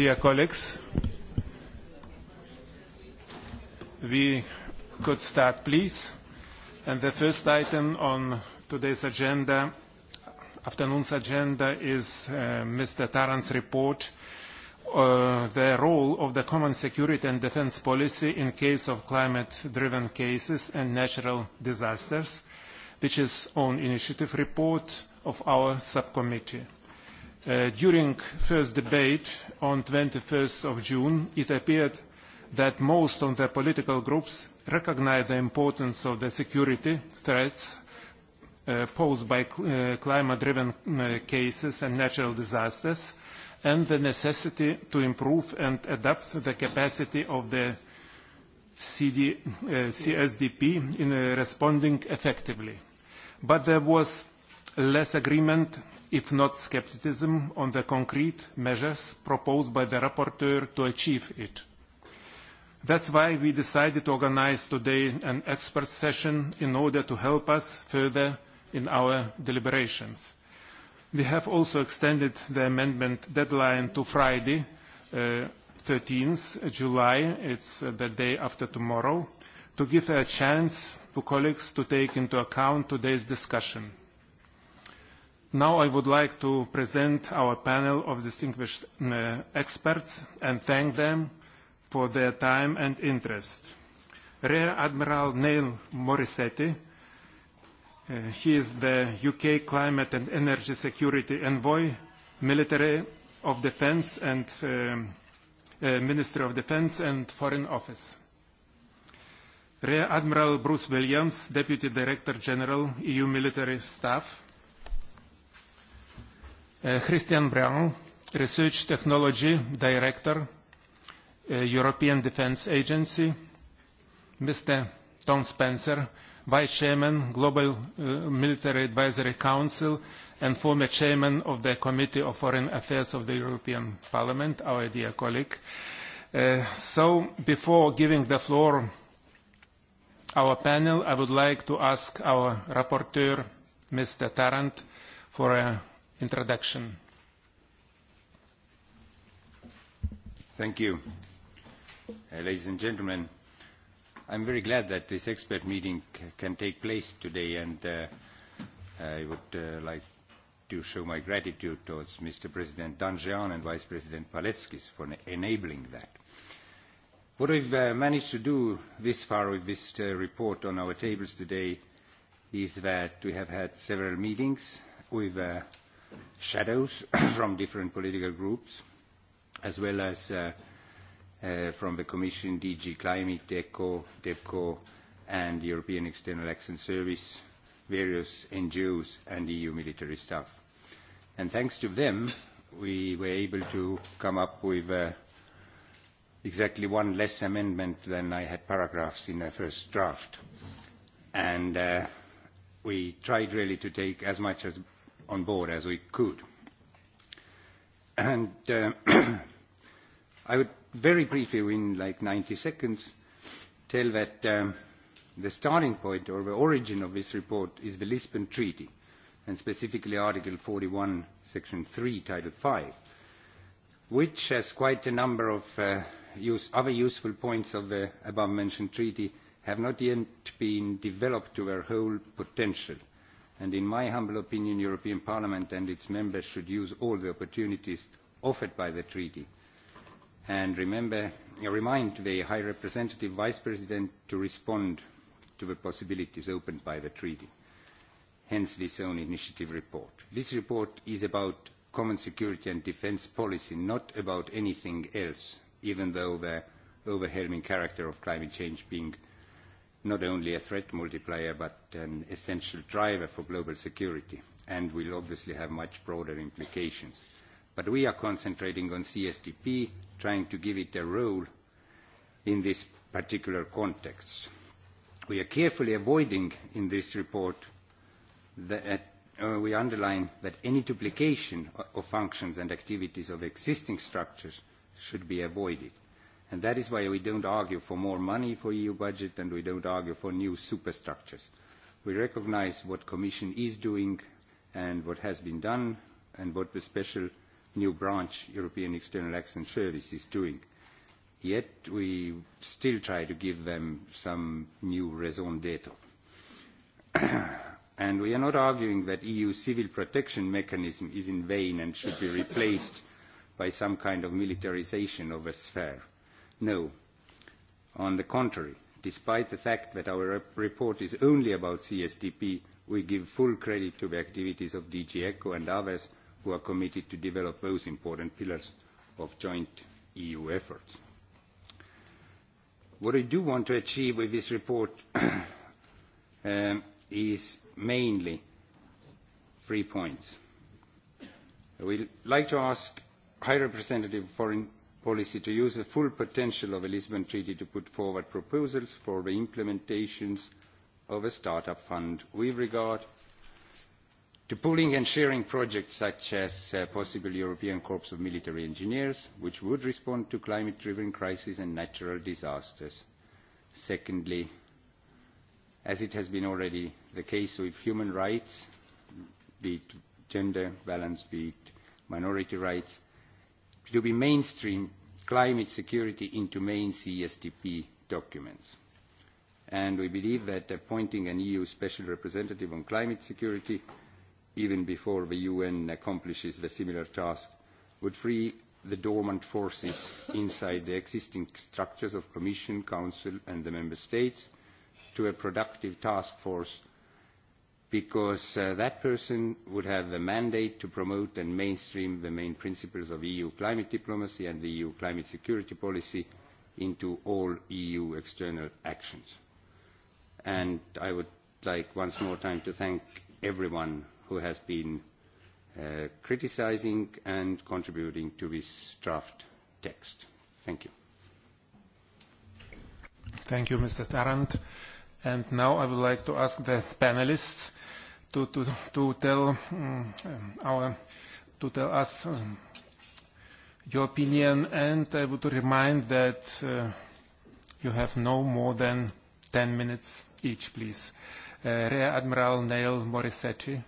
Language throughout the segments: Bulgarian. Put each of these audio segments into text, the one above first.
Dear colleagues, we could start, please. And the first item on today's agenda, afternoon's agenda, is Mr. Tarrant's report, the role of the common security and defense policy in case of climate-driven cases and natural disasters, which is own initiative report of our subcommittee. During the first debate, on 21st of June, it appeared that most of the political groups recognize the importance of the security threats posed by climate-driven cases and natural disasters, and the necessity to improve and adapt the capacity of the CSDP in responding effectively. But there was less agreement if not scepticism, on the concrete measures proposed by the rapporteur to achieve it. That's why we decided to organise today an expert session in order to help us further in our deliberations. We have also extended the amendment deadline to Friday, uh, 13th July, it's the day after tomorrow, to give a chance to colleagues to take into account today's discussion. Now I would like to present our panel of distinguished experts and thank them for their time and interest. Rear Admiral Neil Morissetti, he is the UK Climate and Energy Security Envoy, Military of Defence and Minister of Defence and Foreign Office. Rear Admiral Bruce Williams, Deputy Director General, EU Military Staff. Christian Brown, Research Technology Director, European Defence Agency, Mr. Tom Spencer, Vice Chairman, Global Military Advisory Council, and former Chairman of the Committee on Foreign Affairs of the European Parliament, our dear colleague. so before giving the floor our panel, I would like to ask our rapporteur, Mr. Tarrant, for a introduction. Thank you. Uh, ladies and gentlemen, I'm very glad that this expert meeting can take place today, and uh, I would uh, like to show my gratitude towards Mr. President Danjean and Vice President Paletskis for enabling that. What we've uh, managed to do this far with this uh, report on our tables today is that we have had several meetings with uh, shadows from different political groups, as well as from the Commission, DG Climate, DEVCO, DEVCO, and European External Action Service, various NGOs, and EU military staff. And Thanks to them, we were able to come up with exactly one less amendment than I had paragraphs in the first draft. And We tried really to take as much as on board as we could. And I would very briefly, in like 90 seconds, tell that the starting point or the origin of this report is the Lisbon Treaty, and specifically Article 41, Section 3, Title 5, which has quite a number of other useful points of the above-mentioned treaty have not yet been developed to their whole potential – and in my humble opinion the european parliament and its members should use all the opportunities offered by the treaty and remind the high representative vice president to respond to the possibilities opened by the treaty hence this own initiative report. this report is about common security and defence policy not about anything else even though the overwhelming character of climate change being not only a threat multiplier, but an essential driver for global security, and will obviously have much broader implications. But we are concentrating on CSDP, trying to give it a role in this particular context. We are carefully avoiding in this report that we underline that any duplication of functions and activities of existing structures should be avoided And that is why we don't argue for more money for EU budget and we don't argue for new superstructures. We recognise what the Commission is doing and what has been done and what the special new branch, European External Action Service, is doing. Yet we still try to give them some new raison d'etre. and we are not arguing that EU civil protection mechanism is in vain and should be replaced by some kind of militarisation of a sphere No. On the contrary, despite the fact that our report is only about CSDP, we give full credit to the activities of DG ECHO and others who are committed to develop those important pillars of joint EU efforts. What I do want to achieve with this report is mainly three points. I would like to ask High Representative Foreign policy to use the full potential of the Lisbon Treaty to put forward proposals for the implementation of a start up fund with regard to pooling and sharing projects such as a possible European Corps of Military Engineers, which would respond to climate-driven crises and natural disasters. Secondly, as it has been already the case with human rights, be it gender balance, be it minority rights, to be mainstream climate security into main CSDP documents. And we believe that appointing an EU special representative on climate security, even before the UN accomplishes the similar task, would free the dormant forces inside the existing structures of Commission, Council and the Member States to a productive task force because that person would have the mandate to promote and mainstream the main principles of EU climate diplomacy and the EU climate security policy into all EU external actions. And I would like once more time to thank everyone who has been uh, criticizing and contributing to this draft text. Thank you. Thank you, Mr. Tarrant. And now I would like to ask the panelists to to to tell our to tell us your opinion, and I would remind that uh, you have no more than 10 minutes each, please. Uh, Rear Admiral Neil Morissetti.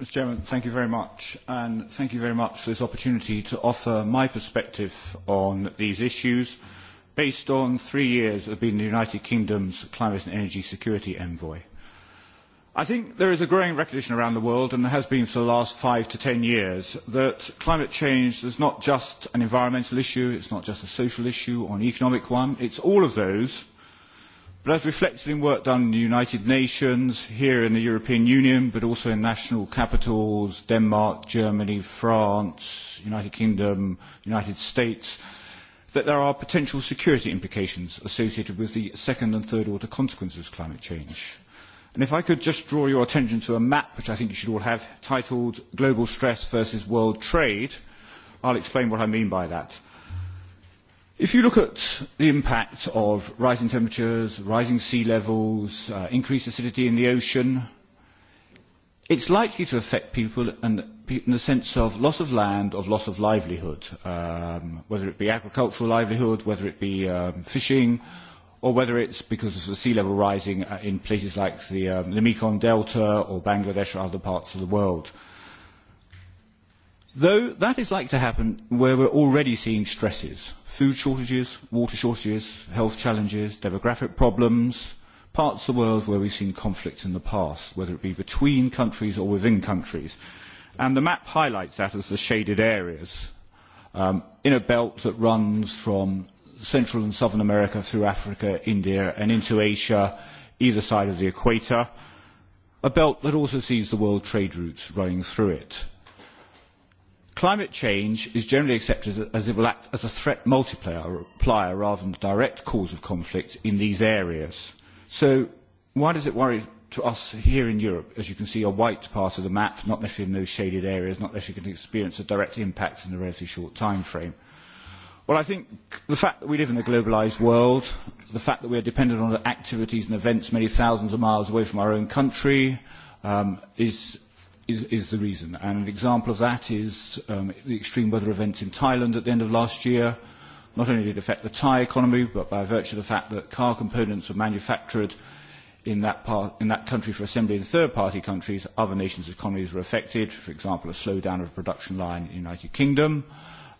Mr. Chairman, thank you very much, and thank you very much for this opportunity to offer my perspective on these issues based on three years of being the United Kingdom's Climate and Energy Security Envoy. I think there is a growing recognition around the world, and has been for the last five to ten years, that climate change is not just an environmental issue, it is not just a social issue or an economic one, it is all of those. But as reflected in work done in the United Nations, here in the European Union, but also in national capitals, Denmark, Germany, France, United Kingdom, United States, that there are potential security implications associated with the second and third order consequences of climate change And if I could just draw your attention to a map, which I think you should all have, titled Global Stress versus World Trade, I'll explain what I mean by that. If you look at the impact of rising temperatures, rising sea levels, uh, increased acidity in the ocean, it's likely to affect people and in the sense of loss of land, of loss of livelihood, um, whether it be agricultural livelihood, whether it be um, fishing, uh, or whether it's because of the sea level rising in places like the, um, the Mekong Delta or Bangladesh or other parts of the world. Though that is likely to happen where we're already seeing stresses, food shortages, water shortages, health challenges, demographic problems, parts of the world where we've seen conflict in the past, whether it be between countries or within countries. And the map highlights that as the shaded areas um, in a belt that runs from Central and Southern America through Africa, India, and into Asia, either side of the equator, a belt that also sees the world trade routes running through it. Climate change is generally accepted as it will act as a threat multiplier rather than the direct cause of conflict in these areas. So why does it worry to us here in Europe? As you can see, a white part of the map, not necessarily in those shaded areas, not necessarily going to experience a direct impact in a relatively short time frame. Well, I think the fact that we live in a globalised world, the fact that we are dependent on activities and events many thousands of miles away from our own country um, is, is, is the reason. And an example of that is um, the extreme weather events in Thailand at the end of last year. Not only did it affect the Thai economy, but by virtue of the fact that car components are manufactured in that, part, in that country for assembly in third-party countries, other nations' economies were affected. For example, a slowdown of a production line in the United Kingdom.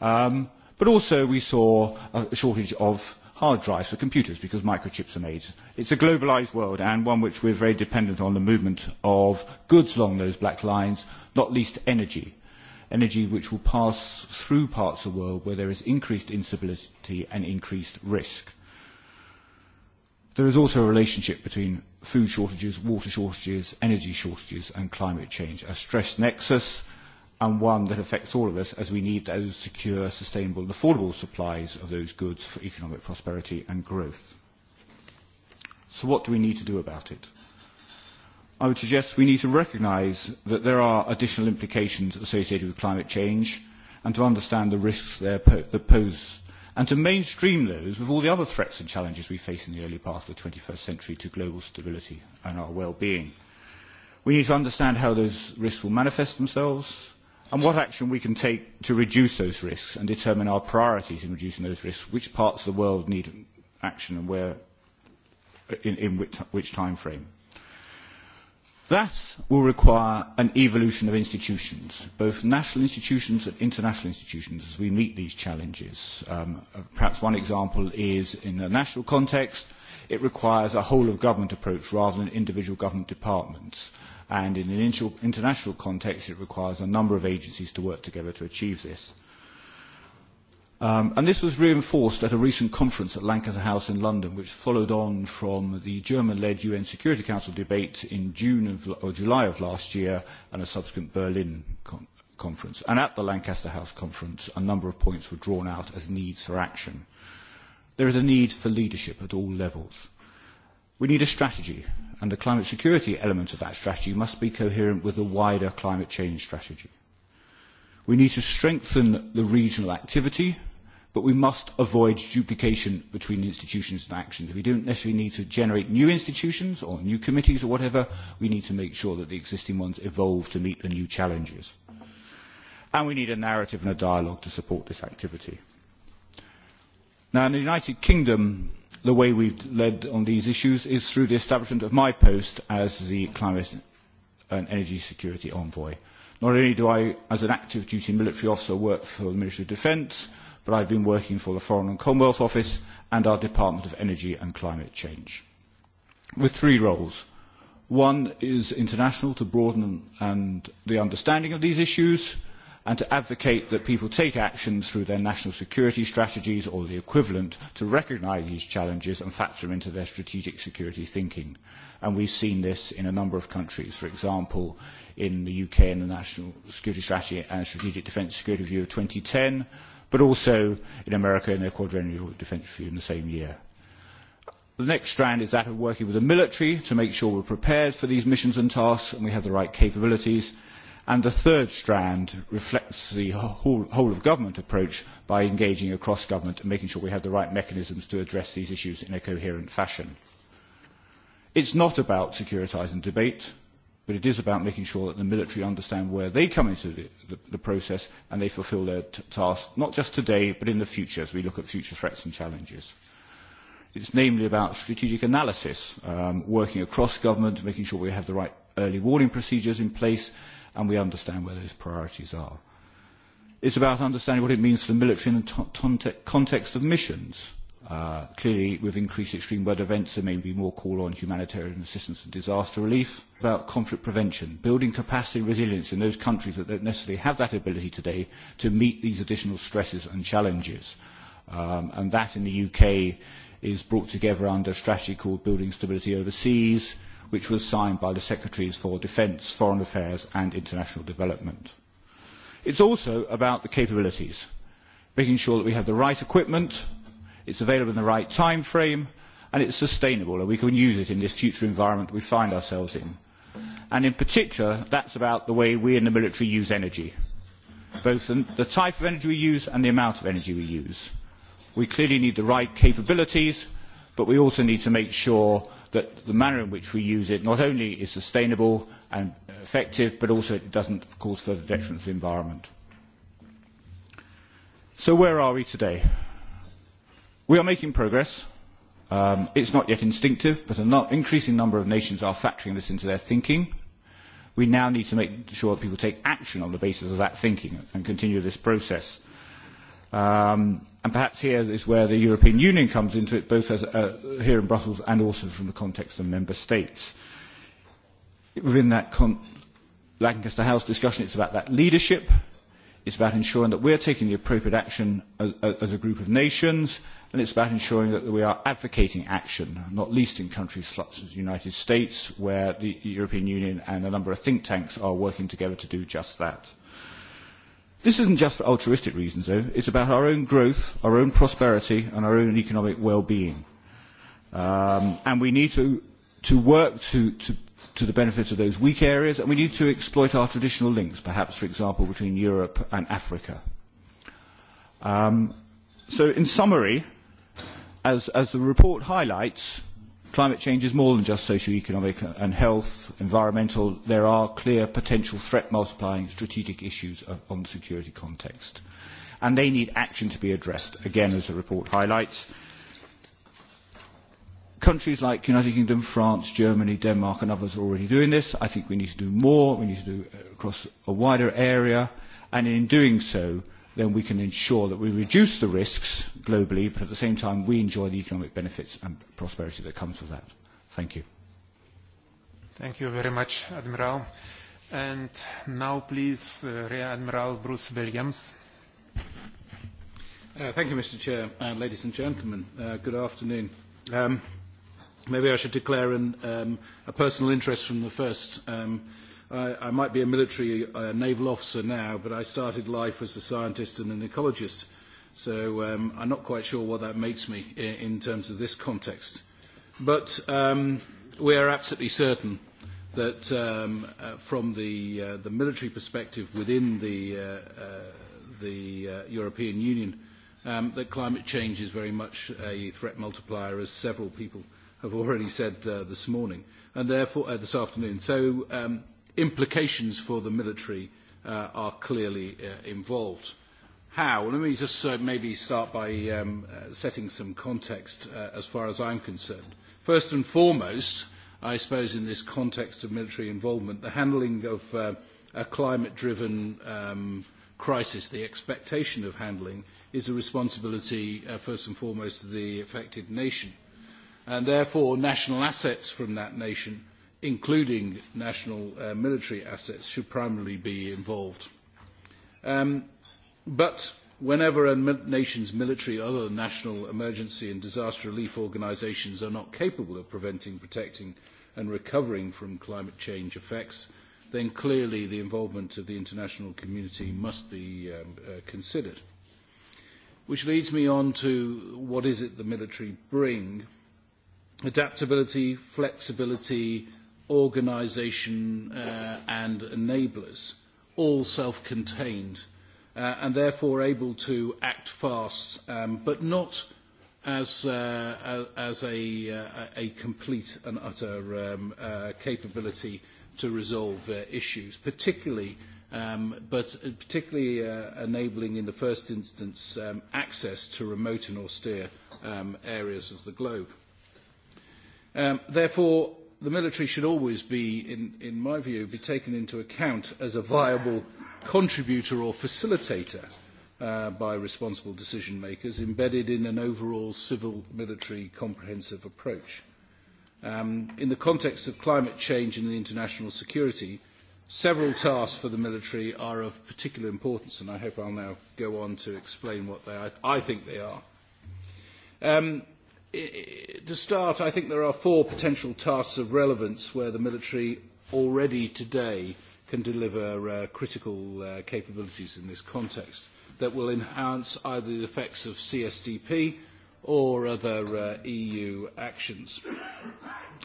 Um, But also we saw a shortage of hard drives for computers because microchips are made. It's a globalised world and one which we're very dependent on the movement of goods along those black lines, not least energy. Energy which will pass through parts of the world where there is increased instability and increased risk. There is also a relationship between food shortages, water shortages, energy shortages and climate change, a stress nexus and one that affects all of us as we need those secure, sustainable and affordable supplies of those goods for economic prosperity and growth. So what do we need to do about it? I would suggest we need to recognise that there are additional implications associated with climate change and to understand the risks there po that pose and to mainstream those with all the other threats and challenges we face in the early part of the 21st century to global stability and our well-being. We need to understand how those risks will manifest themselves, and what action we can take to reduce those risks and determine our priorities in reducing those risks, which parts of the world need action and where, in, in which, which time frame. That will require an evolution of institutions, both national institutions and international institutions, as we meet these challenges. Um, perhaps one example is in a national context, it requires a whole of government approach rather than individual government departments and in an international context it requires a number of agencies to work together to achieve this. Um, and this was reinforced at a recent conference at Lancaster House in London, which followed on from the German-led UN Security Council debate in June of, or July of last year and a subsequent Berlin con- conference. And at the Lancaster House conference, a number of points were drawn out as needs for action. There is a need for leadership at all levels. We need a strategy and the climate security element of that strategy must be coherent with the wider climate change strategy. We need to strengthen the regional activity, but we must avoid duplication between institutions and actions. We don't necessarily need to generate new institutions or new committees or whatever. We need to make sure that the existing ones evolve to meet the new challenges. And we need a narrative and a dialogue to support this activity. Now, in the United Kingdom, the way we have led on these issues is through the establishment of my post as the climate and energy security envoy. Not only do I, as an active duty military officer, work for the Ministry of Defence, but I have been working for the Foreign and Commonwealth Office and our Department of Energy and Climate Change, with three roles. One is international to broaden the understanding of these issues and to advocate that people take action through their national security strategies or the equivalent to recognise these challenges and factor them into their strategic security thinking. And we've seen this in a number of countries, for example, in the UK in the National Security Strategy and Strategic Defence Security Review of 2010, but also in America in their Quadrennial Defence Review in the same year. The next strand is that of working with the military to make sure we're prepared for these missions and tasks and we have the right capabilities – And the third strand reflects the whole, of government approach by engaging across government and making sure we have the right mechanisms to address these issues in a coherent fashion. It is not about securitising debate, but it is about making sure that the military understand where they come into the, process and they fulfil their task, not just today, but in the future as we look at future threats and challenges. It is namely about strategic analysis, working across government, making sure we have the right early warning procedures in place, and we understand where those priorities are. It's about understanding what it means to the military in the context of missions. Uh, clearly, with increased extreme weather events, there may be more call on humanitarian assistance and disaster relief. About conflict prevention, building capacity and resilience in those countries that don't necessarily have that ability today to meet these additional stresses and challenges. Um, and that in the UK is brought together under a strategy called Building Stability Overseas, which was signed by the Secretaries for Defence, Foreign Affairs and International Development. It is also about the capabilities, making sure that we have the right equipment, it is available in the right time frame, and it is sustainable, and we can use it in this future environment we find ourselves in. And in particular, that is about the way we in the military use energy, both the type of energy we use and the amount of energy we use. We clearly need the right capabilities, but we also need to make sure that the manner in which we use it not only is sustainable and effective, but also it doesn't cause further detriment to the environment. So where are we today? We are making progress. Um, it's not yet instinctive, but an increasing number of nations are factoring this into their thinking. We now need to make sure that people take action on the basis of that thinking and continue this process. Um, and perhaps here is where the European Union comes into it, both as, uh, here in Brussels and also from the context of member states. Within that con- Lancaster House discussion, it's about that leadership. It's about ensuring that we're taking the appropriate action as, as a group of nations, and it's about ensuring that we are advocating action, not least in countries such as the United States, where the European Union and a number of think tanks are working together to do just that. This isn't just for altruistic reasons, though. It's about our own growth, our own prosperity, and our own economic well-being. Um, and we need to, to work to, to, to the benefit of those weak areas, and we need to exploit our traditional links, perhaps, for example, between Europe and Africa. Um, so in summary, as, as the report highlights, climate change is more than just socio-economic and health, environmental. There are clear potential threat multiplying strategic issues on the security context. And they need action to be addressed, again, as the report highlights. Countries like United Kingdom, France, Germany, Denmark and others are already doing this. I think we need to do more. We need to do it across a wider area. And in doing so, then we can ensure that we reduce the risks globally, but at the same time we enjoy the economic benefits and prosperity that comes with that. Thank you. Thank you very much, Admiral. And now please, uh, Rear Admiral Bruce Williams. Uh, thank you, Mr Chair, and ladies and gentlemen, uh, good afternoon. Um, maybe I should declare an, um, a personal interest from the first um, I, I might be a military uh, naval officer now, but I started life as a scientist and an ecologist. So um, I'm not quite sure what that makes me in, in terms of this context. But um, we are absolutely certain that um, uh, from the, uh, the military perspective within the, uh, uh, the uh, European Union, um, that climate change is very much a threat multiplier, as several people have already said uh, this morning, and therefore uh, this afternoon. So um, implications for the military uh, are clearly uh, involved. How? Let me just uh, maybe start by um, uh, setting some context uh, as far as I'm concerned. First and foremost, I suppose in this context of military involvement, the handling of uh, a climate-driven um, crisis, the expectation of handling, is a responsibility uh, first and foremost of the affected nation. And therefore, national assets from that nation – including national military assets, should primarily be involved. but whenever a nation's military or other national emergency and disaster relief organisations are not capable of preventing, protecting and recovering from climate change effects, then clearly the involvement of the international community must be considered. Which leads me on to what is it the military bring? Adaptability, flexibility, organisation uh, and enablers, all self-contained, uh, and therefore able to act fast, um, but not as, uh, as a, uh, a complete and utter um, uh, capability to resolve uh, issues, particularly um, but particularly uh, enabling in the first instance um, access to remote and austere um, areas of the globe. Um, therefore, the military should always be, in, in my view, be taken into account as a viable contributor or facilitator uh, by responsible decision makers embedded in an overall civil military comprehensive approach. Um, in the context of climate change and international security, several tasks for the military are of particular importance, and I hope I'll now go on to explain what they, are I think they are. Um, to start, I think there are four potential tasks of relevance where the military already today can deliver critical capabilities in this context that will enhance either the effects of CSDP or other EU actions.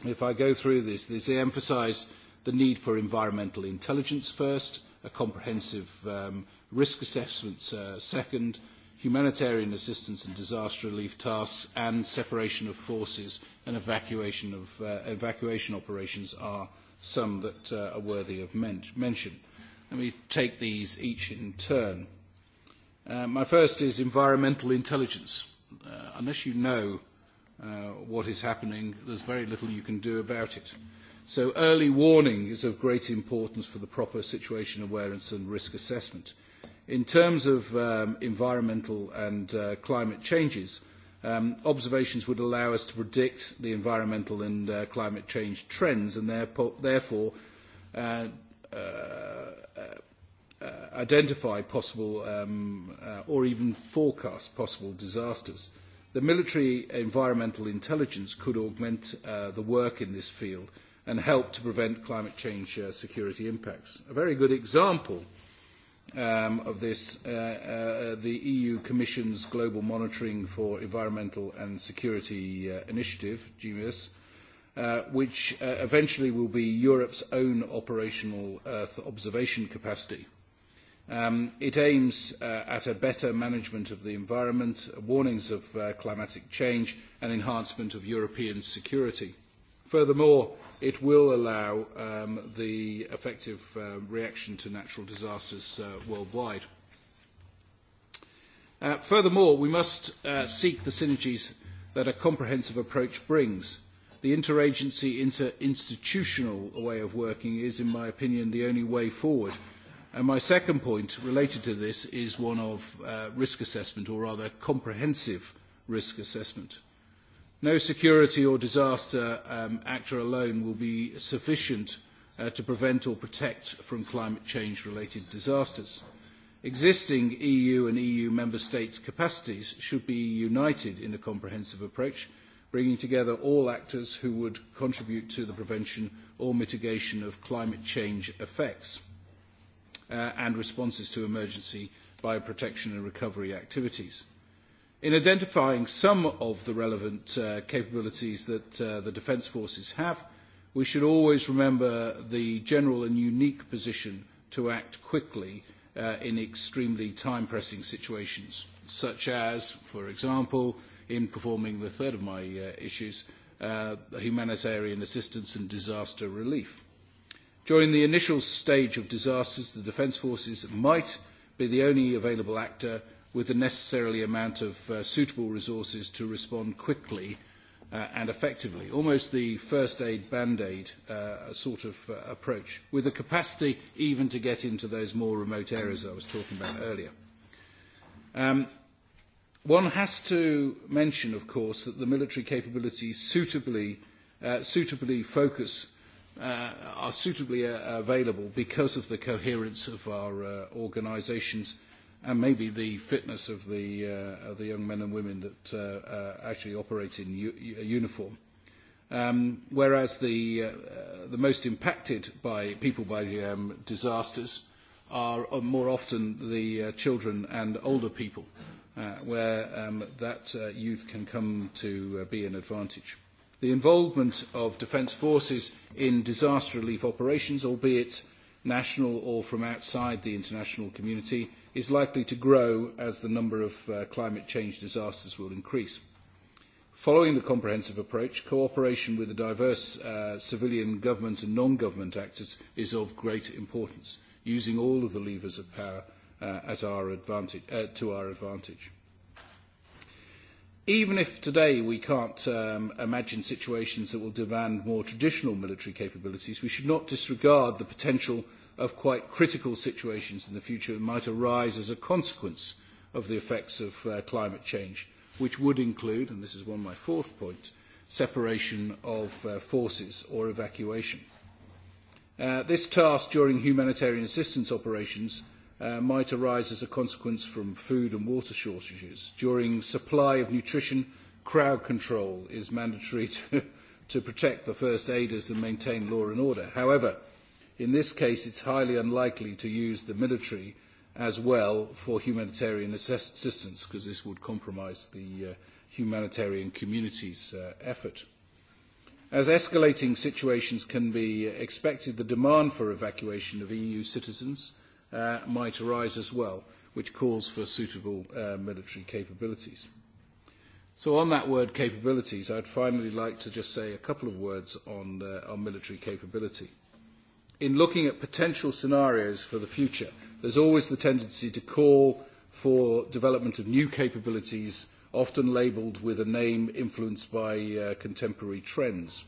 If I go through this, they emphasise the need for environmental intelligence first, a comprehensive risk assessment second, humanitarian assistance and disaster relief tasks and separation of forces and evacuation, of, uh, evacuation operations are some that uh, are worthy of men- mention. Let me take these each in turn. Uh, my first is environmental intelligence. Uh, unless you know uh, what is happening, there's very little you can do about it. So early warning is of great importance for the proper situation awareness and risk assessment In terms of environmental and climate changes, observations would allow us to predict the environmental and climate change trends and therefore identify possible or even forecast possible disasters. The military environmental intelligence could augment the work in this field and help to prevent climate change security impacts. A very good example of this, the EU Commission's Global Monitoring for Environmental and Security Initiative, GMIS, which eventually will be Europe's own operational Earth observation capacity. it aims at a better management of the environment, warnings of climatic change, and enhancement of European security. Furthermore, it will allow um, the effective uh, reaction to natural disasters uh, worldwide. Uh, furthermore, we must uh, seek the synergies that a comprehensive approach brings. The interagency interinstitutional way of working is, in my opinion, the only way forward. And my second point related to this is one of uh, risk assessment, or rather comprehensive risk assessment. No security or disaster actor alone will be sufficient to prevent or protect from climate change related disasters. Existing EU and EU member states' capacities should be united in a comprehensive approach, bringing together all actors who would contribute to the prevention or mitigation of climate change effects and responses to emergency bioprotection and recovery activities in identifying some of the relevant uh, capabilities that uh, the Defence Forces have, we should always remember the general and unique position to act quickly uh, in extremely time-pressing situations, such as, for example, in performing the third of my uh, issues, uh, humanitarian assistance and disaster relief. During the initial stage of disasters, the Defence Forces might be the only available actor with the necessary amount of uh, suitable resources to respond quickly uh, and effectively, almost the first aid band-aid uh, sort of uh, approach, with the capacity even to get into those more remote areas I was talking about earlier. Um, one has to mention, of course, that the military capabilities suitably, uh, suitably focus uh, are suitably uh, available because of the coherence of our uh, organisations and maybe the fitness of the, uh, of the young men and women that uh, uh, actually operate in u- uniform. Um, whereas the, uh, the most impacted by people by um, disasters are more often the uh, children and older people, uh, where um, that uh, youth can come to uh, be an advantage. The involvement of defence forces in disaster relief operations, albeit national or from outside the international community, is likely to grow as the number of climate change disasters will increase. Following the comprehensive approach, cooperation with the diverse civilian government and non-government actors is of great importance, using all of the levers of power at our advantage, to our advantage. Even if today we can't imagine situations that will demand more traditional military capabilities, we should not disregard the potential of quite critical situations in the future that might arise as a consequence of the effects of uh, climate change, which would include, and this is one of my fourth point, separation of uh, forces or evacuation. Uh, this task during humanitarian assistance operations uh, might arise as a consequence from food and water shortages. During supply of nutrition, crowd control is mandatory to, to protect the first aiders and maintain law and order. However, In this case, it is highly unlikely to use the military as well for humanitarian assistance because this would compromise the humanitarian community's effort. As escalating situations can be expected, the demand for evacuation of EU citizens might arise as well, which calls for suitable military capabilities. So on that word capabilities, I'd finally like to just say a couple of words on, military capability in looking at potential scenarios for the future, there's always the tendency to call for development of new capabilities, often labelled with a name influenced by uh, contemporary trends.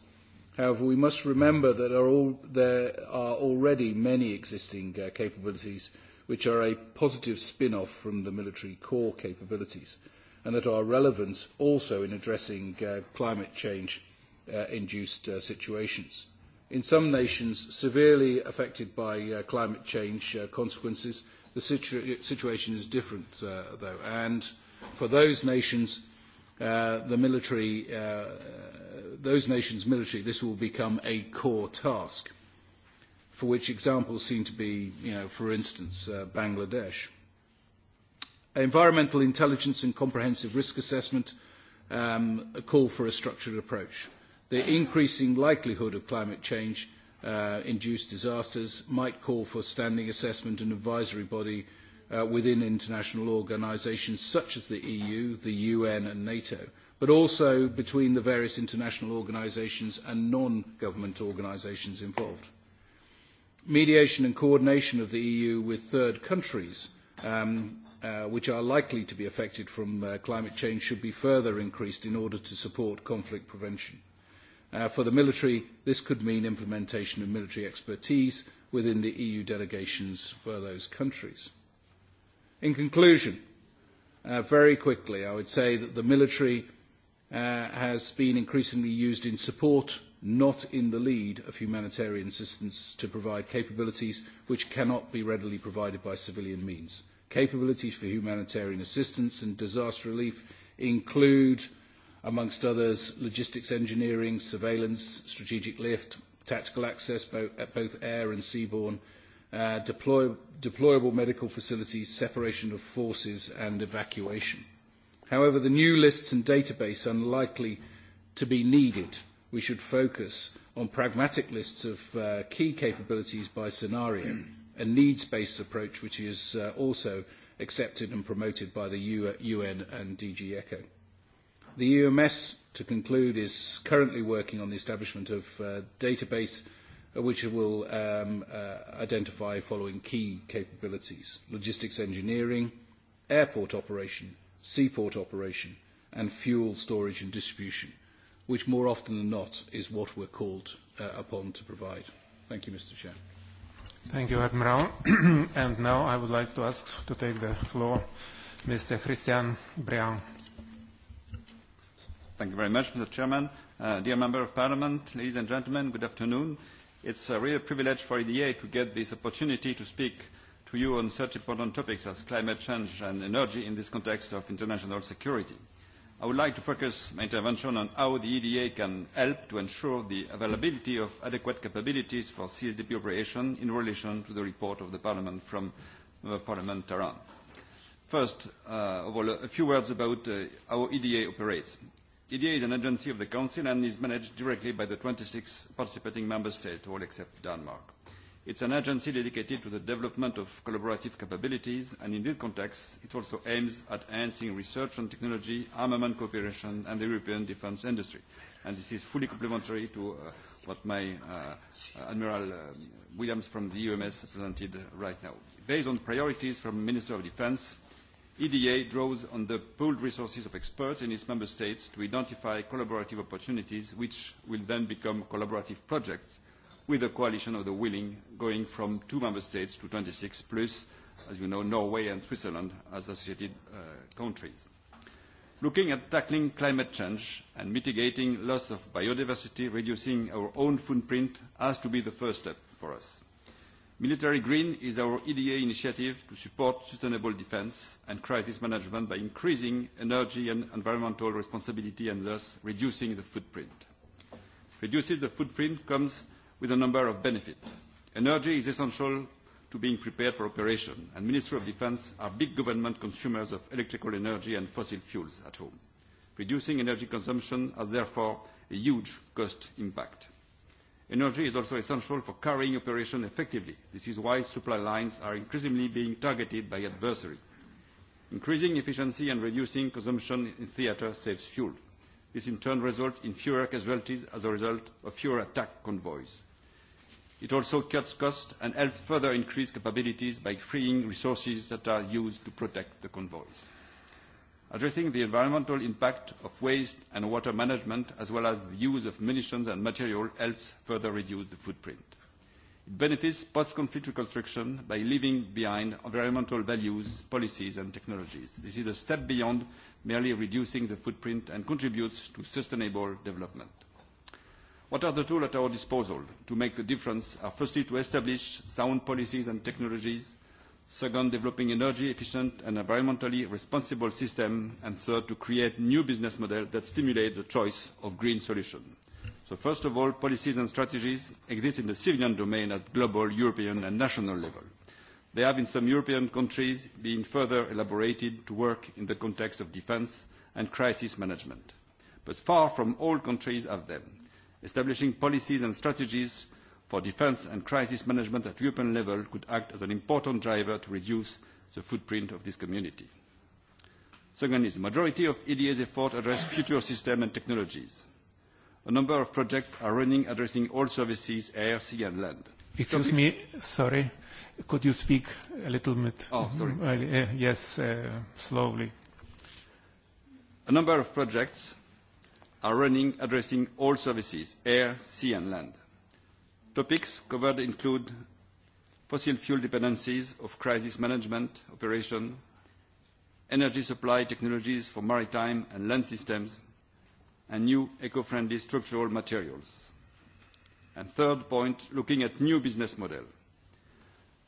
However, we must remember that are all, there are already many existing uh, capabilities which are a positive spin-off from the military core capabilities and that are relevant also in addressing uh, climate change uh, induced uh, situations. In some nations severely affected by climate change consequences, the situation is different, though. And for those nations, the military, those nations' military, this will become a core task, for which examples seem to be, for instance, Bangladesh. Environmental intelligence and comprehensive risk assessment call for a structured approach the increasing likelihood of climate change induced disasters might call for standing assessment and advisory body within international organisations such as the EU, the UN and NATO, but also between the various international organisations and non-government organisations involved. Mediation and coordination of the EU with third countries which are likely to be affected from climate change should be further increased in order to support conflict prevention for the military, this could mean implementation of military expertise within the EU delegations for those countries. In conclusion, very quickly, I would say that the military has been increasingly used in support, not in the lead of humanitarian assistance to provide capabilities which cannot be readily provided by civilian means. Capabilities for humanitarian assistance and disaster relief include amongst others, logistics engineering, surveillance, strategic lift, tactical access at both air and seaborne, deployable medical facilities, separation of forces, and evacuation. However, the new lists and database unlikely to be needed. We should focus on pragmatic lists of key capabilities by scenario, a needs-based approach which is also accepted and promoted by the UN and DG ECHO. The EUMS, to conclude, is currently working on the establishment of a database which will um, uh, identify following key capabilities logistics engineering, airport operation, seaport operation, and fuel storage and distribution, which more often than not is what we're called uh, upon to provide. Thank you, Mr. Chair. Thank you, Admiral. and now I would like to ask to take the floor Mr. Christian Briand. Thank you very much, Mr. Chairman. Uh, dear Member of Parliament, ladies and gentlemen, good afternoon. It's a real privilege for EDA to get this opportunity to speak to you on such important topics as climate change and energy in this context of international security. I would like to focus my intervention on how the EDA can help to ensure the availability of adequate capabilities for CSDP operation in relation to the report of the Parliament from the Parliament Tehran. First, uh, a few words about uh, how EDA operates. EDA is an agency of the Council and is managed directly by the twenty six participating member states, all except Denmark. It is an agency dedicated to the development of collaborative capabilities, and in this context, it also aims at enhancing research and technology, armament cooperation, and the European defence industry. And this is fully complementary to what my Admiral Williams from the UMS presented right now. Based on priorities from the Minister of Defence, EDA draws on the pooled resources of experts in its member states to identify collaborative opportunities which will then become collaborative projects with a coalition of the willing going from two member states to twenty six plus, as you know, Norway and Switzerland as associated countries. Looking at tackling climate change and mitigating loss of biodiversity, reducing our own footprint has to be the first step for us. Military Green is our EDA initiative to support sustainable defense and crisis management by increasing energy and environmental responsibility and thus reducing the footprint. Reducing the footprint comes with a number of benefits. Energy is essential to being prepared for operation, and Ministry of Defense are big government consumers of electrical energy and fossil fuels at home. Reducing energy consumption has therefore a huge cost impact. Energy is also essential for carrying operation effectively. This is why supply lines are increasingly being targeted by adversaries. Increasing efficiency and reducing consumption in theater saves fuel. This in turn results in fewer casualties as a result of fewer attack convoys. It also cuts costs and helps further increase capabilities by freeing resources that are used to protect the convoys addressing the environmental impact of waste and water management, as well as the use of munitions and material, helps further reduce the footprint. It benefits post-conflict reconstruction by leaving behind environmental values, policies, and technologies. This is a step beyond merely reducing the footprint and contributes to sustainable development. What are the tools at our disposal to make a difference are firstly to establish sound policies and technologies Second, developing energy efficient and environmentally responsible system. And third, to create new business models that stimulate the choice of green solutions. So first of all, policies and strategies exist in the civilian domain at global, European and national level. They have in some European countries been further elaborated to work in the context of defence and crisis management. But far from all countries have them. Establishing policies and strategies for defence and crisis management at European level could act as an important driver to reduce the footprint of this community. Second is the majority of EDA's efforts address future systems and technologies. A number of projects are running addressing all services, air, sea and land. Excuse me, sorry. Could you speak a little bit? Oh, sorry. yes, slowly. A number of projects are running addressing all services, air, sea and land. Topics covered include fossil fuel dependencies of crisis management operation, energy supply technologies for maritime and land systems, and new eco-friendly structural materials. And Third point, looking at new business model.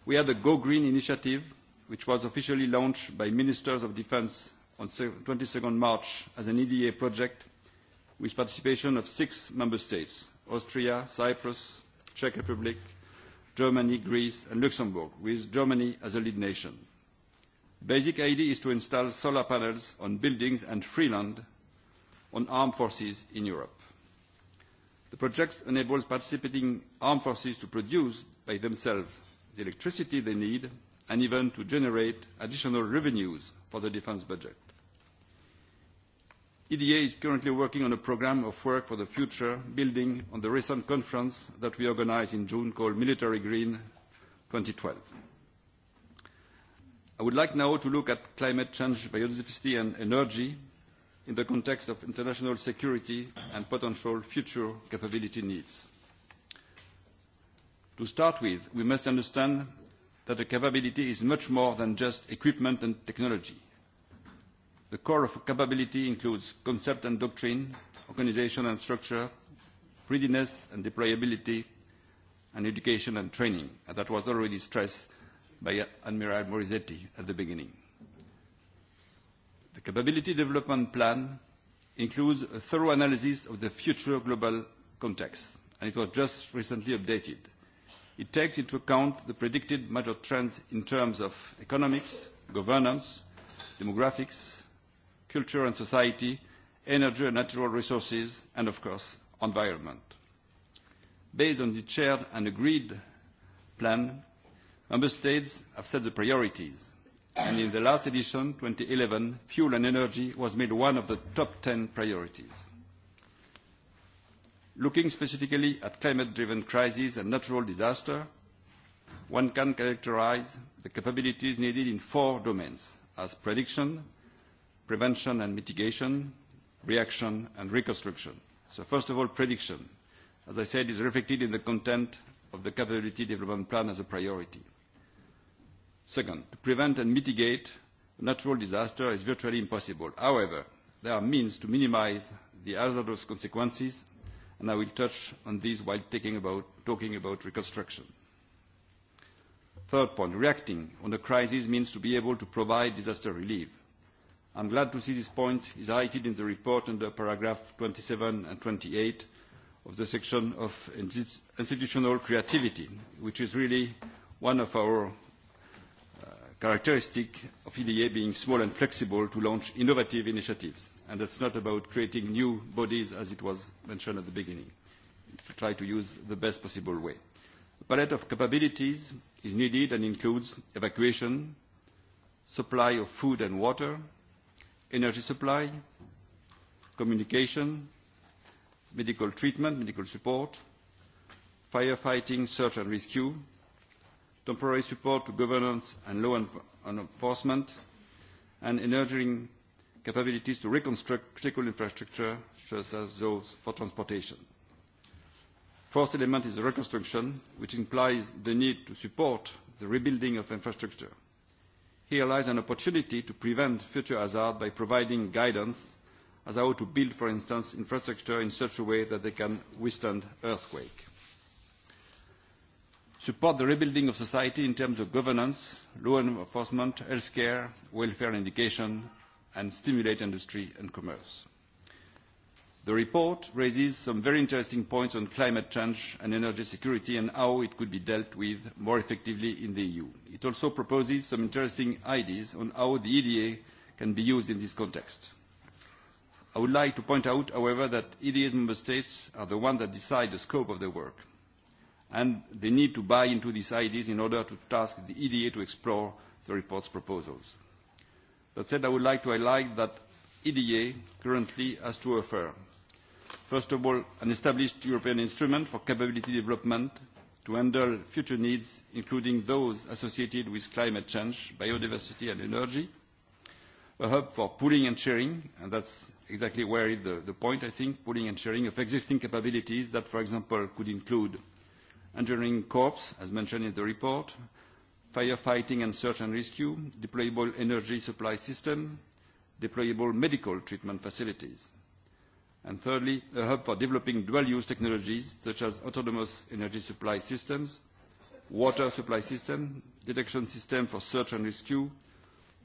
We had a Go Green initiative, which was officially launched by Ministers of Defense on 22nd March as an EDA project with participation of six member states, Austria, Cyprus, Czech Republic, Germany, Greece, and Luxembourg, with Germany as a lead nation. Basic idea is to install solar panels on buildings and free land on armed forces in Europe. The project enables participating armed forces to produce by themselves the electricity they need and even to generate additional revenues for the defence budget. EDA is currently working on a programme of work for the future, building on the recent conference that we organised in June called Military Green twelve. I would like now to look at climate change, biodiversity and energy in the context of international security and potential future capability needs. To start with, we must understand that a capability is much more than just equipment and technology The core of capability includes concept and doctrine, organisation and structure, readiness and deployability, and education and training. And that was already stressed by Admiral Morizetti at the beginning. The capability development plan includes a thorough analysis of the future global context, and it was just recently updated. It takes into account the predicted major trends in terms of economics, governance, demographics, culture and society, energy and natural resources, and of course, environment. Based on the shared and agreed plan, member states have set the priorities. And in the last edition, 2011, fuel and energy was made one of the top 10 priorities. Looking specifically at climate-driven crises and natural disaster, one can characterize the capabilities needed in four domains as prediction, prevention and mitigation, reaction and reconstruction. So first of all, prediction. As I said, is reflected in the content of the capability development plan as a priority. Second, to prevent and mitigate natural disaster is virtually impossible. However, there are means to minimize the hazardous consequences, and I will touch on these while taking about, talking about reconstruction. Third point, reacting on a crisis means to be able to provide disaster relief I am glad to see this point is highlighted in the report under paragraph twenty seven and twenty eight of the section of institutional creativity, which is really one of our characteristic of EDA being small and flexible to launch innovative initiatives. And that's not about creating new bodies, as it was mentioned at the beginning, to try to use the best possible way. A palette of capabilities is needed and includes evacuation, supply of food and water, energy supply, communication, medical treatment, medical support, firefighting, search and rescue, temporary support to governance and law enforcement, and enabling capabilities to reconstruct critical infrastructure such as those for transportation. Fourth element is reconstruction, which implies the need to support the rebuilding of infrastructure Here lies an opportunity to prevent future hazard by providing guidance as how to build, for instance, infrastructure in such a way that they can withstand earthquake. Support the rebuilding of society in terms of governance, law enforcement, healthcare, welfare and education, and stimulate industry and commerce. The report raises some very interesting points on climate change and energy security and how it could be dealt with more effectively in the EU. It also proposes some interesting ideas on how the EDA can be used in this context. I would like to point out, however, that EDA's member states are the ones that decide the scope of their work, and they need to buy into these ideas in order to task the EDA to explore the report's proposals. That said, I would like to highlight that EDA currently has to offer First of all, an established European instrument for capability development to handle future needs, including those associated with climate change, biodiversity, and energy. A hub for pooling and sharing, and that's exactly where is the, the point, I think, pooling and sharing of existing capabilities that, for example, could include engineering corps, as mentioned in the report, firefighting and search and rescue, deployable energy supply system, deployable medical treatment facilities. And thirdly, a hub for developing dual-use technologies such as autonomous energy supply systems, water supply system, detection system for search and rescue,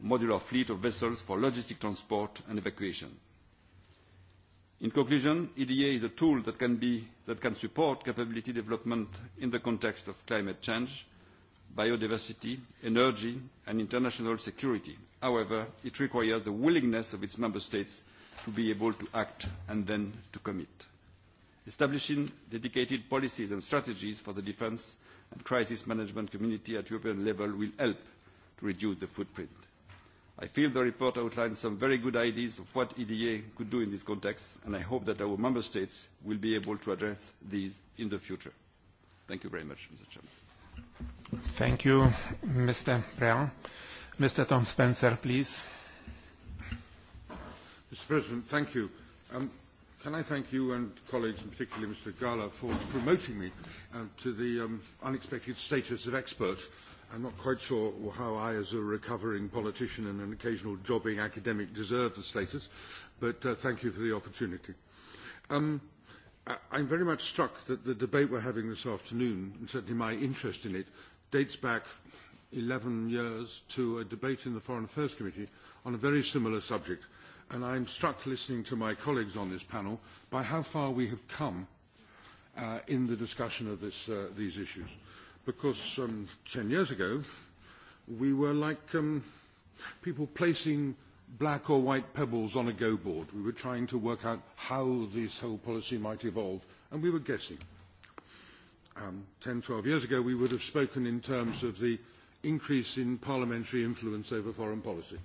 modular fleet of vessels for logistic transport and evacuation. In conclusion, EDA is a tool that can support capability development in the context of climate change, biodiversity, energy, and international security. However, it requires the willingness of its member states to be able to act and then to commit. Establishing dedicated policies and strategies for the defence and crisis management community at European level will help to reduce the footprint. I feel the report outlines some very good ideas of what EDA could do in this context, and I hope that our member states will be able to address these in the future. Thank you very much, Mr. Chairman. Thank you, Mr. Brown. Mr. Tom Spencer, please. Mr. President, thank you. Um, can I thank you and colleagues, and particularly Mr. Gala, for promoting me um, to the um, unexpected status of expert. I'm not quite sure how I, as a recovering politician and an occasional jobbing academic, deserve the status, but uh, thank you for the opportunity. Um, I, I'm very much struck that the debate we're having this afternoon, and certainly my interest in it, dates back 11 years to a debate in the Foreign Affairs Committee on a very similar subject – and I'm struck listening to my colleagues on this panel by how far we have come uh, in the discussion of this, uh, these issues. Because um, 10 years ago, we were like um, people placing black or white pebbles on a go board. We were trying to work out how this whole policy might evolve, and we were guessing. Um, 10, 12 years ago, we would have spoken in terms of the increase in parliamentary influence over foreign policy.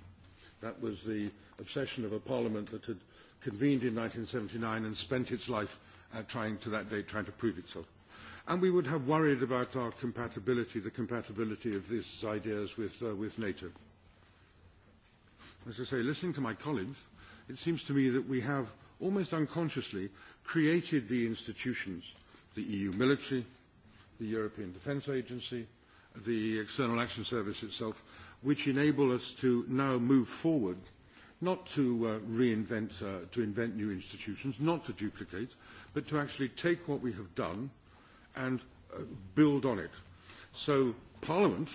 That was the obsession of a parliament that had convened in 1979 and spent its life uh, trying to that day trying to prove itself. And we would have worried about our compatibility, the compatibility of these ideas with, uh, with NATO. As I say, listening to my colleagues, it seems to me that we have almost unconsciously created the institutions, the EU military, the European Defence Agency, the External Action Service itself, which enable us to now move forward, not to uh, reinvent, uh, to invent new institutions, not to duplicate, but to actually take what we have done and uh, build on it. So Parliament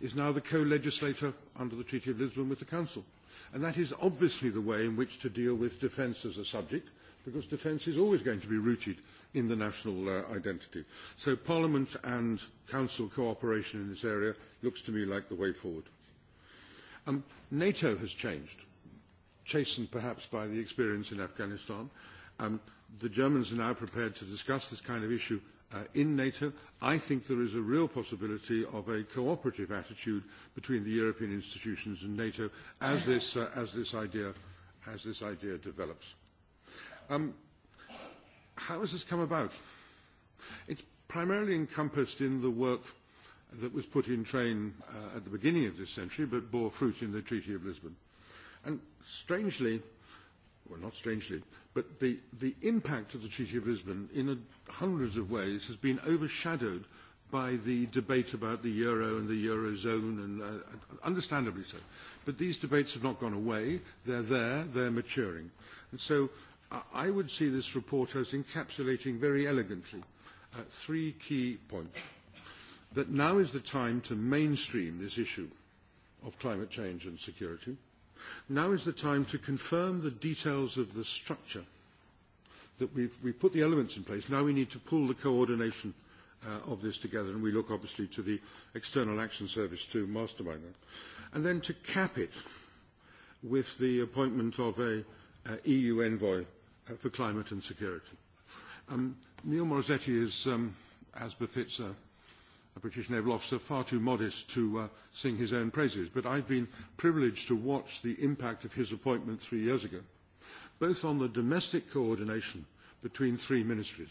is now the co-legislator under the Treaty of Lisbon with the Council. And that is obviously the way in which to deal with defence as a subject, because defence is always going to be rooted in the national uh, identity. So Parliament and Council cooperation in this area looks to me like the way forward. Um, NATO has changed, chastened perhaps by the experience in Afghanistan. Um, the Germans are now prepared to discuss this kind of issue uh, in NATO. I think there is a real possibility of a cooperative attitude between the European institutions and NATO as this, uh, as this, idea, as this idea develops. Um, How has this come about? It's primarily encompassed in the work that was put in train uh, at the beginning of this century, but bore fruit in the Treaty of Lisbon. And strangely, well, not strangely, but the, the impact of the Treaty of Lisbon in a, hundreds of ways has been overshadowed by the debate about the euro and the eurozone, and uh, understandably so. But these debates have not gone away. They're there, they're maturing. And so I would see this report as encapsulating very elegantly uh, three key points. That now is the time to mainstream this issue of climate change and security. Now is the time to confirm the details of the structure that we've, we've put the elements in place. Now we need to pull the coordination uh, of this together, and we look obviously to the External Action Service to mastermind that. And then to cap it with the appointment of a uh, EU envoy for climate and security. Um, Neil Morizetti is, um, as befits a, a British naval officer, far too modest to uh, sing his own praises, but I've been privileged to watch the impact of his appointment three years ago, both on the domestic coordination between three ministries,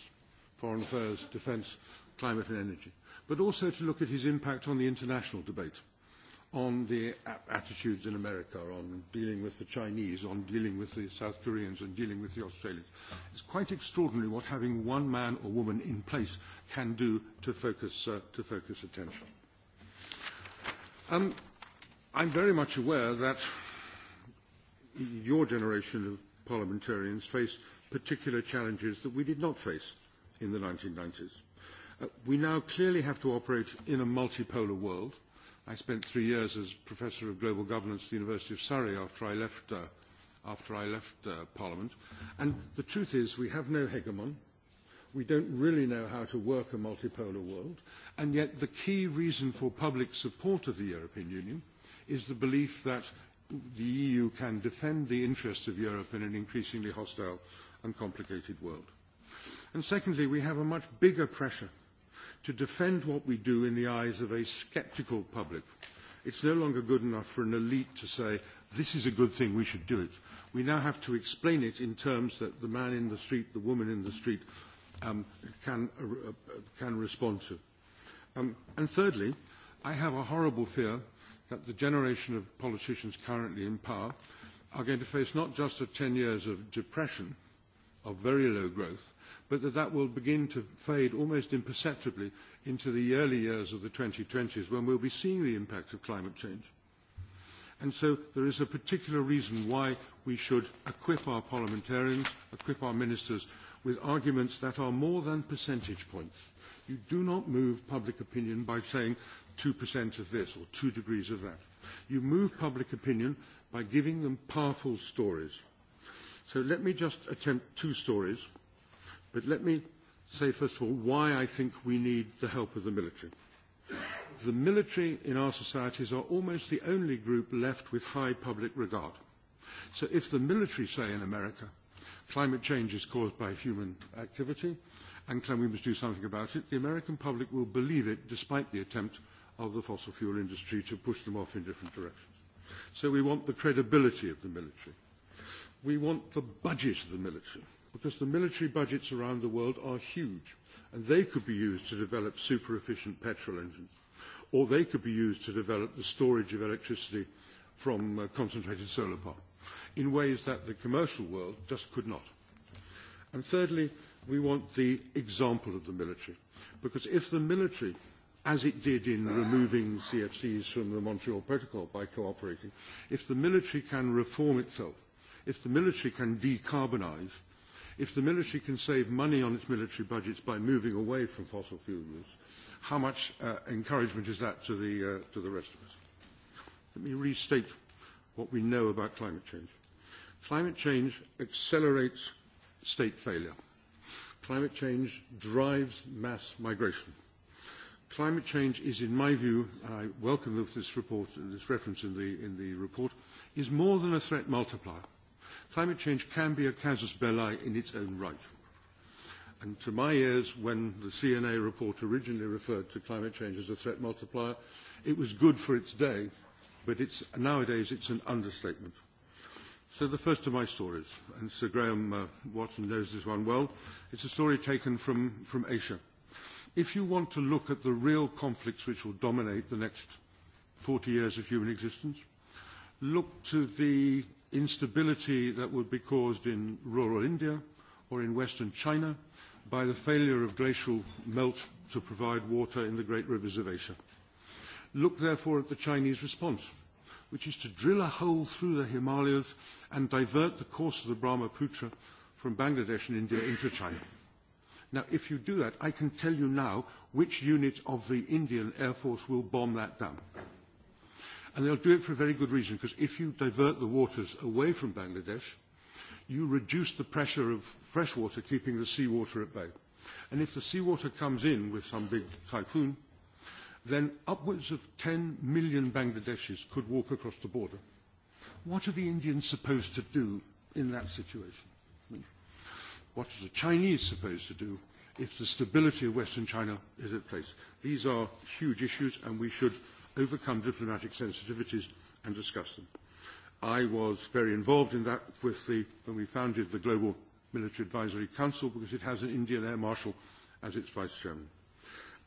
foreign affairs, defence, climate and energy, but also to look at his impact on the international debate on the attitudes in America on dealing with the Chinese, on dealing with the South Koreans, and dealing with the Australians. It's quite extraordinary what having one man or woman in place can do to focus, uh, to focus attention. Um, I'm very much aware that your generation of parliamentarians faced particular challenges that we did not face in the 1990s. Uh, we now clearly have to operate in a multipolar world – I spent three years as Professor of Global Governance at the University of Surrey after I left, uh, after I left uh, Parliament. And the truth is we have no hegemon. We don't really know how to work a multipolar world. And yet the key reason for public support of the European Union is the belief that the EU can defend the interests of Europe in an increasingly hostile and complicated world. And secondly, we have a much bigger pressure – to defend what we do in the eyes of a sceptical public. It's no longer good enough for an elite to say, this is a good thing, we should do it. We now have to explain it in terms that the man in the street, the woman in the street, um, can, uh, can respond to. Um, and thirdly, I have a horrible fear that the generation of politicians currently in power are going to face not just a 10 years of depression, of very low growth, but that that will begin to fade almost imperceptibly into the early years of the 2020s when we'll be seeing the impact of climate change. And so there is a particular reason why we should equip our parliamentarians, equip our ministers with arguments that are more than percentage points. You do not move public opinion by saying 2% of this or 2 degrees of that. You move public opinion by giving them powerful stories. So let me just attempt two stories But let me say, first of all, why I think we need the help of the military. The military in our societies are almost the only group left with high public regard. So if the military say in America, climate change is caused by human activity and we must do something about it, the American public will believe it despite the attempt of the fossil fuel industry to push them off in different directions. So we want the credibility of the military. We want the budget of the military because the military budgets around the world are huge, and they could be used to develop super-efficient petrol engines, or they could be used to develop the storage of electricity from uh, concentrated solar power in ways that the commercial world just could not. And thirdly, we want the example of the military, because if the military as it did in removing CFCs from the Montreal Protocol by cooperating, if the military can reform itself, if the military can decarbonise, If the military can save money on its military budgets by moving away from fossil fuel use, how much uh, encouragement is that to the, uh, to the rest of us? Let me restate what we know about climate change. Climate change accelerates state failure. Climate change drives mass migration. Climate change is, in my view, and I welcome this report, this reference in the, in the report, is more than a threat multiplier. Climate change can be a casus belli in its own right. And to my ears, when the CNA report originally referred to climate change as a threat multiplier, it was good for its day, but it's, nowadays it's an understatement. So the first of my stories, and Sir Graham uh, Watson knows this one well, it's a story taken from, from Asia. If you want to look at the real conflicts which will dominate the next 40 years of human existence, look to the instability that would be caused in rural India or in western China by the failure of glacial melt to provide water in the great rivers of Asia. Look therefore at the Chinese response, which is to drill a hole through the Himalayas and divert the course of the Brahmaputra from Bangladesh and India into China. Now, if you do that, I can tell you now which unit of the Indian Air Force will bomb that down. And they'll do it for a very good reason, because if you divert the waters away from Bangladesh, you reduce the pressure of fresh water, keeping the seawater at bay. And if the seawater comes in with some big typhoon, then upwards of 10 million Bangladeshis could walk across the border. What are the Indians supposed to do in that situation? What are the Chinese supposed to do if the stability of Western China is at place? These are huge issues, and we should – overcome diplomatic sensitivities and discuss them. I was very involved in that with the, when we founded the Global Military Advisory Council because it has an Indian Air Marshal as its Vice Chairman.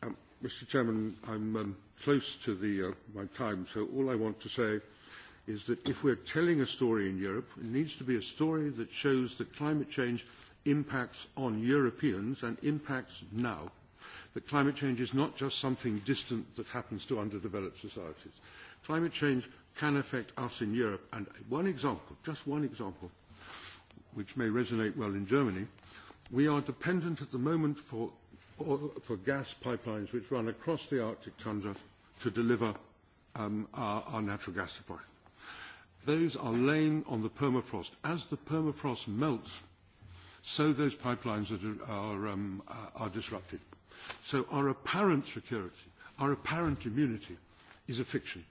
Um, Mr Chairman, I'm um, close to the, uh, my time, so all I want to say is that if we're telling a story in Europe, it needs to be a story that shows that climate change impacts on Europeans and impacts now that climate change is not just something distant that happens to underdeveloped societies. Climate change can affect us in Europe. And one example, just one example, which may resonate well in Germany, we are dependent at the moment for, for gas pipelines which run across the Arctic tundra to deliver um, our, our natural gas supply. Those are laying on the permafrost. As the permafrost melts, so those pipelines are, are, um, are disrupted. So our apparent security, our apparent immunity is a fiction.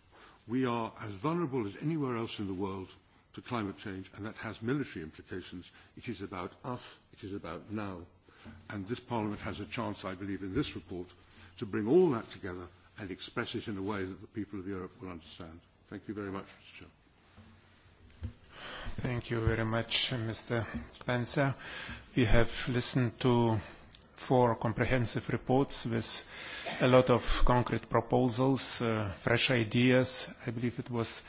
We are as vulnerable as anywhere else in the world to climate change, and that has military implications. It is about us, it is about now. And this Parliament has a chance, I believe, in this report to bring all that together and express it in a way that the people of Europe will understand. Thank you very much, Mr. Chair. Thank you very much, Mr. Spencer. We have listened to four comprehensive reports with a lot of concrete proposals, uh, fresh ideas. I believe it was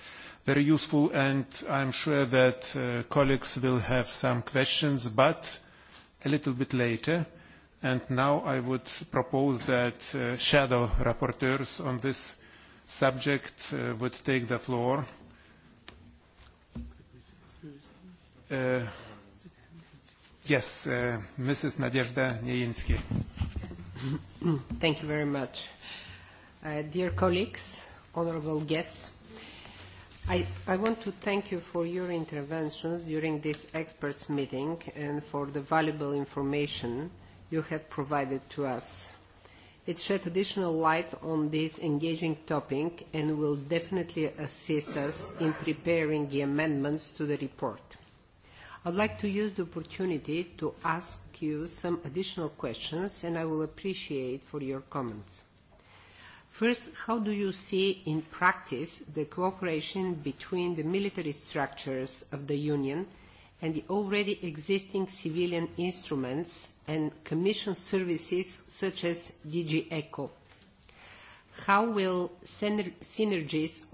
very useful, and I'm sure that uh, colleagues will have some questions, but a little bit later. And now I would propose that uh, shadow rapporteurs on this subject uh, would take the floor. Uh, Yes, uh, Mrs. Nadezhda Nijinsky. Thank you very much. Uh, dear colleagues, honorable guests, I, I want to thank you for your interventions during this experts meeting and for the valuable information you have provided to us. It shed additional light on this engaging topic and will definitely assist us in preparing the amendments to the report. I'd like to use the opportunity to ask you some additional questions, and I will appreciate for your comments. First, how do you see in practice the cooperation between the military structures of the Union and the already existing civilian instruments and commission services such as DG ECHO? How will synergies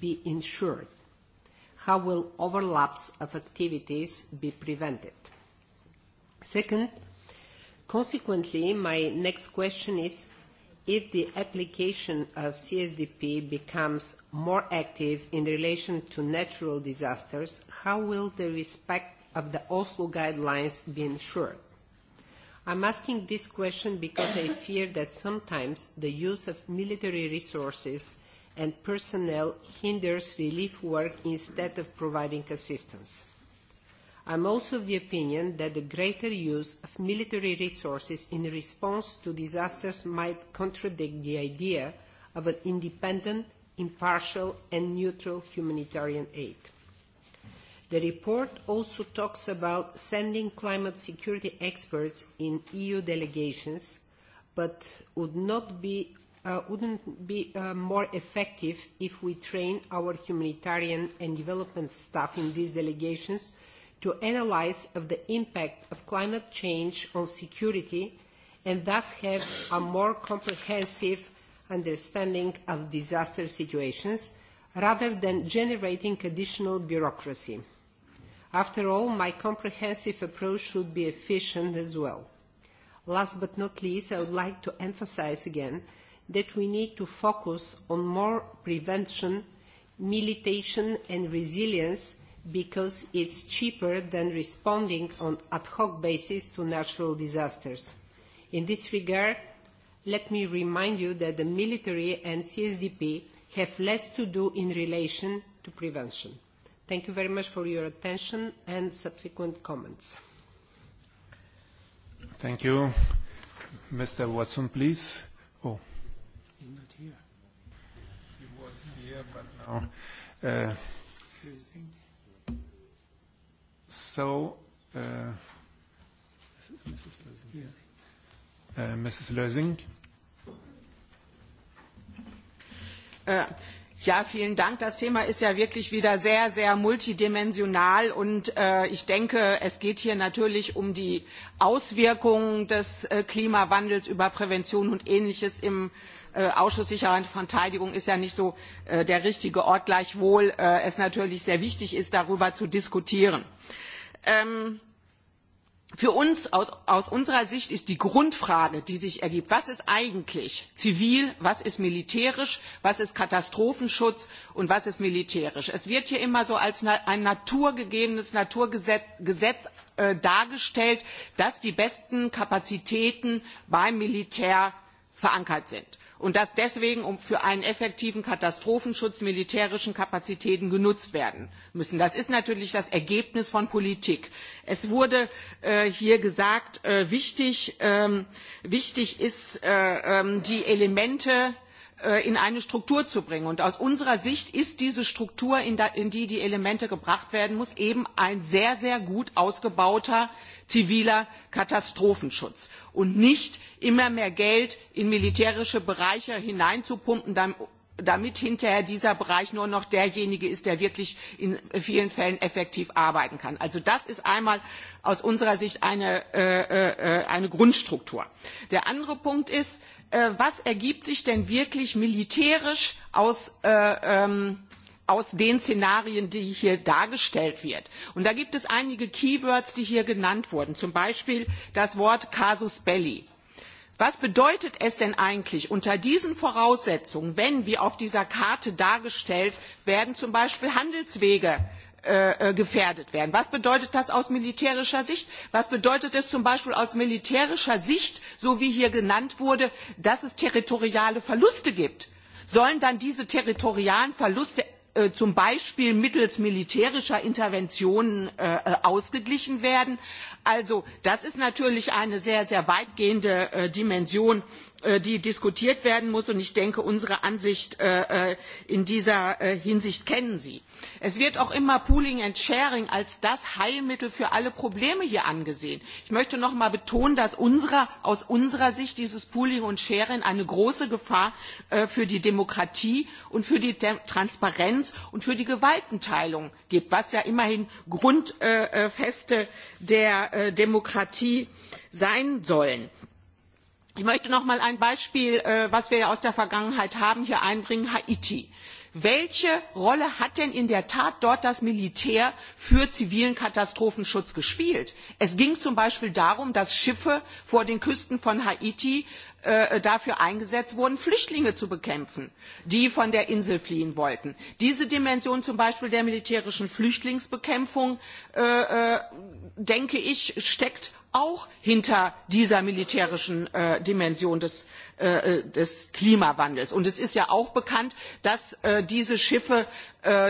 be ensured? How will overlaps of activities be prevented? Second, consequently, my next question is if the application of CSDP becomes more active in relation to natural disasters, how will the respect of the Oslo guidelines be ensured? I'm asking this question because I fear that sometimes the use of military resources – and personnel hinders relief work instead of providing assistance. I am also of the opinion that the greater use of military resources in response to disasters might contradict the idea of an independent, impartial and neutral humanitarian aid. The report also talks about sending climate security experts in EU delegations, but would not be uh, wouldn't be uh, more effective if we train our humanitarian and development staff in these delegations to analyze of the impact of climate change on security and thus have a more comprehensive understanding of disaster situations rather than generating additional bureaucracy. After all, my comprehensive approach should be efficient as well. Last but not least, I would like to emphasize again that we need to focus on more prevention, militation and resilience because it's cheaper than responding on ad hoc basis to natural disasters. In this regard, let me remind you that the military and CSDP have less to do in relation to prevention. Thank you very much for your attention and subsequent comments. Thank you. Mr. Watson, please. Oh, now. so, uh, Mrs. Lösing. Ja, vielen Dank. Das Thema ist ja wirklich wieder sehr, sehr multidimensional. Und ich denke, es geht hier natürlich um die Auswirkungen des Klimawandels über Prävention und Ähnliches im Ausschuss Sicherheit und Verteidigung ist ja nicht so der richtige Ort, gleichwohl es natürlich sehr wichtig ist, darüber zu diskutieren. Ähm, Für uns aus, unserer Sicht ist die Grundfrage, die sich ergibt, was ist eigentlich zivil, was ist militärisch, was ist Katastrophenschutz und was ist militärisch. Es wird hier immer so als ein naturgegebenes Naturgesetz dargestellt, dass die besten Kapazitäten beim Militär verankert sind und dass deswegen für einen effektiven Katastrophenschutz militärischen Kapazitäten genutzt werden müssen. Das ist natürlich das Ergebnis von Politik. Es wurde hier gesagt, wichtig, ist die Elemente, in eine Struktur zu bringen. Und aus unserer Sicht ist diese Struktur, in die die Elemente gebracht werden muss, eben ein sehr, sehr gut ausgebauter ziviler Katastrophenschutz und nicht immer mehr Geld in militärische Bereiche hineinzupumpen, damit hinterher dieser Bereich nur noch derjenige ist, der wirklich in vielen Fällen effektiv arbeiten kann. Also das ist einmal aus unserer Sicht eine, Grundstruktur. Der andere Punkt ist, was ergibt sich denn wirklich militärisch aus aus den Szenarien, die hier dargestellt wird. Und da gibt es einige Keywords, die hier genannt wurden, zum Beispiel das Wort Casus Belli. Was bedeutet es denn eigentlich unter diesen Voraussetzungen, wenn, wie auf dieser Karte dargestellt, werden zum Beispiel Handelswege gefährdet werden. Was bedeutet das aus militärischer Sicht? Was bedeutet es zum Beispiel aus militärischer Sicht, so wie hier genannt wurde, dass es territoriale Verluste gibt? Sollen dann diese territorialen Verluste zum Beispiel mittels militärischer Interventionen ausgeglichen werden. Also das ist natürlich eine sehr, sehr weitgehende Dimension die diskutiert werden muss. Und ich denke, unsere Ansicht in dieser Hinsicht kennen Sie. Es wird auch immer Pooling and Sharing als das Heilmittel für alle Probleme hier angesehen. Ich möchte noch einmal betonen, dass aus unserer Sicht dieses Pooling und Sharing eine große Gefahr für die Demokratie und für die Transparenz und für die Gewaltenteilung gibt, was ja immerhin Grundfeste der Demokratie sein sollen Ich möchte noch mal ein Beispiel, das wir aus der Vergangenheit haben, hier einbringen, Haiti. Welche Rolle hat denn in der Tat dort das Militär für zivilen Katastrophenschutz gespielt? Es ging zum Beispiel darum, dass Schiffe vor den Küsten von Haiti dafür eingesetzt wurden, Flüchtlinge zu bekämpfen, die von der Insel fliehen wollten. Diese Dimension zum Beispiel der militärischen Flüchtlingsbekämpfung, denke ich, steckt auch hinter dieser militärischen dimension des klimawandels. es ist ja auch bekannt dass diese schiffe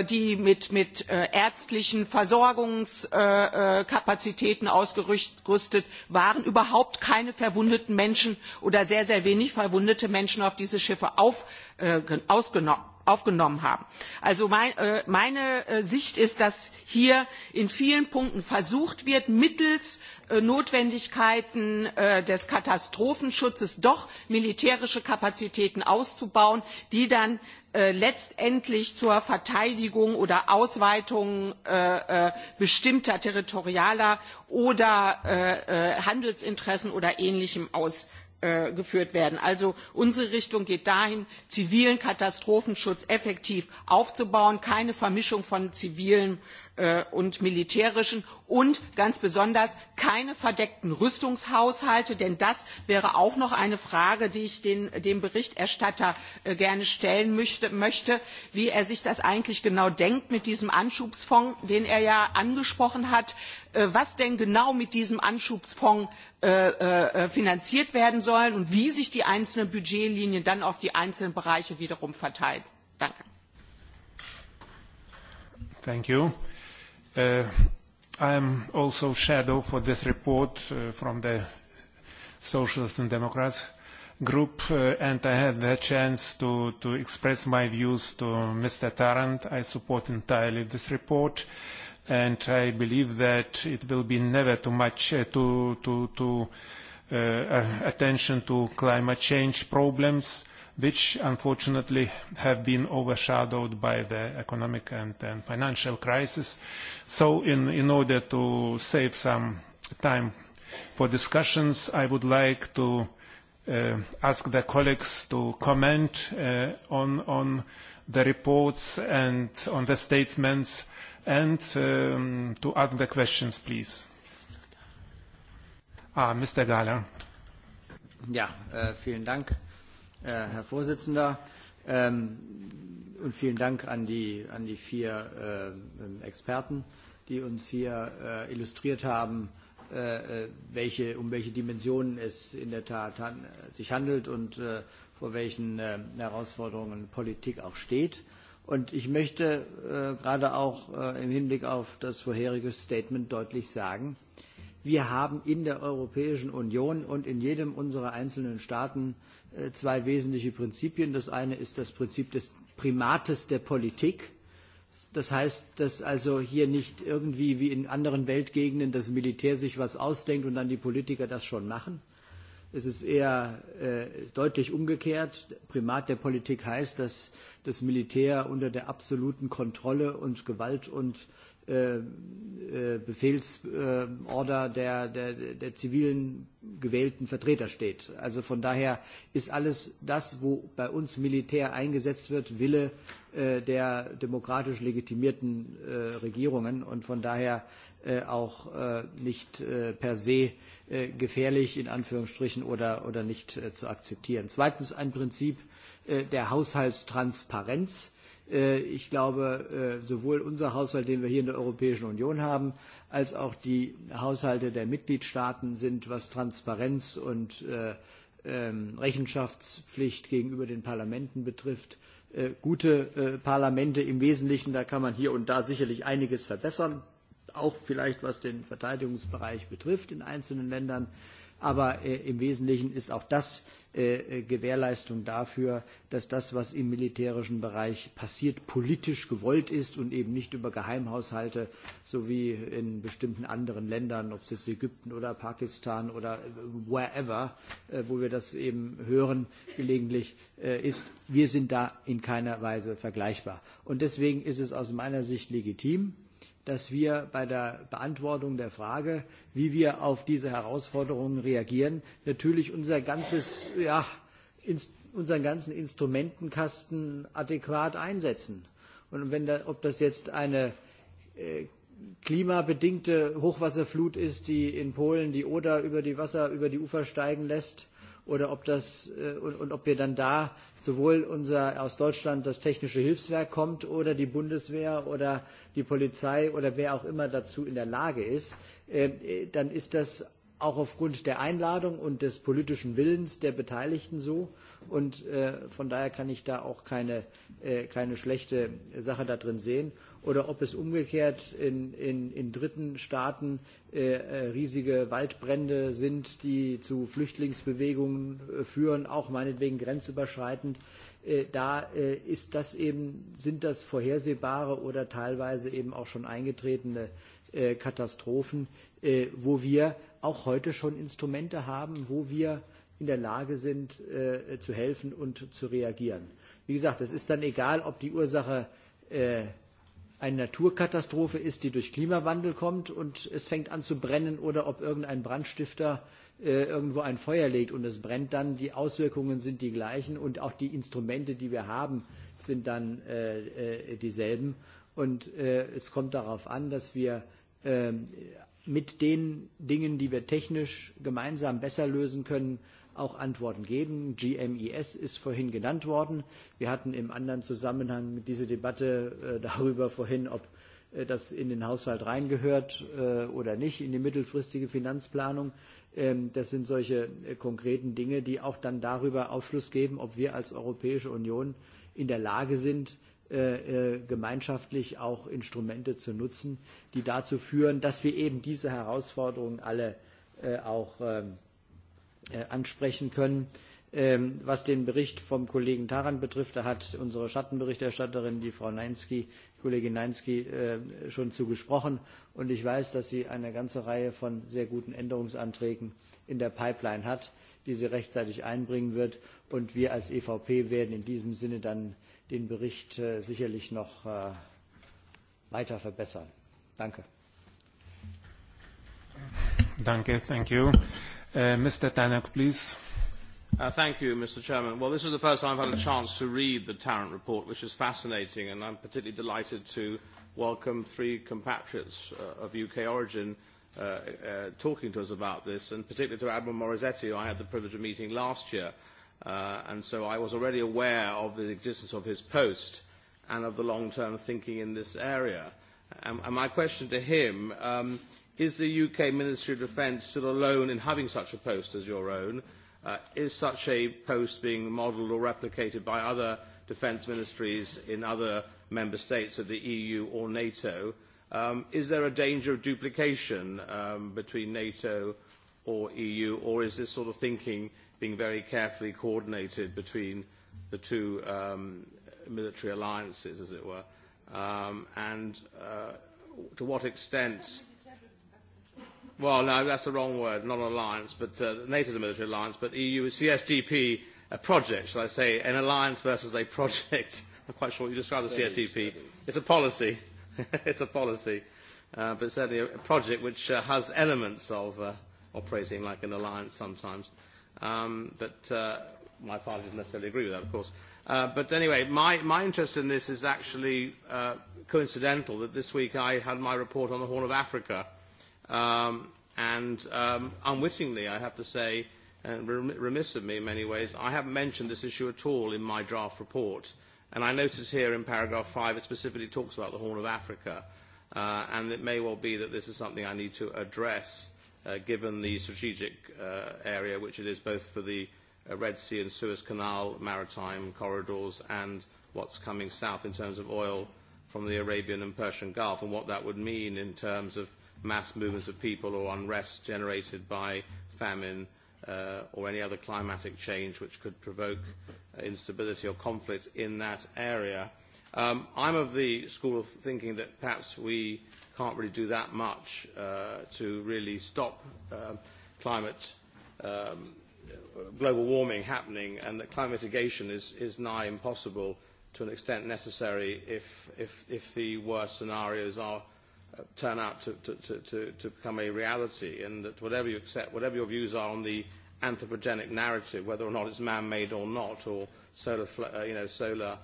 die mit ärztlichen versorgungskapazitäten ausgerüstet waren überhaupt keine verwundeten menschen oder sehr sehr wenig verwundete menschen auf diese schiffe aufgenommen haben. Also meine Sicht ist, dass hier in vielen Punkten versucht wird, mittels Notwendigkeiten des Katastrophenschutzes doch militärische Kapazitäten auszubauen, die dann letztendlich zur Verteidigung oder Ausweitung bestimmter territorialer oder Handelsinteressen oder Ähnlichem geführt werden. Also unsere Richtung geht dahin, zivilen Katastrophenschutz effektiv aufzubauen, keine Vermischung von zivilem und militärischen und ganz besonders keine verdeckten Rüstungshaushalte, denn das wäre auch noch eine Frage, die ich dem Berichterstatter gerne stellen möchte, wie er sich das eigentlich genau denkt mit diesem Anschubsfonds, den er ja angesprochen hat, was denn genau mit diesem Anschubsfonds finanziert werden soll und wie sich die einzelnen Budgetlinien dann auf die einzelnen Bereiche wiederum verteilen. Danke. I am also shadow for this report from the Socialists and Democrats group, and I had the chance to, to express my views to Mr. Tarrant. I support entirely this report, and I believe that it will be never too much to, to, to attention to climate change problems which unfortunately have been overshadowed by the economic and, and financial crisis. So in, in order to save some time for discussions, I would like to uh, ask the colleagues to comment uh, on, on the reports and on the statements and um, to ask the questions, please. Ah, Mr. Galler. Ja, äh, vielen Dank Herr Vorsitzender. Und vielen Dank an die, an die vier Experten, die uns hier illustriert haben, welche, um welche Dimensionen es in der Tat sich handelt und vor welchen Herausforderungen Politik auch steht. Und ich möchte gerade auch im Hinblick auf das vorherige Statement deutlich sagen, wir haben in der Europäischen Union und in jedem unserer einzelnen Staaten zwei wesentliche Prinzipien. Das eine ist das Prinzip des Primates der Politik. Das heißt, dass also hier nicht irgendwie wie in anderen Weltgegenden das Militär sich was ausdenkt und dann die Politiker das schon machen. Es ist eher deutlich umgekehrt. Primat der Politik heißt, dass das Militär unter der absoluten Kontrolle und Gewalt und Befehlsorder der, der, der zivilen gewählten Vertreter steht. Also von daher ist alles das, wo bei uns Militär eingesetzt wird, Wille der demokratisch legitimierten Regierungen und von daher auch nicht per se gefährlich in Anführungsstrichen oder, oder nicht zu akzeptieren. Zweitens ein Prinzip der Haushaltstransparenz Ich glaube, sowohl unser Haushalt, den wir hier in der Europäischen Union haben, als auch die Haushalte der Mitgliedstaaten sind, was Transparenz und Rechenschaftspflicht gegenüber den Parlamenten betrifft, gute Parlamente im Wesentlichen. Da kann man hier und da sicherlich einiges verbessern, auch vielleicht was den Verteidigungsbereich betrifft in einzelnen Ländern. Aber im Wesentlichen ist auch das Gewährleistung dafür, dass das, was im militärischen Bereich passiert, politisch gewollt ist und eben nicht über Geheimhaushalte, so wie in bestimmten anderen Ländern, ob es Ägypten oder Pakistan oder wherever, wo wir das eben hören gelegentlich, ist. Wir sind da in keiner Weise vergleichbar. Und deswegen ist es aus meiner Sicht legitim, dass wir bei der Beantwortung der Frage, wie wir auf diese Herausforderungen reagieren, natürlich unser ganzes, ja, unseren ganzen Instrumentenkasten adäquat einsetzen. Und wenn da, ob das jetzt eine klimabedingte Hochwasserflut ist, die in Polen die Oder über die Wasser, über die Ufer steigen lässt, oder ob das und, und ob wir dann da sowohl unser aus Deutschland das technische Hilfswerk kommt oder die Bundeswehr oder die Polizei oder wer auch immer dazu in der Lage ist, dann ist das auch aufgrund der Einladung und des politischen Willens der Beteiligten so. Und von daher kann ich da auch keine, keine schlechte Sache da drin sehen. Oder ob es umgekehrt in, in, in dritten Staaten riesige Waldbrände sind, die zu Flüchtlingsbewegungen führen, auch meinetwegen grenzüberschreitend da ist das eben, sind das vorhersehbare oder teilweise eben auch schon eingetretene Katastrophen, wo wir auch heute schon Instrumente haben, wo wir in der Lage sind, äh, zu helfen und zu reagieren. Wie gesagt, es ist dann egal, ob die Ursache äh, eine Naturkatastrophe ist, die durch Klimawandel kommt und es fängt an zu brennen oder ob irgendein Brandstifter äh, irgendwo ein Feuer legt und es brennt dann. Die Auswirkungen sind die gleichen und auch die Instrumente, die wir haben, sind dann äh, äh, dieselben. Und äh, es kommt darauf an, dass wir äh, mit den Dingen, die wir technisch gemeinsam besser lösen können, auch Antworten geben. GMES ist vorhin genannt worden. Wir hatten im anderen Zusammenhang diese Debatte darüber vorhin, ob das in den Haushalt reingehört oder nicht, in die mittelfristige Finanzplanung. Das sind solche konkreten Dinge, die auch dann darüber Aufschluss geben, ob wir als Europäische Union in der Lage sind, gemeinschaftlich auch Instrumente zu nutzen, die dazu führen, dass wir eben diese Herausforderungen alle auch ansprechen können. Was den Bericht vom Kollegen Taran betrifft, da hat unsere Schattenberichterstatterin, die Frau Kollegin Neinsky, schon zugesprochen. Und ich weiß, dass sie eine ganze Reihe von sehr guten Änderungsanträgen in der Pipeline hat, die sie rechtzeitig einbringen wird. Und wir als EVP werden in diesem Sinne dann den Bericht sicherlich noch weiter verbessern. Danke. Danke, thank you. Mr. Tannock, please. Mr. Chairman. this is the first time I have had a chance to read the Tarrant report, which is fascinating, and I am particularly delighted to welcome three compatriots of UK origin talking to us about this, and particularly to Admiral Morizetti, who I had the privilege of meeting last year. and so I was already aware of the existence of his post and of the long-term thinking in this area. my question to him is Is the UK Ministry of Defence still alone in having such a post as your own? is such a post being modelled or replicated by other defence ministries in other member states of the EU or NATO? is there a danger of duplication between NATO or EU, or is this sort of thinking being very carefully coordinated between the two military alliances, as it were? and to what extent well, no, that's the wrong word, not an alliance, but uh, NATO's a military alliance, but EU is CSDP, a project, shall I say, an alliance versus a project. I'm quite sure what you describe the CSDP. It's a policy. it's a policy, uh, but certainly a project which uh, has elements of uh, operating like an alliance sometimes. Um, but uh, my father didn't necessarily agree with that, of course. Uh, but anyway, my, my interest in this is actually uh, coincidental that this week I had my report on the Horn of Africa Um, and um, unwittingly, I have to say, and remiss of me in many ways, I haven't mentioned this issue at all in my draft report. And I notice here in paragraph five it specifically talks about the Horn of Africa. Uh, and it may well be that this is something I need to address uh, given the strategic uh, area which it is both for the uh, Red Sea and Suez Canal maritime corridors and what's coming south in terms of oil from the Arabian and Persian Gulf and what that would mean in terms of mass movements of people or unrest generated by famine uh, or any other climatic change which could provoke instability or conflict in that area. Um, I'm of the school of thinking that perhaps we can't really do that much uh, to really stop uh, climate um, global warming happening and that climate mitigation is, is nigh impossible to an extent necessary if, if, if the worst scenarios are turn out to, to, to, to, to become a reality, and that whatever you accept, whatever your views are on the anthropogenic narrative, whether or not it's man-made or not, or solar, you know, solar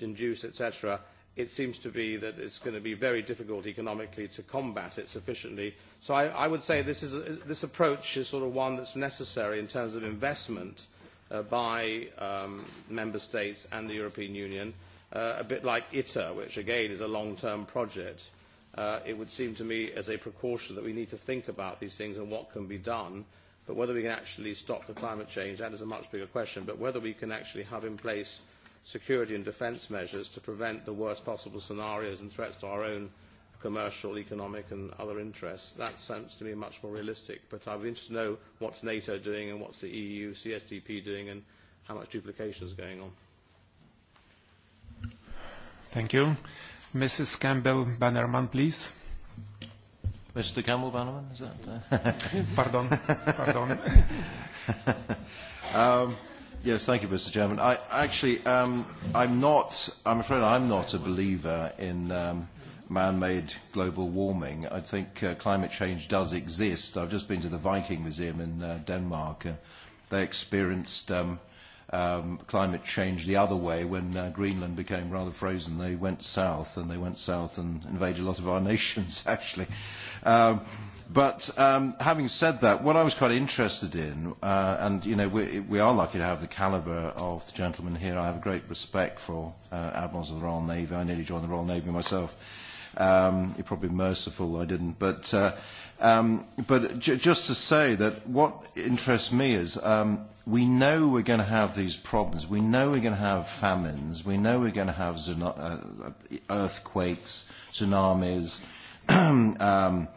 induced, etc., it seems to be that it's going to be very difficult economically to combat it sufficiently. So I, I would say this, is a, this approach is sort of one that's necessary in terms of investment uh, by um, member states and the European Union, uh, a bit like ITER, which again is a long-term project. Uh, it would seem to me as a precaution that we need to think about these things and what can be done. But whether we can actually stop the climate change, that is a much bigger question. But whether we can actually have in place security and defence measures to prevent the worst possible scenarios and threats to our own commercial, economic and other interests, that sounds to me much more realistic. But I'd be interested to know what's NATO doing and what's the EU, CSDP doing and how much duplication is going on. Thank you. Mrs. Campbell Bannerman, please. Mr. Campbell Bannerman, is that? pardon, pardon. um, yes, thank you, Mr. Chairman. I actually, um, I'm not. I'm afraid I'm not a believer in. Um, man-made global warming. I think uh, climate change does exist. I've just been to the Viking Museum in uh, Denmark. Uh, they experienced um, uh, um, climate change the other way when uh, Greenland became rather frozen. They went south, and they went south and invaded a lot of our nations, actually. Um, but um, having said that, what I was quite interested in, uh, and you know, we, we are lucky to have the calibre of the gentleman here. I have a great respect for uh, admirals of the Royal Navy. I nearly joined the Royal Navy myself. Um, you're probably merciful I didn't, but. Uh, Um, but j- just to say that what interests me is um, we know we're going to have these problems. We know we're going to have famines. We know we're going to have zuna- uh, earthquakes, tsunamis. um,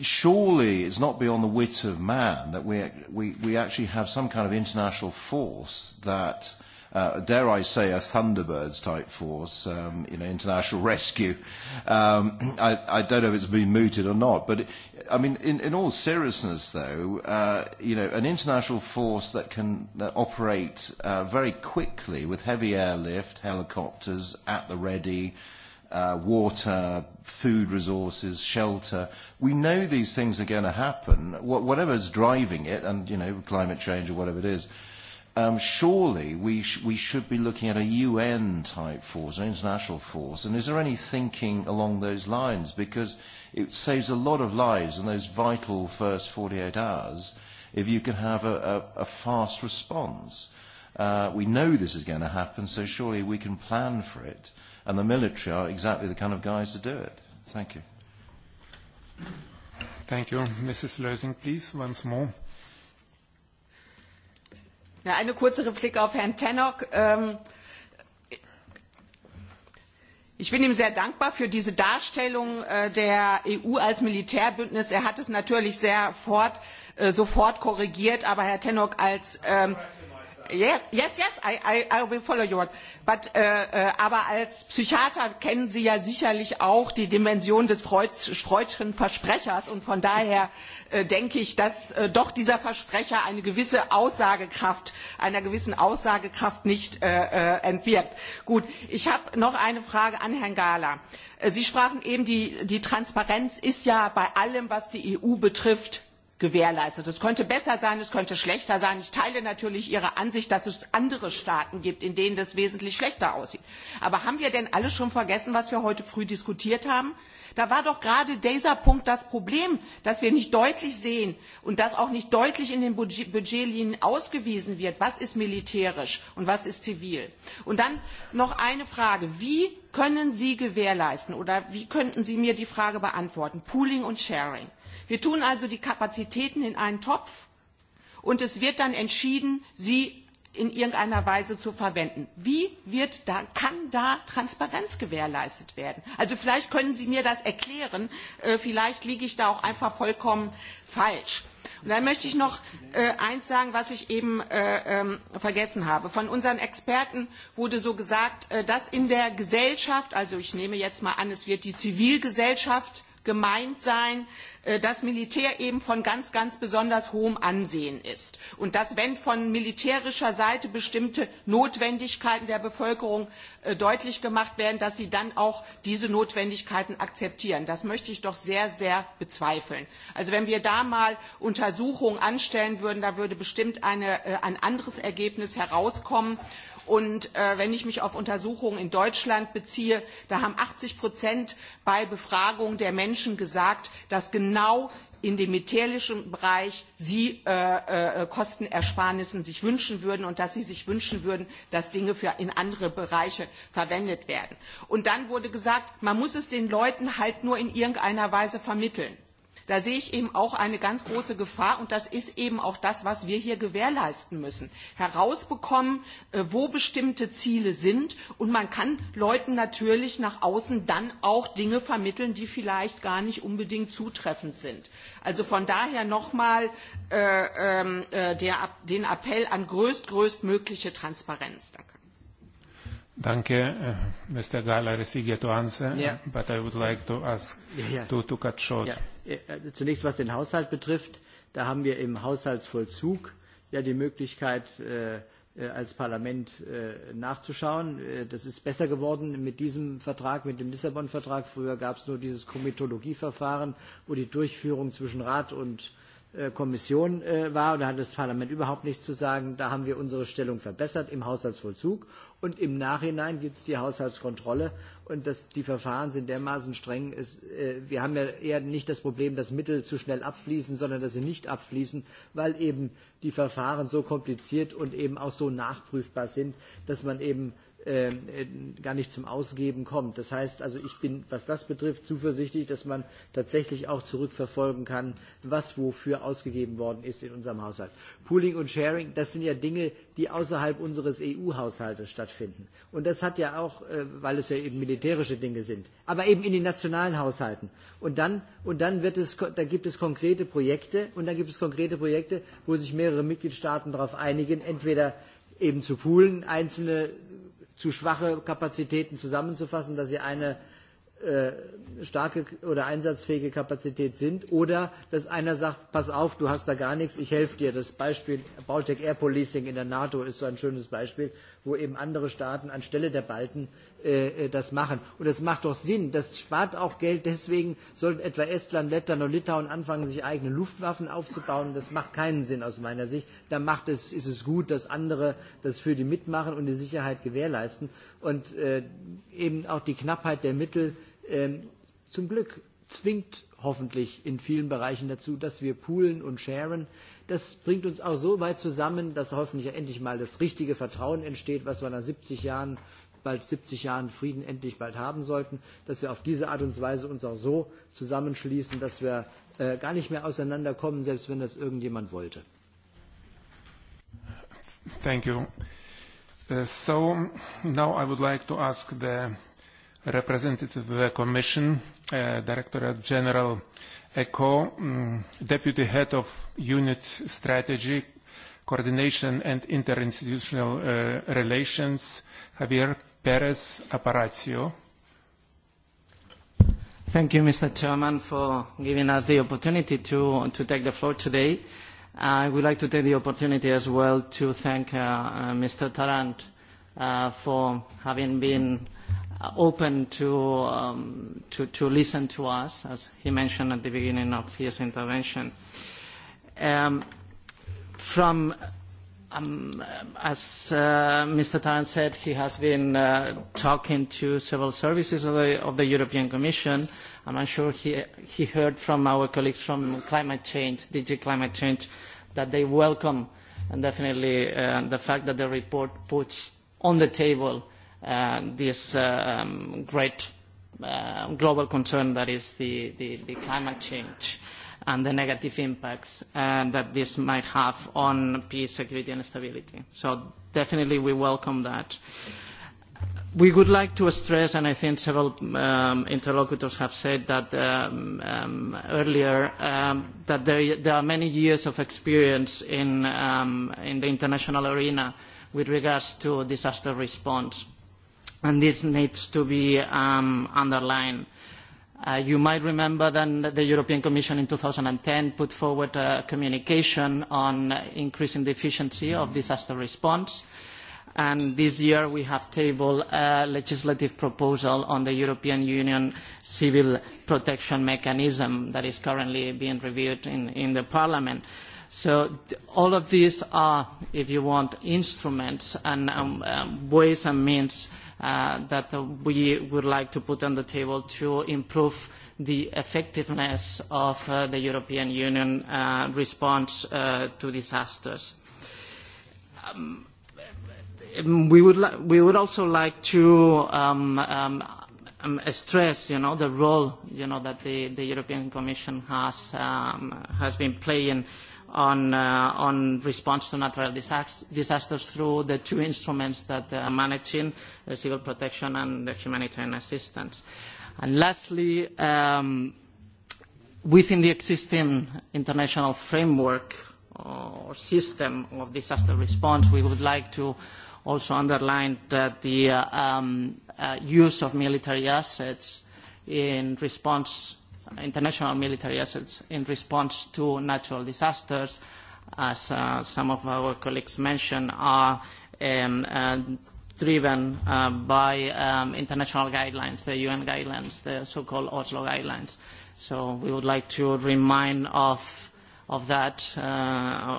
surely it's not beyond the wit of man that we, we, we actually have some kind of international force that uh, dare I say, a Thunderbirds type force, um, you know, international rescue. Um, I, I don't know if it's been mooted or not, but I mean, in, in all seriousness, though, uh, you know, an international force that can that operate uh, very quickly with heavy airlift, helicopters at the ready. Uh, water, food resources, shelter. We know these things are going to happen. Wh- whatever's driving it, and you know, climate change or whatever it is, uh, um, surely we, sh- we should be looking at a UN type force, an international force. And is there any thinking along those lines? Because it saves a lot of lives in those vital first 48 hours if you can have a, a, a fast response. Uh, we know this is going to happen, so surely we can plan for it. And the military are exactly the kind of guys to do it. Thank you. Thank you. Mrs. Lersing, please, once more eine kurze Replik auf Herrn Tannock. Ich bin ihm sehr dankbar für diese Darstellung der EU als Militärbündnis. Er hat es natürlich sehr sofort korrigiert, aber Herr Tannock als Yes, yes, yes, I, I, I will follow you. But, äh, aber als Psychiater kennen Sie ja sicherlich auch die Dimension des Freudschen Versprechers. Und von daher äh, denke ich, dass äh, doch dieser Versprecher eine gewisse Aussagekraft, einer gewissen Aussagekraft nicht äh, entbirgt. Gut, ich habe noch eine Frage an Herrn Gahler. Sie sprachen eben, die, die Transparenz ist ja bei allem, was die EU betrifft, gewährleistet. Es könnte besser sein, es könnte schlechter sein. Ich teile natürlich Ihre Ansicht, dass es andere Staaten gibt, in denen das wesentlich schlechter aussieht. Aber haben wir denn alle schon vergessen, was wir heute früh diskutiert haben? Da war doch gerade dieser Punkt das Problem, dass wir nicht deutlich sehen und dass auch nicht deutlich in den Budgetlinien ausgewiesen wird, was ist militärisch und was ist zivil. Und dann noch eine Frage. Wie können Sie gewährleisten oder wie könnten Sie mir die Frage beantworten? Pooling und Sharing Wir tun also die Kapazitäten in einen Topf und es wird dann entschieden, sie in irgendeiner Weise zu verwenden. Wie wird da, kann da Transparenz gewährleistet werden? Also vielleicht können Sie mir das erklären. vielleicht liege ich da auch einfach vollkommen falsch. Und dann möchte ich noch eins sagen, was ich eben vergessen habe. Von unseren Experten wurde so gesagt, dass in der Gesellschaft, also ich nehme jetzt mal an, es wird die Zivilgesellschaft gemeint sein, dass Militär eben von ganz, ganz besonders hohem Ansehen ist und dass, wenn von militärischer Seite bestimmte Notwendigkeiten der Bevölkerung deutlich gemacht werden, dass sie dann auch diese Notwendigkeiten akzeptieren. Das möchte ich doch sehr, sehr bezweifeln. Also wenn wir da mal Untersuchungen anstellen würden, da würde bestimmt ein anderes Ergebnis herauskommen. Und wenn ich mich auf Untersuchungen in Deutschland beziehe, da haben achtzig bei Befragung der Menschen gesagt, dass genau in dem metallischen Bereich Sie Kostenersparnissen sich wünschen würden und dass Sie sich wünschen würden, dass Dinge in andere Bereiche verwendet werden. Und dann wurde gesagt, man muss es den Leuten halt nur in irgendeiner Weise vermitteln. Da sehe ich eben auch eine ganz große Gefahr und das ist eben auch das, was wir hier gewährleisten müssen. Herausbekommen, wo bestimmte Ziele sind und man kann Leuten natürlich nach außen dann auch Dinge vermitteln, die vielleicht gar nicht unbedingt zutreffend sind. Also von daher nochmal den Appell an größt, größtmögliche Transparenz. Danke. Danke, Mr. Gala, is your answer, but I would like to ask to cut short. Zunächst, was den Haushalt betrifft, da haben wir im Haushaltsvollzug ja die Möglichkeit, als Parlament nachzuschauen. Das ist besser geworden mit diesem Vertrag, mit dem Lissabon-Vertrag. Früher gab es nur dieses Komitologieverfahren, wo die Durchführung zwischen Rat und äh, Kommission war, oder da hat das Parlament überhaupt nichts zu sagen. Da haben wir unsere Stellung verbessert im Haushaltsvollzug und im Nachhinein gibt es die Haushaltskontrolle und das, die Verfahren sind dermaßen streng. Ist, wir haben ja eher nicht das Problem, dass Mittel zu schnell abfließen, sondern dass sie nicht abfließen, weil eben die Verfahren so kompliziert und eben auch so nachprüfbar sind, dass man eben gar nicht zum Ausgeben kommt. Das heißt also, ich bin, was das betrifft, zuversichtlich, dass man tatsächlich auch zurückverfolgen kann, was wofür ausgegeben worden ist in unserem Haushalt. Pooling und Sharing, das sind ja Dinge, die außerhalb unseres EU-Haushaltes stattfinden. Und das hat ja auch, weil es ja eben militärische Dinge sind, aber eben in den nationalen Haushalten. Und dann, und dann wird es, da gibt es konkrete Projekte und dann gibt es konkrete Projekte, wo sich mehrere Mitgliedstaaten darauf einigen, entweder eben zu poolen, einzelne zu schwache Kapazitäten zusammenzufassen, dass sie eine starke oder einsatzfähige Kapazität sind oder dass einer sagt, pass auf, du hast da gar nichts, ich helfe dir. Das Beispiel Baltic Air Policing in der NATO ist so ein schönes Beispiel, wo eben andere Staaten anstelle der Balten das machen. Und das macht doch Sinn. Das spart auch Geld. Deswegen sollten etwa Estland, Lettland und Litauen anfangen, sich eigene Luftwaffen aufzubauen. Das macht keinen Sinn aus meiner Sicht. Da macht es, ist es gut, dass andere das für die mitmachen und die Sicherheit gewährleisten. Und eben auch die Knappheit der Mittel zum Glück zwingt hoffentlich in vielen Bereichen dazu, dass wir poolen und sharen. Das bringt uns auch so weit zusammen, dass hoffentlich endlich mal das richtige Vertrauen entsteht, was wir nach siebzig Jahren bald 70 Jahren Frieden endlich bald haben sollten, dass wir auf diese Art und Weise uns auch so zusammenschließen, dass wir gar nicht mehr auseinanderkommen, selbst wenn das irgendjemand wollte. Thank you. so now I would like to ask the representative of the Commission, Directorate General Deputy Head of Unit Strategy, Coordination and Interinstitutional Relations, Javier Perez Aparacio. Thank you, Mr. Chairman, for giving us the opportunity to, to take the floor today. I would like to take the opportunity as well to thank uh, uh, Mr. Tarrant uh, for having been open to, um, to, to listen to us, as he mentioned at the beginning of his intervention. Um, from as Mr. Tarrant said, he has been talking to several services of the, European Commission, and I'm sure he, he heard from our colleagues from Climate Change, DG Climate Change, that they welcome and definitely the fact that the report puts on the table this great global concern that is the, the, the climate change and the negative impacts that this might have on peace, security and stability. So definitely we welcome that. We would like to stress, and I think several um interlocutors have said that earlier, that there, there are many years of experience in, um in the international arena with regards to disaster response. And this needs to be um underlined you might remember that the European Commission in 2010 put forward a communication on increasing the efficiency of disaster response. And this year we have tabled a legislative proposal on the European Union civil protection mechanism that is currently being reviewed in, in the Parliament. Uh, So all of these are, if you want, instruments and um, um, ways and means uh, that we would like to put on the table to improve the effectiveness of uh, the European Union uh, response uh, to disasters. Um, we would we would also like to um, um, stress, you know, the role you know that the, the European Commission has um, has been playing on response to natural disasters through the two instruments that are managing civil protection and humanitarian assistance. And Lastly, within the existing international framework or system of disaster response, we would like to also underline that the use of military assets in response international military assets in response to natural disasters, as uh, some of our colleagues mentioned, are um, uh, driven uh, by um, international guidelines, the UN guidelines, the so-called Oslo guidelines. So we would like to remind of of that uh,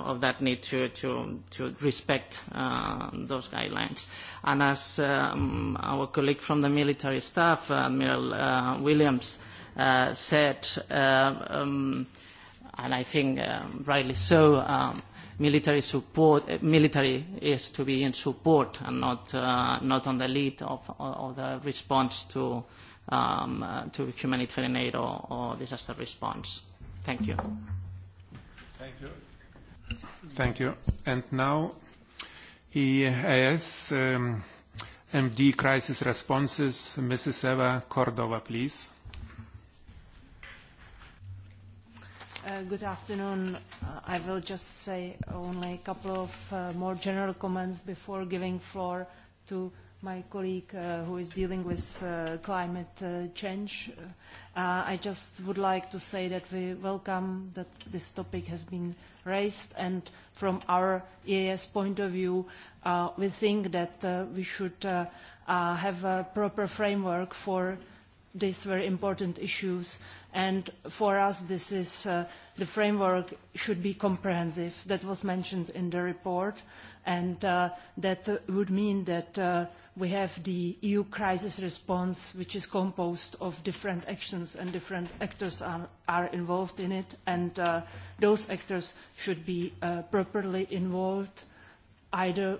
of that need to to to respect uh, those guidelines. And as um, our colleague from the military staff, Admiral uh, Williams said, um, and I think um, rightly so, um, military support, military is to be in support and not, uh, not on the lead of, of the response to, um, uh, to humanitarian aid or, or disaster response. Thank you. Thank you. Thank you. And now, EAS um, MD Crisis Responses, Mrs. Eva Cordova, please. Good afternoon. I will just say only a couple of more general comments before giving floor to my colleague who is dealing with climate change. I just would like to say that we welcome that this topic has been raised, and from our EAS point of view, we think that we should have a proper framework for these very important issues And for us, this is, the framework should be comprehensive. That was mentioned in the report. And that would mean that we have the EU crisis response, which is composed of different actions and different actors are, involved in it. And those actors should be properly involved either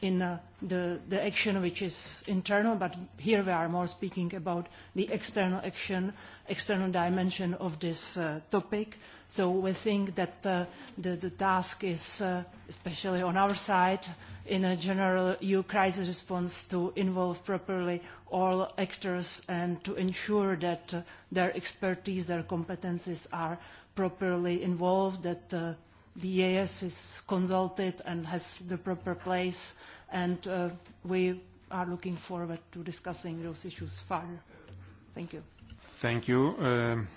in the, the action which is internal, but here we are more speaking about the external action external dimension of this topic. So we think that the, task is, especially on our side, in a general EU crisis response to involve properly all actors and to ensure that their expertise, their competences are properly involved, that the EAS is consulted and has the proper place, and we are looking forward to discussing those issues further. Thank you. Thank you.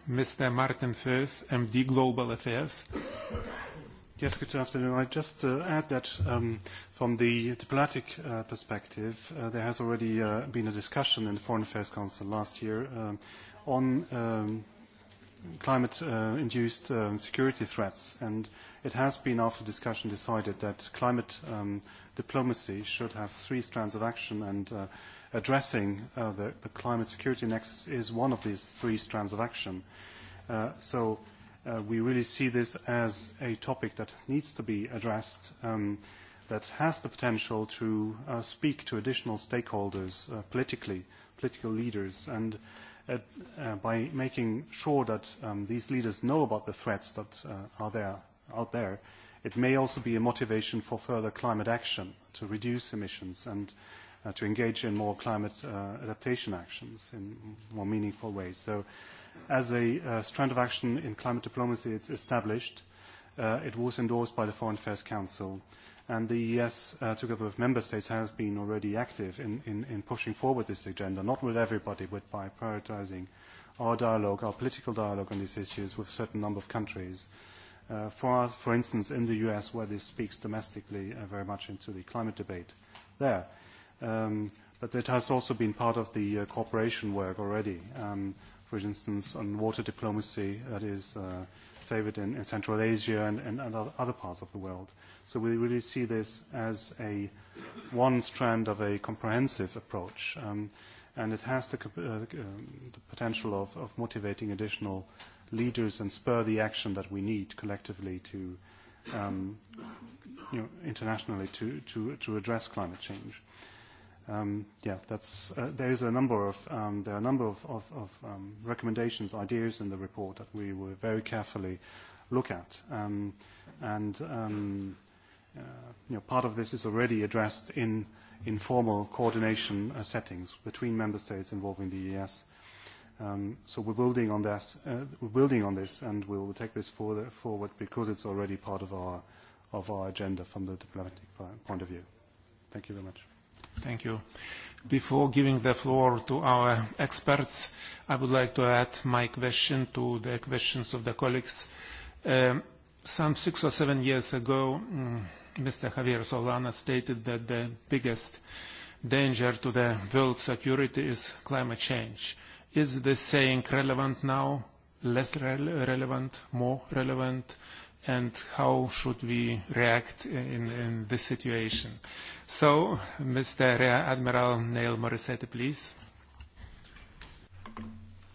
Mr. Martin Firth, MD, Global Affairs. Yes, good afternoon. I'd just add that from the diplomatic perspective, there has already been a discussion in the Foreign Affairs Council last year on climate-induced security threats. And it has been, after discussion, decided that climate diplomacy should have three strands of action, and addressing uh, the, the climate security nexus is one of these three strands of action. Uh, so uh, we really see this as a topic that needs to be addressed, um, that has the potential to uh, speak to additional stakeholders uh, politically, political leaders, and at, uh, by making sure that um, these leaders know about the threats that uh, are there, out there, it may also be a motivation for further climate action to reduce emissions and uh, uh, to engage in more climate uh, adaptation actions in more meaningful ways. So as a uh, strand of action in climate diplomacy, it's established. Uh, it was endorsed by the Foreign Affairs Council. And the ES, uh, together with member states, has been already active in, in, in pushing forward this agenda, not with everybody, but by prioritizing our dialogue, our political dialogue on these issues with a certain number of countries. Uh, for, us, for instance, in the US, where this speaks domestically uh, very much into the climate debate there. Um, but it has also been part of the uh, cooperation work already. Um, for instance, on water diplomacy that is uh, favored in, in Central Asia and, and, and other parts of the world. So we really see this as a one strand of a comprehensive approach. Um, and it has the, uh, the potential of, of motivating additional leaders and spur the action that we need collectively to, um, you know, internationally to, to, to address climate change. Uh, um, yeah, that's, uh, there is a number of um, there are a number of, of, of um, recommendations, ideas in the report that we will very carefully look at, um, and um, uh, you know, part of this is already addressed in informal coordination uh, settings between member states involving the ES. Um, so we're building on this, uh, we're building on this, and we will take this forward, forward because it's already part of our of our agenda from the diplomatic point of view. Thank you very much. Thank you. Before giving the floor to our experts, I would like to add my question to the questions of the colleagues. Some six or seven years ago, Mr. Javier Solana stated that the biggest danger to the world security is climate change. Is this saying relevant now, less relevant, more relevant? and how should we react in, in this situation. So, Mr. Rear Admiral Neil Morissette, please.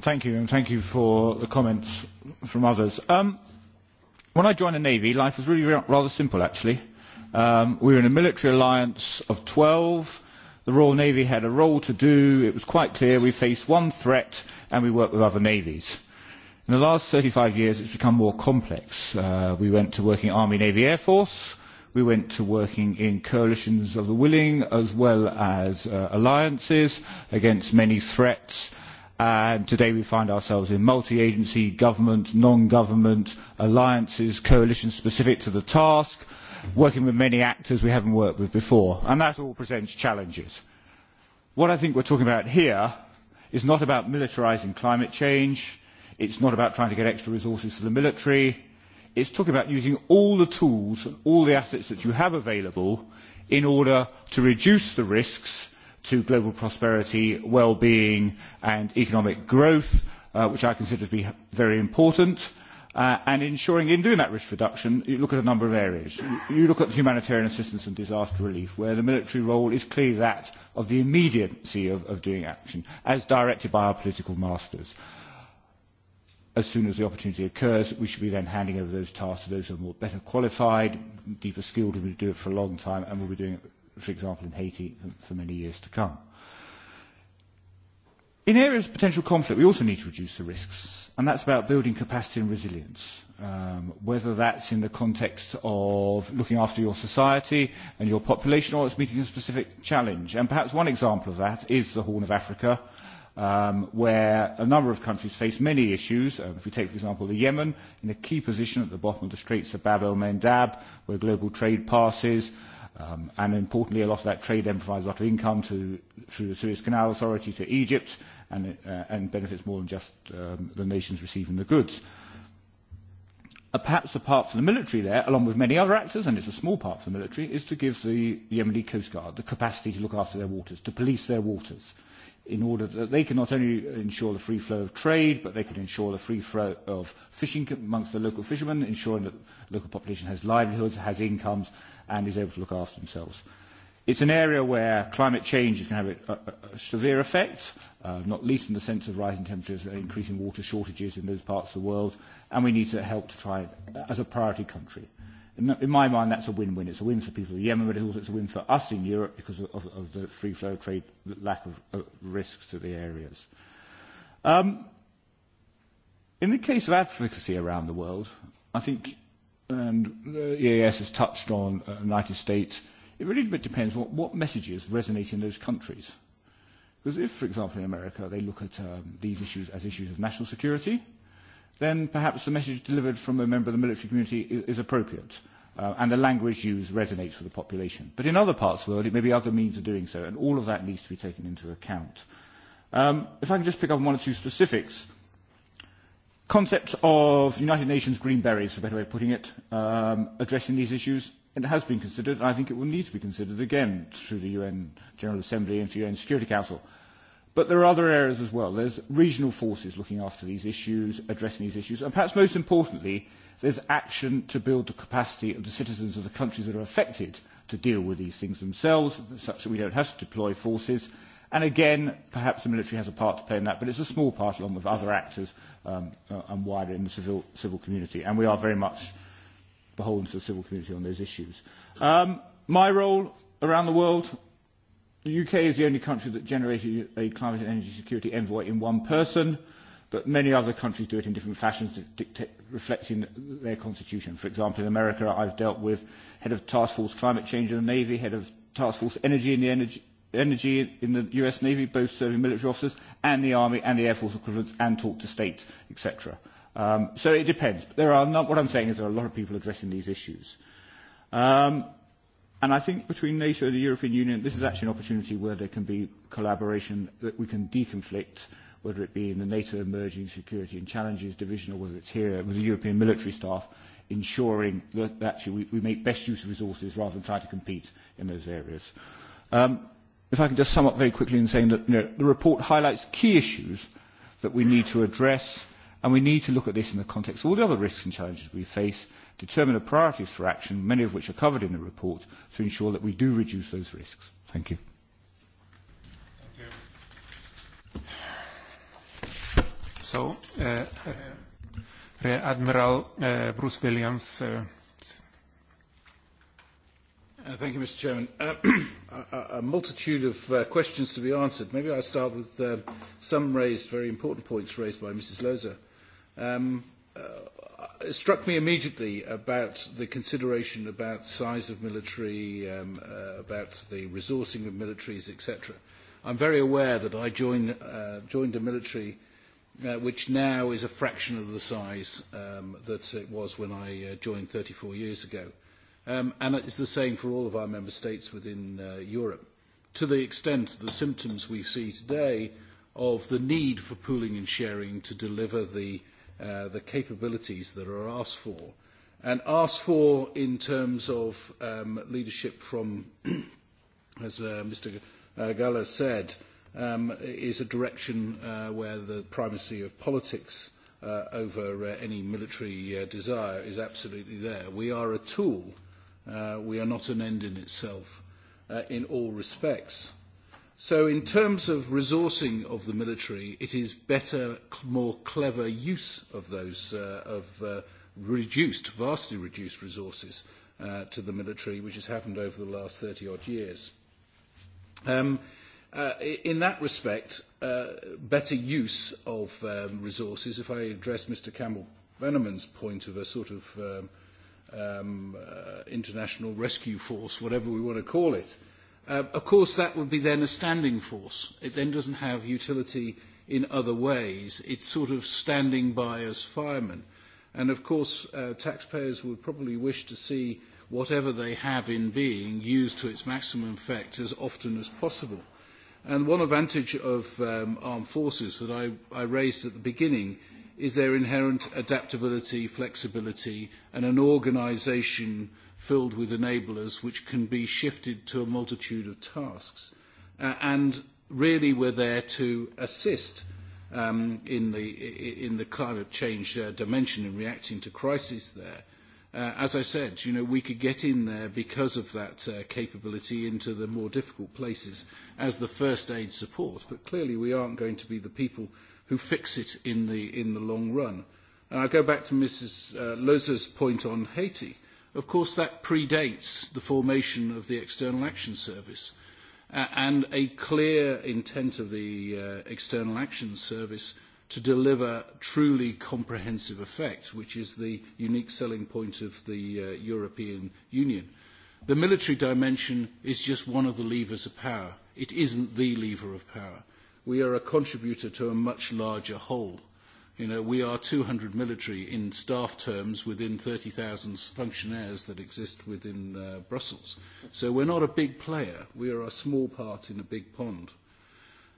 Thank you, and thank you for the comments from others. Um, when I joined the Navy, life was really rather simple, actually. Um, we were in a military alliance of 12. The Royal Navy had a role to do. It was quite clear we faced one threat, and we worked with other navies In the last 35 years, it's become more complex. Uh, we went to working Army, Navy, Air Force. We went to working in coalitions of the willing as well as uh, alliances against many threats. And today we find ourselves in multi-agency, government, non-government, alliances, coalitions specific to the task, working with many actors we haven't worked with before. And that all presents challenges. What I think we're talking about here is not about militarising climate change, It's not about trying to get extra resources for the military. It's talking about using all the tools and all the assets that you have available in order to reduce the risks to global prosperity, well-being and economic growth, which I consider to be very important, and ensuring in doing that risk reduction, you look at a number of areas. You look at humanitarian assistance and disaster relief, where the military role is clearly that of the immediacy of, doing action, as directed by our political masters as soon as the opportunity occurs, we should be then handing over those tasks to those who are more better qualified, deeper skilled, who will do it for a long time, and will be doing it, for example, in Haiti for, for many years to come. In areas of potential conflict, we also need to reduce the risks, and that's about building capacity and resilience. Um, whether that's in the context of looking after your society and your population, or it's meeting a specific challenge. And perhaps one example of that is the Horn of Africa, um, where a number of countries face many issues. Um, if we take, for example, the Yemen, in a key position at the bottom of the Straits of Bab el-Mandab, where global trade passes, um, and importantly, a lot of that trade then provides a lot of income to, through the Suez Canal Authority to Egypt, and, uh, and benefits more than just um, the nations receiving the goods. Uh, perhaps apart from the military there, along with many other actors, and it's a small part for the military, is to give the Yemeni Coast Guard the capacity to look after their waters, to police their waters in order that they can not only ensure the free flow of trade, but they can ensure the free flow of fishing amongst the local fishermen, ensuring that the local population has livelihoods, has incomes, and is able to look after themselves. It's an area where climate change is going to have a, a, a severe effect, uh, not least in the sense of rising temperatures and increasing water shortages in those parts of the world, and we need to help to try, as a priority country, In my mind, that's a win-win. It's a win for people in Yemen, but it's also a win for us in Europe because of, of the free flow of trade, the lack of, of risks to the areas. Um, in the case of advocacy around the world, I think, and the EAS has touched on the uh, United States, it really depends what, what messages resonate in those countries. Because if, for example, in America, they look at um, these issues as issues of national security, then perhaps the message delivered from a member of the military community is appropriate uh, and the language used resonates with the population. But in other parts of the world, it may be other means of doing so, and all of that needs to be taken into account. Um, if I can just pick up one or two specifics. Concept of United Nations green berries, is a better way of putting it, um, addressing these issues. It has been considered, and I think it will need to be considered again through the UN General Assembly and the UN Security Council. But there are other areas as well. There's regional forces looking after these issues, addressing these issues, and perhaps most importantly, there's action to build the capacity of the citizens of the countries that are affected to deal with these things themselves, such that we don't have to deploy forces. And again, perhaps the military has a part to play in that, but it's a small part along with other actors um, uh, and wider in the civil, civil community. And we are very much beholden to the civil community on those issues. Um, my role around the world The UK is the only country that generated a climate and energy security envoy in one person, but many other countries do it in different fashions, reflecting their constitution. For example, in America, I've dealt with head of task force climate change in the Navy, head of task force energy in the energy energy in the US Navy, both serving military officers, and the Army and the Air Force equivalents, and talk to state, etc. Um, so it depends. But there are not, what I'm saying is there are a lot of people addressing these issues. Um, And I think between NATO and the European Union, this is actually an opportunity where there can be collaboration that we can deconflict, whether it be in the NATO Emerging Security and Challenges Division or whether it's here with the European military staff, ensuring that actually we, we make best use of resources rather than try to compete in those areas. Um, if I can just sum up very quickly in saying that you know, the report highlights key issues that we need to address, and we need to look at this in the context of all the other risks and challenges we face, determine the priorities for action, many of which are covered in the report, to ensure that we do reduce those risks. Thank you. So, uh, Rear Admiral uh, Bruce Williams. Uh, Thank you, Mr. Chairman. A multitude of questions to be answered. Maybe I'll start with some raised, very important points raised by Mrs. Loza struck me immediately about the consideration about size of military, um, uh, about the resourcing of militaries, etc. I'm very aware that I joined, uh, joined a military uh, which now is a fraction of the size um, that it was when I uh, joined 34 years ago. Um, and it's the same for all of our member states within uh, Europe. To the extent the symptoms we see today of the need for pooling and sharing to deliver the uh, uh, the capabilities that are asked for, and asked for in terms of um, leadership from, as uh, Mr. Gala said, um, is a direction uh, where the primacy of politics uh, over uh, any military uh, desire is absolutely there. We are a tool. Uh, we are not an end in itself uh, in all respects So in terms of resourcing of the military, it is better, more clever use of those, uh, of uh, reduced, vastly reduced resources uh, to the military, which has happened over the last 30 odd years. Um, uh, in that respect, uh, better use of um, resources, if I address Mr. Campbell Bannerman's point of a sort of um, um, uh, international rescue force, whatever we want to call it, of course, that would be then a standing force. It then doesn't have utility in other ways. It's sort of standing by as firemen. And of course, taxpayers would probably wish to see whatever they have in being used to its maximum effect as often as possible. And one advantage of armed forces that I, I raised at the beginning is their inherent adaptability, flexibility, and an organisation filled with enablers which can be shifted to a multitude of tasks. Uh, and really we're there to assist um, in, the, in the climate change uh, dimension in reacting to crisis there. Uh, as I said, you know, we could get in there because of that uh, capability into the more difficult places as the first aid support, but clearly we aren't going to be the people who fix it in the, in the long run. And I go back to Mrs. Uh, Loza's point on Haiti. Of course, that predates the formation of the External Action Service. and a clear intent of the External Action Service to deliver truly comprehensive effect, which is the unique selling point of the European Union. The military dimension is just one of the levers of power. It isn't the lever of power. We are a contributor to a much larger whole You know, we are 200 military in staff terms within 30,000 functionaires that exist within uh, Brussels. So we're not a big player. We are a small part in a big pond.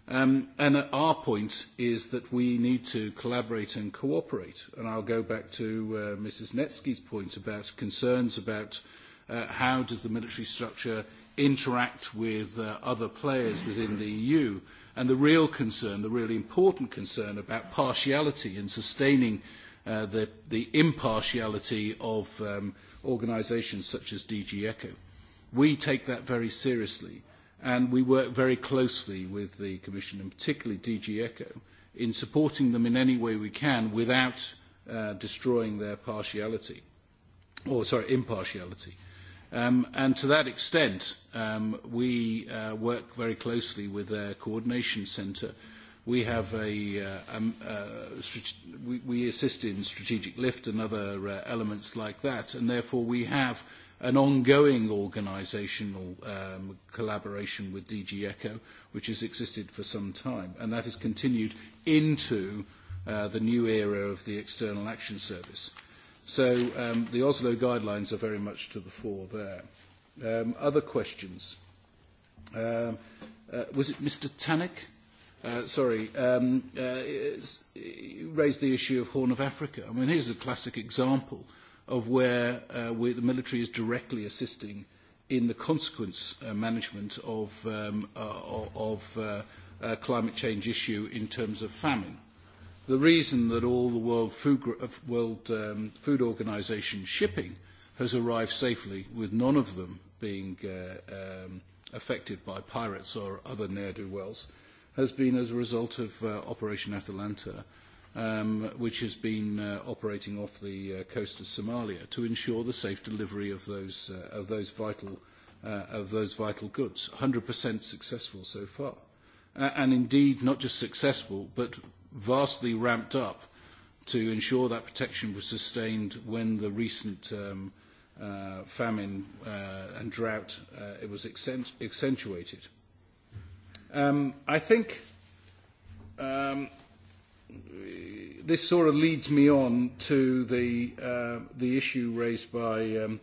Um, and our point is that we need to collaborate and cooperate. And I'll go back to uh, Mrs. Netsky's point about concerns about uh, how does the military structure interact with uh, other players within the EU and the real concern, the really important concern about partiality and sustaining the, the impartiality of organisations such as DG ECHO. We take that very seriously and we work very closely with the Commission and particularly DG ECHO in supporting them in any way we can without destroying their partiality, or sorry, impartiality and to that extent, we work very closely with their coordination centre. We have a, we, assist in strategic lift and other elements like that, and therefore we have an ongoing organisational collaboration with DG ECHO, which has existed for some time, and that has continued into the new era of the External Action Service So the Oslo guidelines are very much to the fore there. other questions? was it Mr. Tannock? sorry, raised the issue of Horn of Africa. I mean, here's a classic example of where, where the military is directly assisting in the consequence management of, climate change issue in terms of famine the reason that all the World Food, World, um, Food Organization shipping has arrived safely, with none of them being uh, um, affected by pirates or other ne'er-do-wells, has been as a result of uh, Operation Atalanta, um, which has been uh, operating off the uh, coast of Somalia to ensure the safe delivery of those, uh, of those, vital, uh, of those vital goods. 100% successful so far. Uh, and indeed, not just successful, but vastly ramped up to ensure that protection was sustained when the recent um, uh, famine uh, and drought uh, it was accent accentuated. Um, I think um, this sort of leads me on to the uh, the issue raised by um,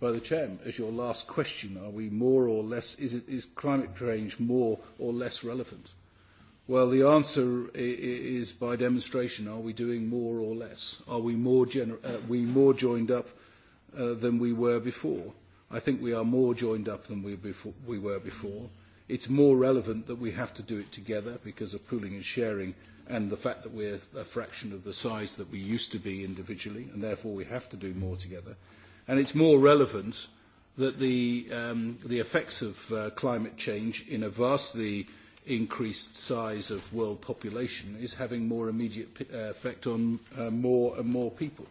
by the chair as your last question: Are we more or less? Is, it, is climate change more or less relevant? Well, the answer is by demonstration. Are we doing more or less? Are we more, gener- uh, we more joined up uh, than we were before? I think we are more joined up than we, before, we were before. It's more relevant that we have to do it together because of pooling and sharing and the fact that we're a fraction of the size that we used to be individually, and therefore we have to do more together. And it's more relevant that the, um, the effects of uh, climate change in a vastly increased size of world population is having more immediate effect on more and more people.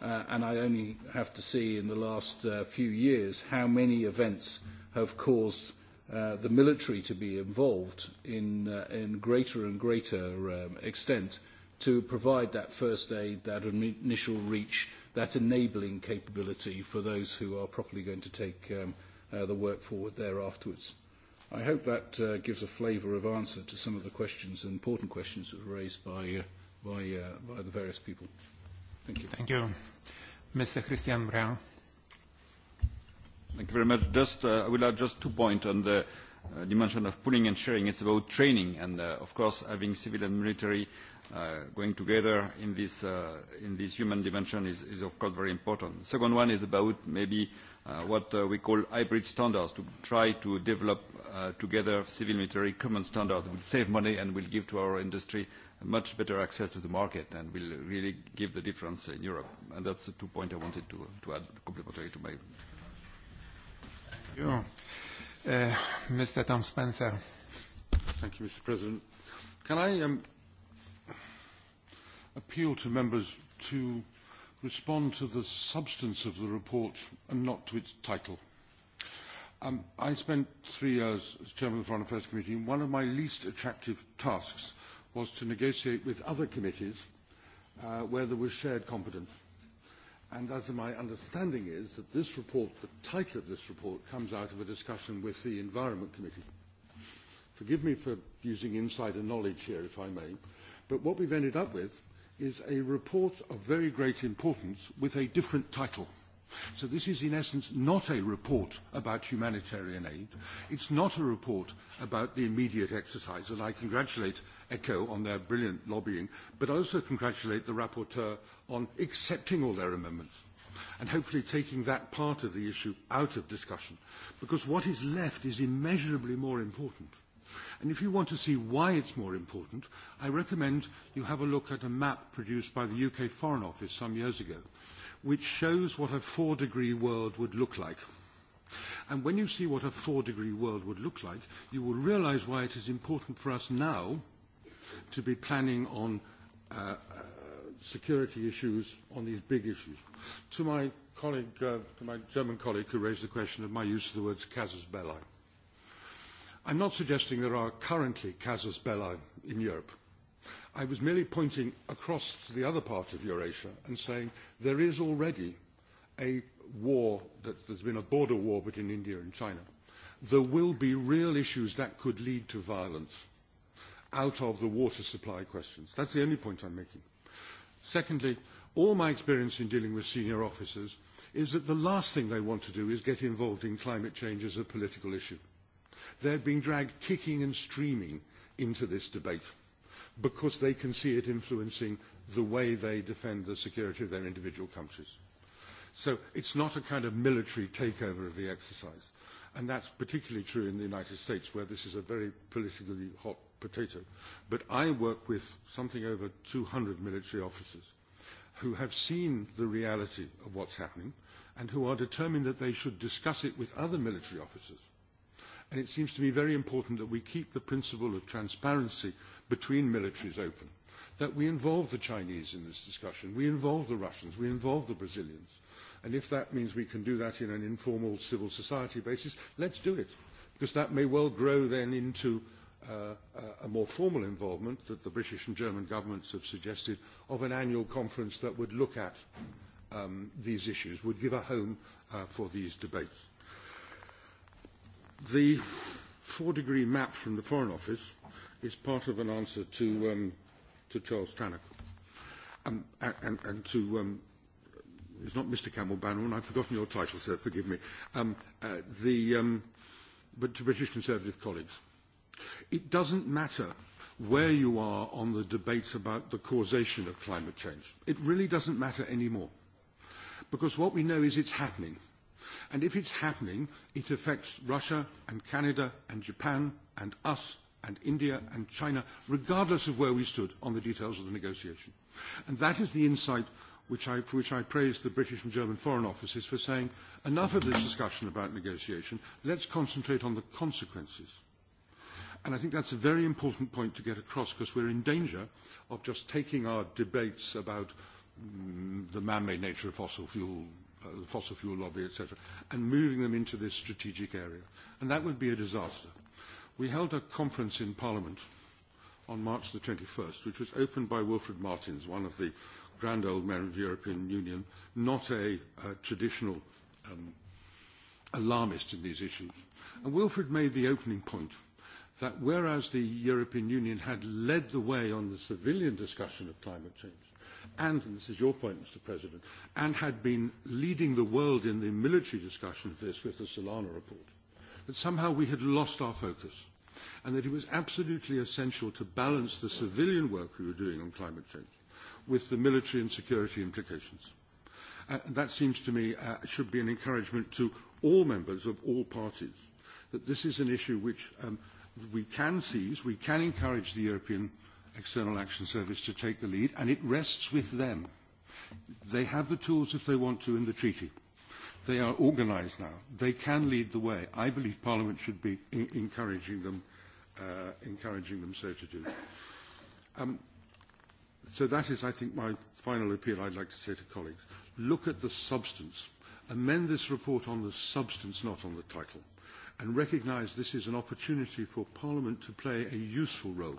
and I only have to see in the last few years how many events have caused the military to be involved in, in greater and greater extent to provide that first aid, that initial reach, that enabling capability for those who are properly going to take the work forward there afterwards. I hope that uh, gives a flavour of answer to some of the questions, important questions that were raised by, uh, by, uh, by the various people. Thank you. Thank you. Mr. Christian Brown. Thank you very much. Just, uh, I will add just two points on the uh, dimension of pooling and sharing. It's about training, and uh, of course, having civil and military going together in this, uh, in this human dimension is, is of course very important. The second one is about maybe uh, what uh, we call hybrid standards to try to develop uh, together civil military common standards that will save money and will give to our industry much better access to the market and will really give the difference in Europe. And that's the two points I wanted to, to add complementary to my. Thank you. Uh, Mr. Tom Spencer. Thank you, Mr. President. Can I um, appeal to members to respond to the substance of the report and not to its title. Um, I spent three years as chairman of the Foreign Affairs Committee, and one of my least attractive tasks was to negotiate with other committees uh, where there was shared competence. And as my understanding is that this report, the title of this report, comes out of a discussion with the Environment Committee. Forgive me for using insider knowledge here, if I may, but what we've ended up with is a report of very great importance with a different title. So this is in essence not a report about humanitarian aid. It's not a report about the immediate exercise, and I congratulate ECHO on their brilliant lobbying, but I also congratulate the rapporteur on accepting all their amendments and hopefully taking that part of the issue out of discussion, because what is left is immeasurably more important. And if you want to see why it's more important, I recommend you have a look at a map produced by the UK Foreign Office some years ago, which shows what a four-degree world would look like. And when you see what a four-degree world would look like, you will realise why it is important for us now to be planning on uh, security issues, on these big issues. To my colleague, uh, to my German colleague who raised the question of my use of the words casus belli. I'm not suggesting there are currently casus belli in Europe. I was merely pointing across to the other part of Eurasia and saying there is already a war, that there's been a border war between India and China. There will be real issues that could lead to violence out of the water supply questions. That's the only point I'm making. Secondly, all my experience in dealing with senior officers is that the last thing they want to do is get involved in climate change as a political issue. They're being dragged kicking and streaming into this debate because they can see it influencing the way they defend the security of their individual countries. So it's not a kind of military takeover of the exercise. And that's particularly true in the United States, where this is a very politically hot potato. But I work with something over 200 military officers who have seen the reality of what's happening and who are determined that they should discuss it with other military officers – And it seems to me very important that we keep the principle of transparency between militaries open, that we involve the Chinese in this discussion, we involve the Russians, we involve the Brazilians. And if that means we can do that in an informal civil society basis, let's do it, because that may well grow then into uh, a more formal involvement that the British and German governments have suggested of an annual conference that would look at um, these issues, would give a home uh, for these debates. The four-degree map from the Foreign Office is part of an answer to, um, to Charles Tannock. Um, and, and to, um, it's not Mr. Campbell Bannerman, I've forgotten your title, sir, forgive me, um, uh, the, um, but to British Conservative colleagues. It doesn't matter where you are on the debates about the causation of climate change. It really doesn't matter anymore. Because what we know is it's happening And if it's happening, it affects Russia and Canada and Japan and us and India and China, regardless of where we stood on the details of the negotiation. And that is the insight which I, for which I praise the British and German foreign offices for saying, enough of this discussion about negotiation, let's concentrate on the consequences. And I think that's a very important point to get across because we're in danger of just taking our debates about the man-made nature of fossil fuel the fossil fuel lobby, etc., and moving them into this strategic area. And that would be a disaster. We held a conference in Parliament on March the 21st, which was opened by Wilfred Martins, one of the grand old men of the European Union, not a, uh traditional um, alarmist in these issues. And Wilfred made the opening point that whereas the European Union had led the way on the civilian discussion of climate change, and, and this is your point, Mr. President, and had been leading the world in the military discussion of this with the Solana report, that somehow we had lost our focus and that it was absolutely essential to balance the civilian work we were doing on climate change with the military and security implications. Uh, that seems to me uh, should be an encouragement to all members of all parties that this is an issue which um, we can seize, we can encourage the European External Action Service to take the lead, and it rests with them. They have the tools if they want to in the treaty. They are organised now. They can lead the way. I believe Parliament should be in- encouraging them, uh, encouraging them so to do. Um, so that is, I think, my final appeal. I'd like to say to colleagues: look at the substance. Amend this report on the substance, not on the title, and recognise this is an opportunity for Parliament to play a useful role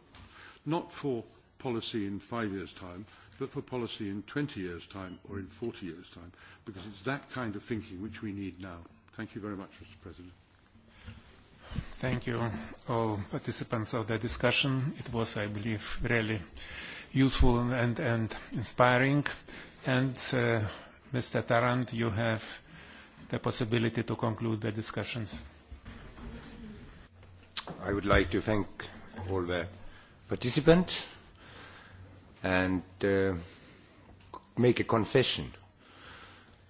not for policy in five years' time, but for policy in 20 years' time or in 40 years' time, because it's that kind of thinking which we need now. Thank you very much, Mr. President. Thank you, all participants of the discussion. It was, I believe, really useful and, and inspiring. And, uh, Mr. Tarrant, you have the possibility to conclude the discussions. I would like to thank all the participant and uh, make a confession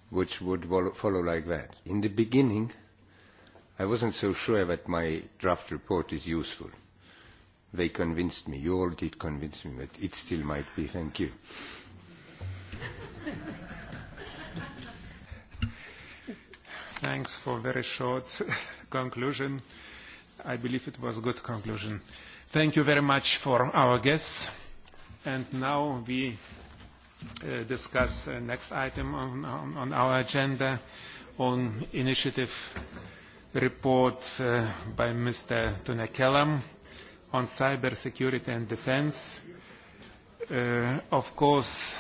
which would follow like that. In the beginning, I wasn't so sure that my draft report is useful. They convinced me. You all did convince me, but it still might be. Thank you. Thanks for very short conclusion. I believe it was a good conclusion. Thank you very much for our guests. And now we uh, discuss the next item on, on, on our agenda on initiative report uh, by Mr. Tunekelam on cybersecurity and defense. Uh, of course,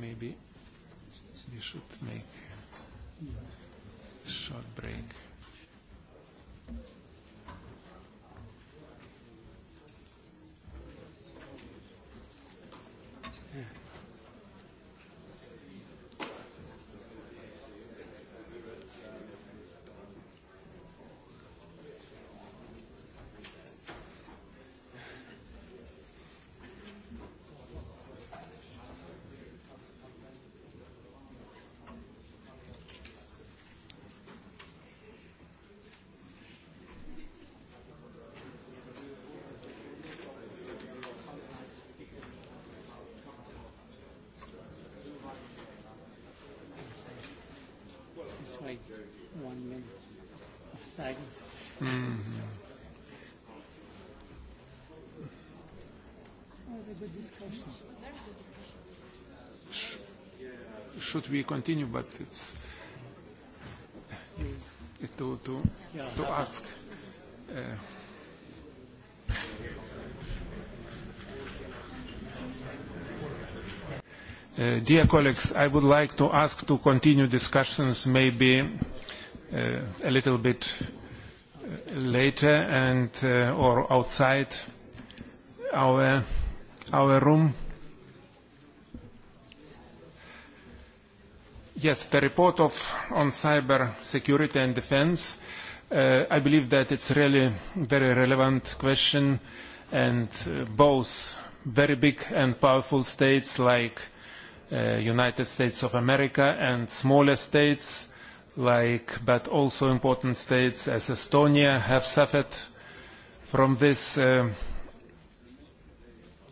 maybe we should make Craig. good discussion. Very Should we continue, but it's to, to, to ask. Uh, dear colleagues, I would like to ask to continue discussions maybe uh, a little bit later and uh, or outside our our room. Yes, the report of, on cyber security and defense, uh, I believe that it's really a very relevant question and uh, both very big and powerful states like uh, United States of America and smaller states like, but also important states as Estonia have suffered from this uh,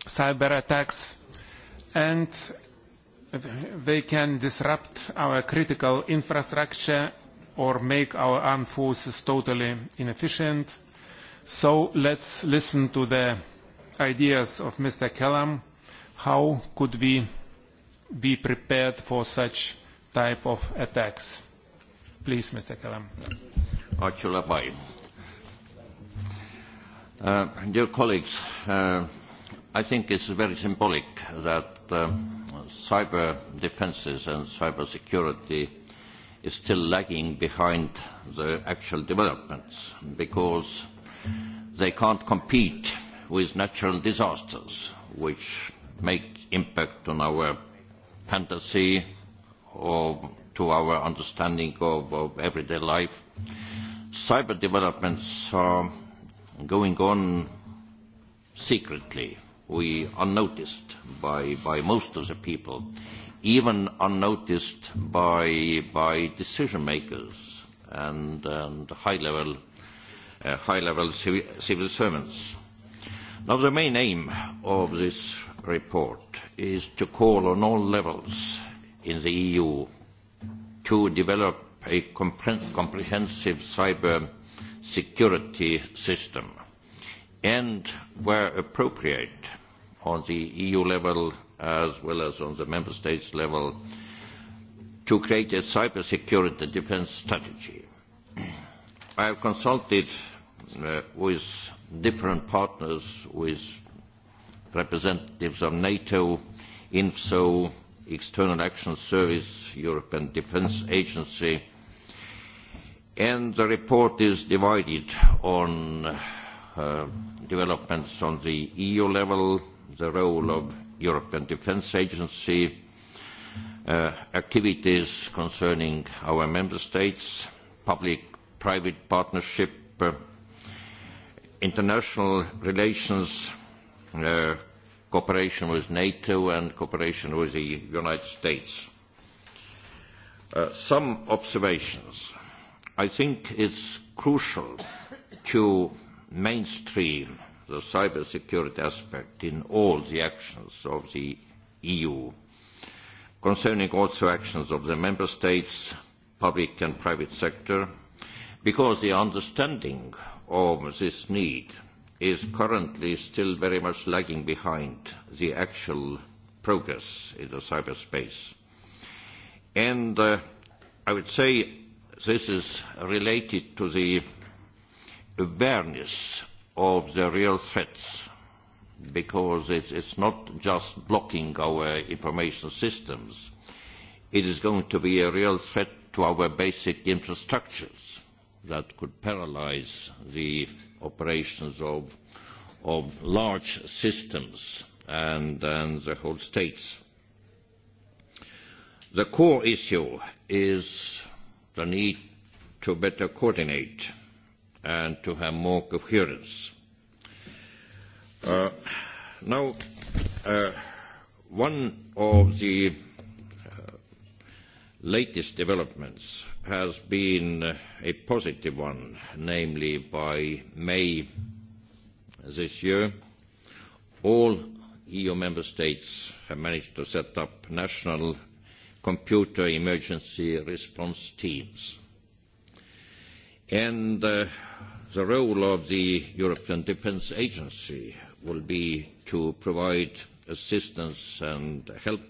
cyber attacks, and they can disrupt our critical infrastructure or make our armed forces totally inefficient. So let's listen to the ideas of Mr. Kellam. How could we be prepared for such type of attacks? Please, Mr. Kellam. dear colleagues, I think it's very symbolic that uh, cyber defenses and cyber security is still lagging behind the actual developments because they can't compete with natural disasters which make impact on our fantasy or to our understanding of, of everyday life. Cyber developments are going on secretly we unnoticed by, by most of the people, even unnoticed by, by decision makers and, and high level, uh, high level civil, civil servants. Now, the main aim of this report is to call on all levels in the EU to develop a comprehensive cyber security system and, where appropriate, on the EU level as well as on the member states level to create a cyber security defense strategy. I have consulted uh, with different partners, with representatives of NATO, INFSO, External Action Service, European Defence Agency, and the report is divided on uh, developments on the EU level, the role of European Defence Agency, activities concerning our member states, public-private partnership, international relations, cooperation with NATO and cooperation with the United States. some observations. I think it's crucial to mainstream the cybersecurity aspect in all the actions of the EU, concerning also actions of the member states, public and private sector, because the understanding of this need is currently still very much lagging behind the actual progress in the cyberspace. And uh, I would say this is related to the awareness of the real threats because it's, it's not just blocking our information systems. It is going to be a real threat to our basic infrastructures that could paralyze the operations of, of large systems and, and the whole states. The core issue is the need to better coordinate and to have more coherence. now, one of the latest developments has been a positive one, namely by May this year, all EU member states have managed to set up national computer emergency response teams And the role of the European Defence Agency will be to provide assistance and help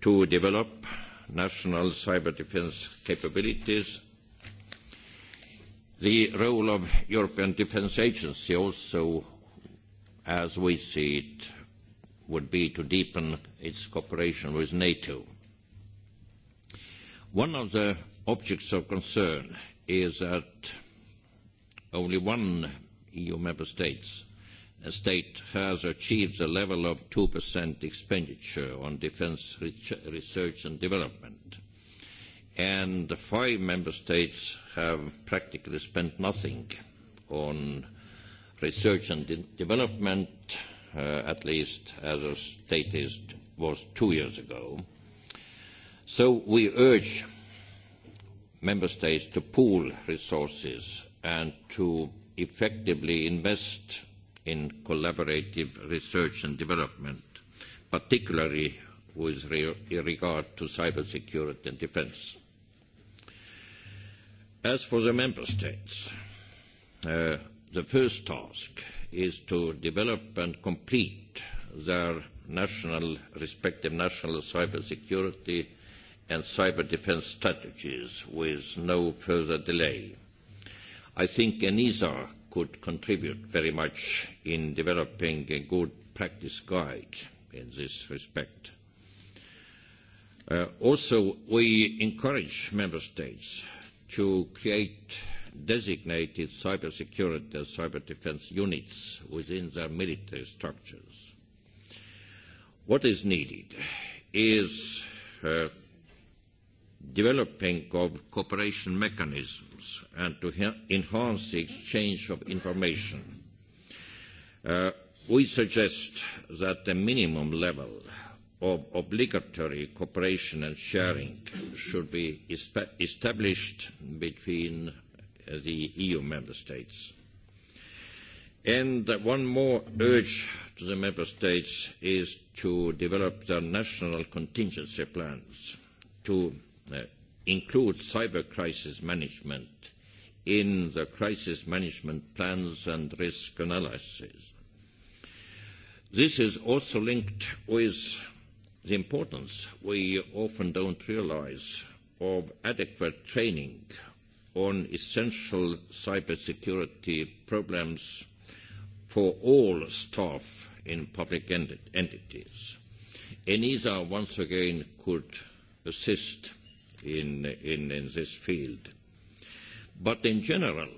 to develop national cyber defence capabilities. The role of the European Defence Agency also, as we see it, would be to deepen its cooperation with NATO. One of the objects of concern is that only one EU member states a state has achieved the level of 2% expenditure on defense research and development. And five member states have practically spent nothing on research and de development, uh, at least as a statist was two years ago. So we urge member states to pool resources and to effectively invest in collaborative research and development, particularly with regard to cybersecurity and defence. As for the member states, the first task is to develop and complete their national, respective national cybersecurity and cyber defense strategies with no further delay. I think ENISA could contribute very much in developing a good practice guide in this respect. Uh, also, we encourage member states to create designated cybersecurity and cyber defense units within their military structures. What is needed is uh, developing of cooperation mechanisms and to enhance the exchange of information. Uh, we suggest that the minimum level of obligatory cooperation and sharing should be established between the EU member states. And one more urge to the member states is to develop their national contingency plans to include cyber crisis management in the crisis management plans and risk analysis. This is also linked with the importance we often don't realize of adequate training on essential cybersecurity problems for all staff in public entities. ENISA once again could assist in, in, in this field. But in general,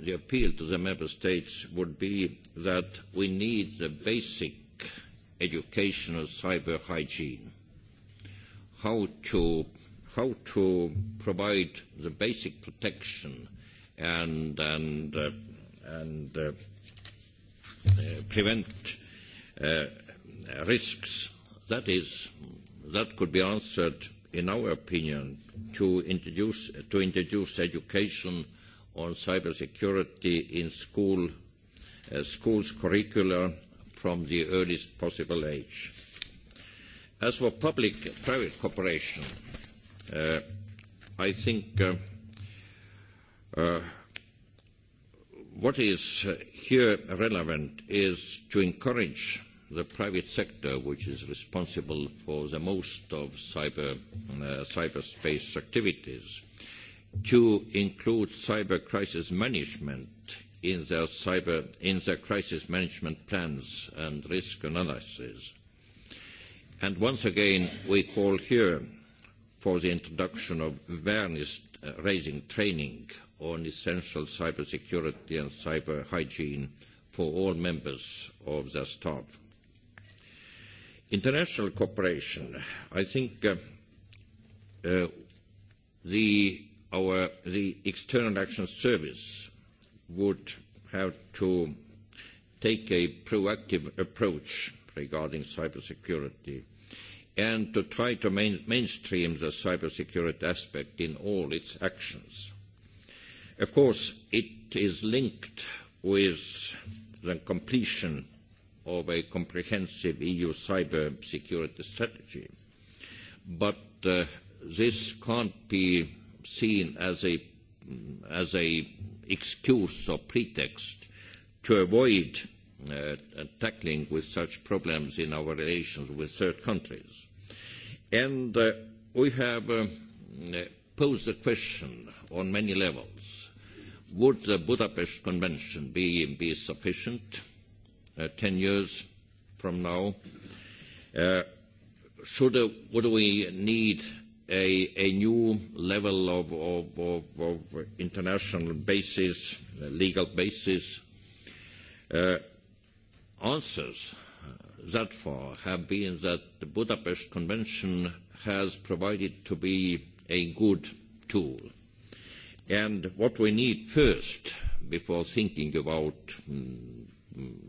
the appeal to the member states would be that we need the basic educational cyber hygiene, how to, how to provide the basic protection and, and, uh, and uh, prevent uh, risks. That is, that could be answered in our opinion, to introduce, to introduce education on cybersecurity in school, uh, schools' curricula from the earliest possible age. As for public-private cooperation, uh, I think uh, uh, what is here relevant is to encourage the private sector, which is responsible for the most of cyber, uh, cyberspace activities, to include cyber crisis management in their cyber in their crisis management plans and risk analysis. And once again, we call here for the introduction of awareness raising training on essential cybersecurity and cyber hygiene for all members of the staff International cooperation, I think uh, uh, the, our, the External Action Service would have to take a proactive approach regarding cybersecurity and to try to main, mainstream the cybersecurity aspect in all its actions. Of course, it is linked with the completion of a comprehensive EU cyber security strategy. But uh, this can't be seen as a as a excuse or pretext to avoid uh, tackling with such problems in our relations with third countries. And uh, we have uh, posed the question on many levels. Would the Budapest Convention be, be sufficient? uh, 10 years from now. Uh, should uh, would we need a, a new level of, of, of, of international basis, legal basis? Uh, answers that far have been that the Budapest Convention has provided to be a good tool. And what we need first, before thinking about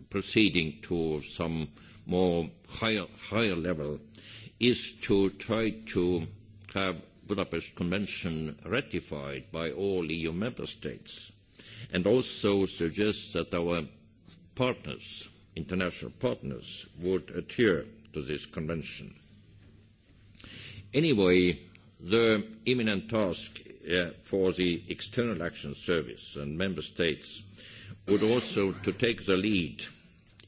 proceeding to some more higher, higher level is to try to have Budapest Convention ratified by all EU member states and also suggest that our partners, international partners, would adhere to this convention. Anyway, the imminent task uh, for the External Action Service and member states would also to take the lead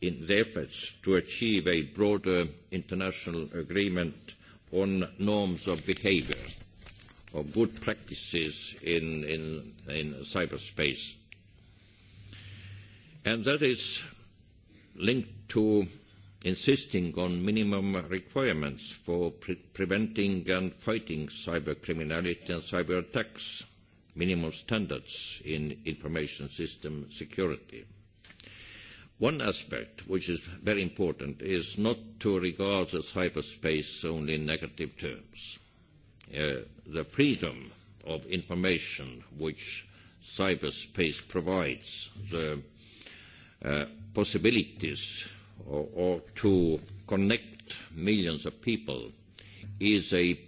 in the efforts to achieve a broader international agreement on norms of behaviour, of good practices in, in, in cyberspace. And that is linked to insisting on minimum requirements for pre- preventing and fighting cyber criminality and cyber attacks – minimum standards in information system security. One aspect which is very important is not to regard the cyberspace only in negative terms. Uh, the freedom of information which cyberspace provides, the uh, possibilities or, or to connect millions of people is a,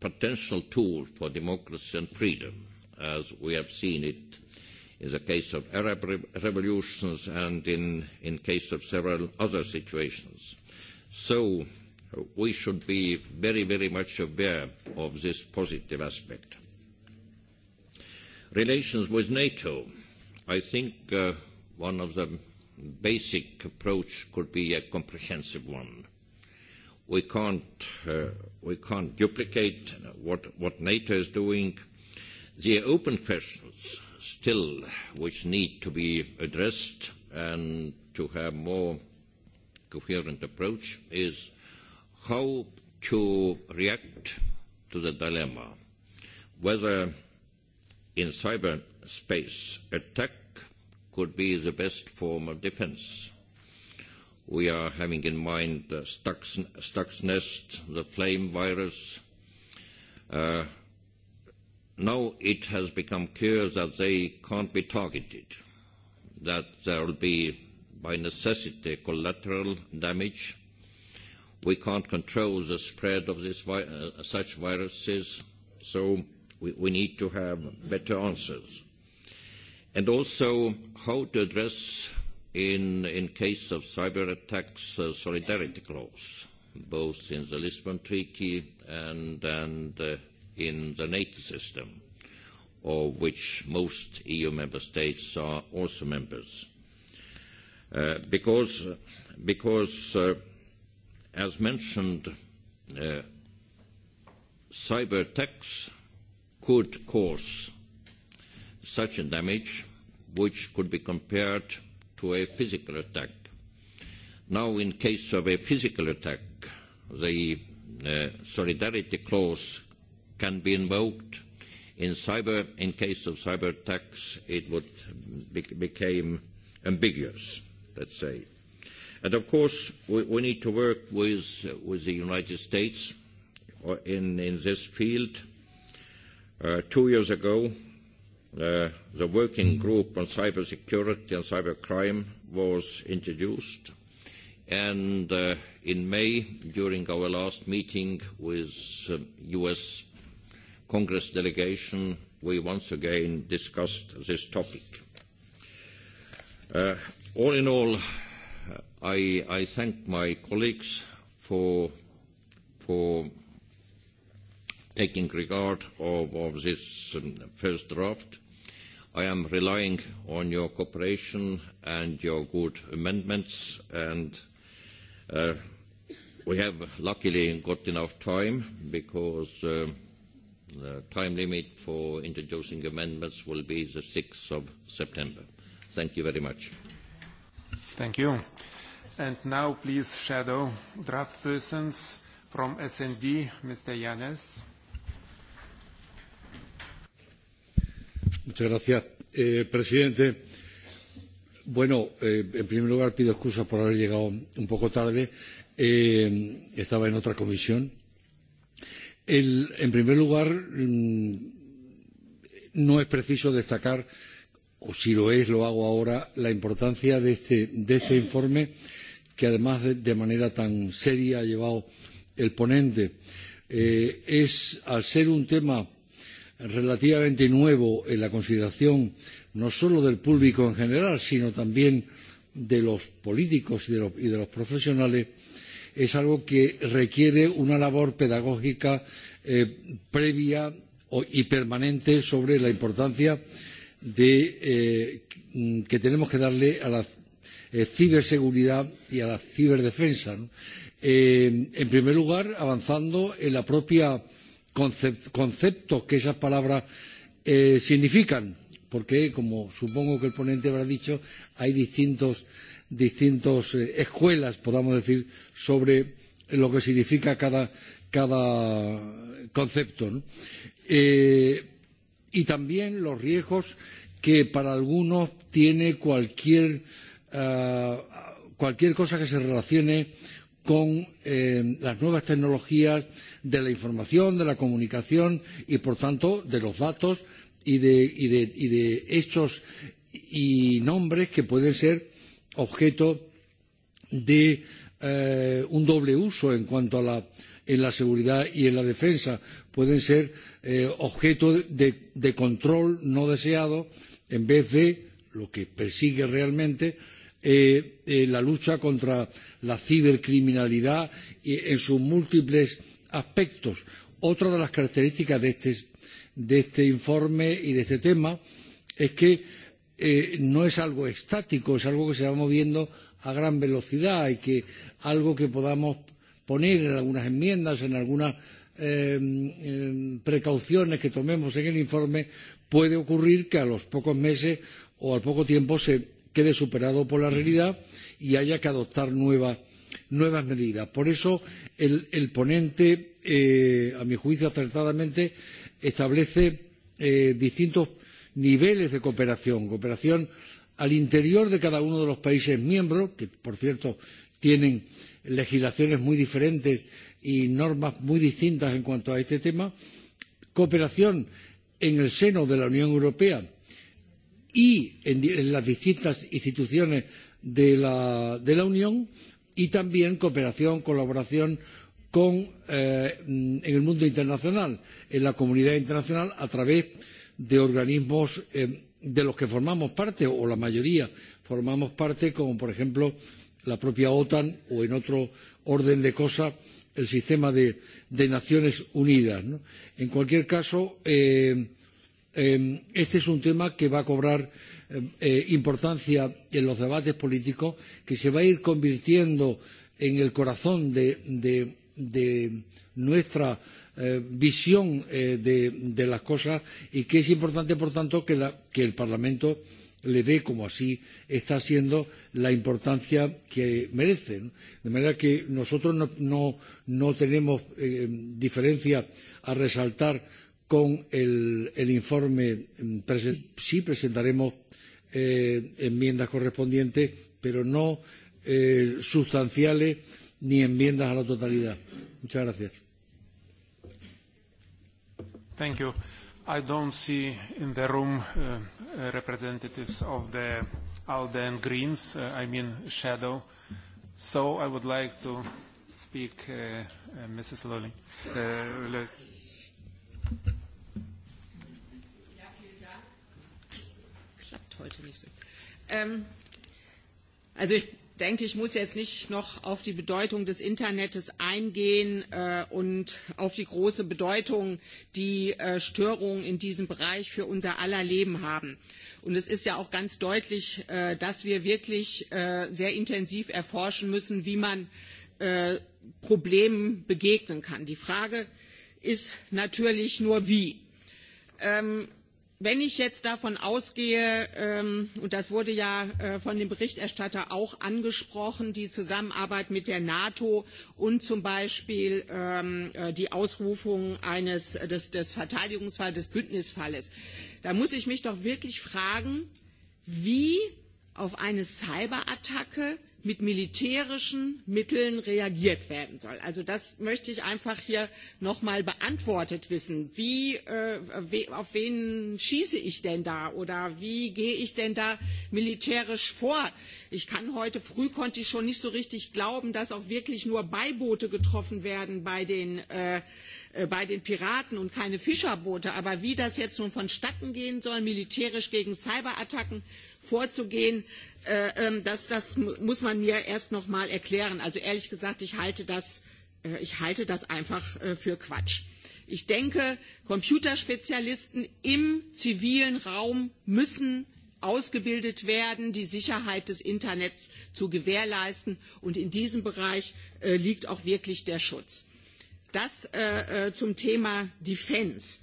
potential tool for democracy and freedom, as we have seen it in the case of Arab revolutions and in, in case of several other situations. So we should be very, very much aware of this positive aspect. Relations with NATO, I think uh, one of the basic approach could be a comprehensive one We can't, uh, we can't duplicate what, what NATO is doing. The open questions still which need to be addressed and to have more coherent approach is how to react to the dilemma whether in cyberspace attack could be the best form of defense We are having in mind the Stuck's nest, the flame virus. Uh, now it has become clear that they can't be targeted, that there will be by necessity collateral damage. We can't control the spread of this vi- uh, such viruses, so we, we need to have better answers. And also how to address in, in case of cyber attacks, uh, solidarity clause, both in the Lisbon Treaty and, and uh, in the NATO system, of which most EU member states are also members. Uh, because, because uh, as mentioned, uh, cyber attacks could cause such a damage which could be compared to a physical attack. Now, in case of a physical attack, the uh, solidarity clause can be invoked. In cyber, in case of cyber attacks, it would be, became ambiguous, let's say. And of course, we, we need to work with, with the United States in, in this field. Uh, two years ago, the working group on cybersecurity and cybercrime was introduced. And uh, in May, during our last meeting with uh, US Congress delegation, we once again discussed this topic. Uh, all in all, I, I thank my colleagues for, for taking regard of, of this um, first draft I am relying on your cooperation and your good amendments, and uh, we have luckily got enough time because uh, the time limit for introducing amendments will be the 6th of September. Thank you very much. Thank you. And now please shadow draft persons from SND, Mr. Yanes. señor presidente en primer lugar pido excusas por haber llegado un poco tarde estaba en otra comisión. en primer lugar no es preciso destacar o si lo es lo hago ahora la importancia de este informe que además de manera tan seria ha llevado el ponente. es al ser un tema relativamente nuevo en la consideración no solo del público en general, sino también de los políticos y de los, y de los profesionales, es algo que requiere una labor pedagógica eh, previa y permanente sobre la importancia de, eh, que tenemos que darle a la eh, ciberseguridad y a la ciberdefensa. ¿no? Eh, en primer lugar, avanzando en la propia eh, conceptos que esas palabras significan, porque, como supongo que el ponente habrá dicho, hay distintas escuelas, podamos decir, sobre lo que significa cada, concepto. y también los riesgos que para algunos tiene cualquier, cosa que se relacione con las nuevas tecnologías, de la información, de la comunicación y, por tanto, de los datos y de, y de, y de hechos y nombres que pueden ser objeto de eh, un doble uso en cuanto a la, en la seguridad y en la defensa. Pueden ser eh, objeto de, de control no deseado en vez de lo que persigue realmente eh, eh, la lucha contra la cibercriminalidad y en sus múltiples aspectos. Otra de las características de este, de este informe y de este tema es que eh, no es algo estático, es algo que se va moviendo a gran velocidad y que algo que podamos poner en algunas enmiendas, en algunas eh, eh, precauciones que tomemos en el informe, puede ocurrir que a los pocos meses o al poco tiempo se quede superado por la realidad y haya que adoptar nuevas nuevas medidas. Por eso el, el ponente, eh, a mi juicio acertadamente, establece eh, distintos niveles de cooperación. Cooperación al interior de cada uno de los países miembros, que por cierto tienen legislaciones muy diferentes y normas muy distintas en cuanto a este tema, cooperación en el seno de la Unión Europea y en, las distintas instituciones de la, Unión y también cooperación, colaboración con, en el mundo internacional, en la comunidad internacional, a través de organismos de los que formamos parte, o la mayoría formamos parte, como por ejemplo la propia OTAN o en otro orden de cosas el sistema de, Naciones Unidas. En cualquier caso, este es un tema que va a cobrar importancia en los debates políticos, que se va a ir convirtiendo en el corazón de, nuestra visión de, las cosas y que es importante, por tanto, que el Parlamento le dé, como así está siendo la importancia que merece. De manera que nosotros no, tenemos diferencia a resaltar con el, informe. Sí presentaremos eh, enmiendas correspondientes, pero no eh, sustanciales ni enmiendas a la totalidad. Muchas gracias. Thank you. I don't see in the room uh, representatives of the ALDE and Greens, uh, I mean shadow. So I would like to speak, uh, uh, Mrs. Lully. Uh, heute nicht sind. Ähm, also ich denke, ich muss jetzt nicht noch auf die Bedeutung des Internets eingehen äh, und auf die große Bedeutung, die äh, Störungen in diesem Bereich für unser aller Leben haben. Und es ist ja auch ganz deutlich, äh, dass wir wirklich äh, sehr intensiv erforschen müssen, wie man äh, Problemen begegnen kann. Die Frage ist natürlich nur, wie. Ähm, Wenn ich jetzt davon ausgehe, und das wurde ja von dem Berichterstatter auch angesprochen, die Zusammenarbeit mit der NATO und zum Beispiel die Ausrufung eines, des, des Verteidigungsfalls, des Bündnisfalles, da muss ich mich doch wirklich fragen, wie auf eine Cyberattacke mit militärischen Mitteln reagiert werden soll. Also das möchte ich einfach hier nochmal beantwortet wissen. Wie, äh, we, auf wen schieße ich denn da oder wie gehe ich denn da militärisch vor? Ich kann heute früh, konnte ich schon nicht so richtig glauben, dass auch wirklich nur Beiboote getroffen werden bei den, äh, bei den Piraten und keine Fischerboote. Aber wie das jetzt nun vonstatten gehen soll, militärisch gegen Cyberattacken, vorzugehen, das, das muss man mir erst noch mal erklären. Also ehrlich gesagt, ich halte das, ich halte das einfach für Quatsch. Ich denke, Computerspezialisten im zivilen Raum müssen ausgebildet werden, die Sicherheit des Internets zu gewährleisten. Und in diesem Bereich liegt auch wirklich der Schutz. Das zum Thema Defense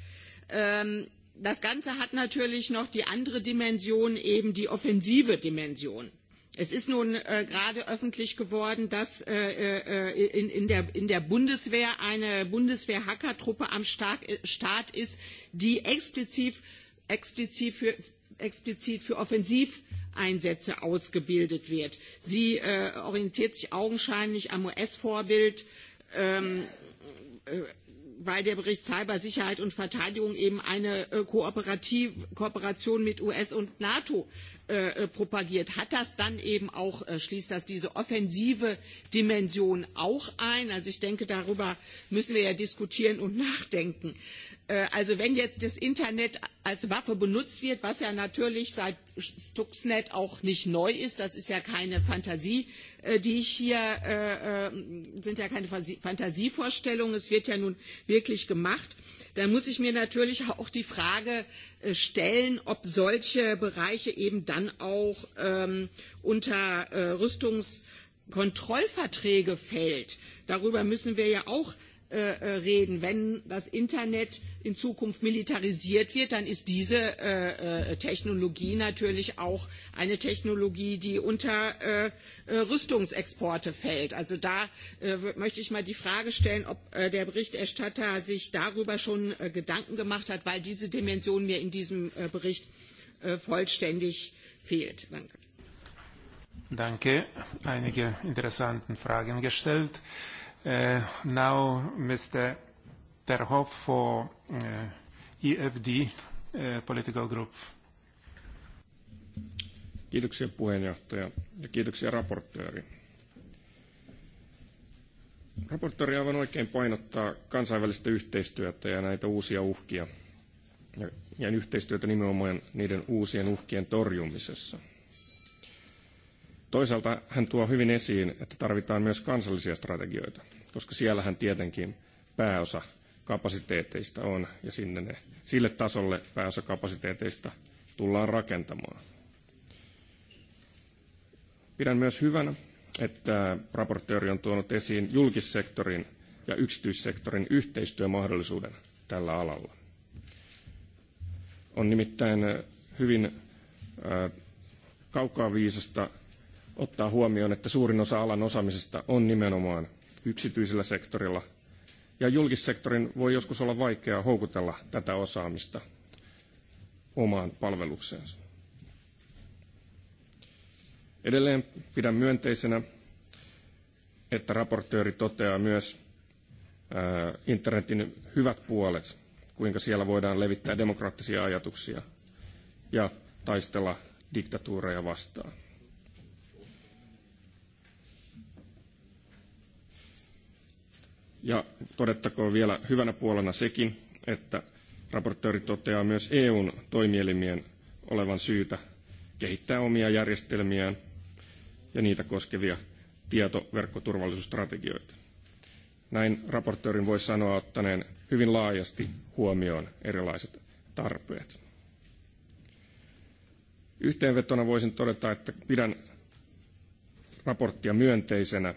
das Ganze hat natürlich noch die andere Dimension, eben die offensive Dimension. Es ist nun gerade öffentlich geworden, dass in, der, Bundeswehr eine Bundeswehr-Hackertruppe am Start ist, die explizit, für, Offensiveinsätze ausgebildet wird. Sie orientiert sich augenscheinlich am US-Vorbild weil der Bericht Cybersicherheit und Verteidigung eben eine Kooperation mit US und NATO propagiert, hat das dann eben auch, schließt das diese offensive Dimension auch ein? Also ich denke, darüber müssen wir ja diskutieren und nachdenken. Also wenn jetzt das Internet als Waffe benutzt wird, was ja natürlich seit Stuxnet auch nicht neu ist, das ist ja keine Fantasie, die ich hier, sind ja keine Fantasievorstellungen, es wird ja nun wirklich gemacht, dann muss ich mir natürlich auch die Frage stellen, ob solche Bereiche eben dann auch unter Rüstungskontrollverträge fällt. Darüber müssen wir ja auch reden. Wenn das Internet in Zukunft militarisiert wird, dann ist diese Technologie natürlich auch eine Technologie, die unter Rüstungsexporte fällt. Also da möchte ich mal die Frage stellen, ob der Berichterstatter sich darüber schon Gedanken gemacht hat, weil diese Dimension mir in diesem Bericht vollständig fehlt. Danke. Danke. Einige Fragen gestellt. Uh, now, Mr. Terhoff for uh, EFD uh, political group. Kiitoksia puheenjohtaja ja kiitoksia raportööri. Raportööri aivan oikein painottaa kansainvälistä yhteistyötä ja näitä uusia uhkia – ja yhteistyötä nimenomaan niiden uusien uhkien torjumisessa. Toisaalta hän tuo hyvin esiin, että tarvitaan myös kansallisia strategioita, koska siellähän tietenkin pääosa kapasiteeteista on ja sinne ne, sille tasolle pääosa kapasiteeteista tullaan rakentamaan. Pidän myös hyvänä, että raportööri on tuonut esiin julkissektorin ja yksityissektorin yhteistyömahdollisuuden tällä alalla on nimittäin hyvin kaukaa viisasta ottaa huomioon, että suurin osa alan osaamisesta on nimenomaan yksityisellä sektorilla. Ja julkissektorin voi joskus olla vaikeaa houkutella tätä osaamista omaan palvelukseensa. Edelleen pidän myönteisenä, että raportööri toteaa myös internetin hyvät puolet kuinka siellä voidaan levittää demokraattisia ajatuksia ja taistella diktatuureja vastaan. Ja todettakoon vielä hyvänä puolena sekin, että raportööri toteaa myös EUn toimielimien olevan syytä kehittää omia järjestelmiään ja niitä koskevia tietoverkkoturvallisuusstrategioita. Näin raportöörin voi sanoa ottaneen hyvin laajasti huomioon erilaiset tarpeet. Yhteenvetona voisin todeta, että pidän raporttia myönteisenä.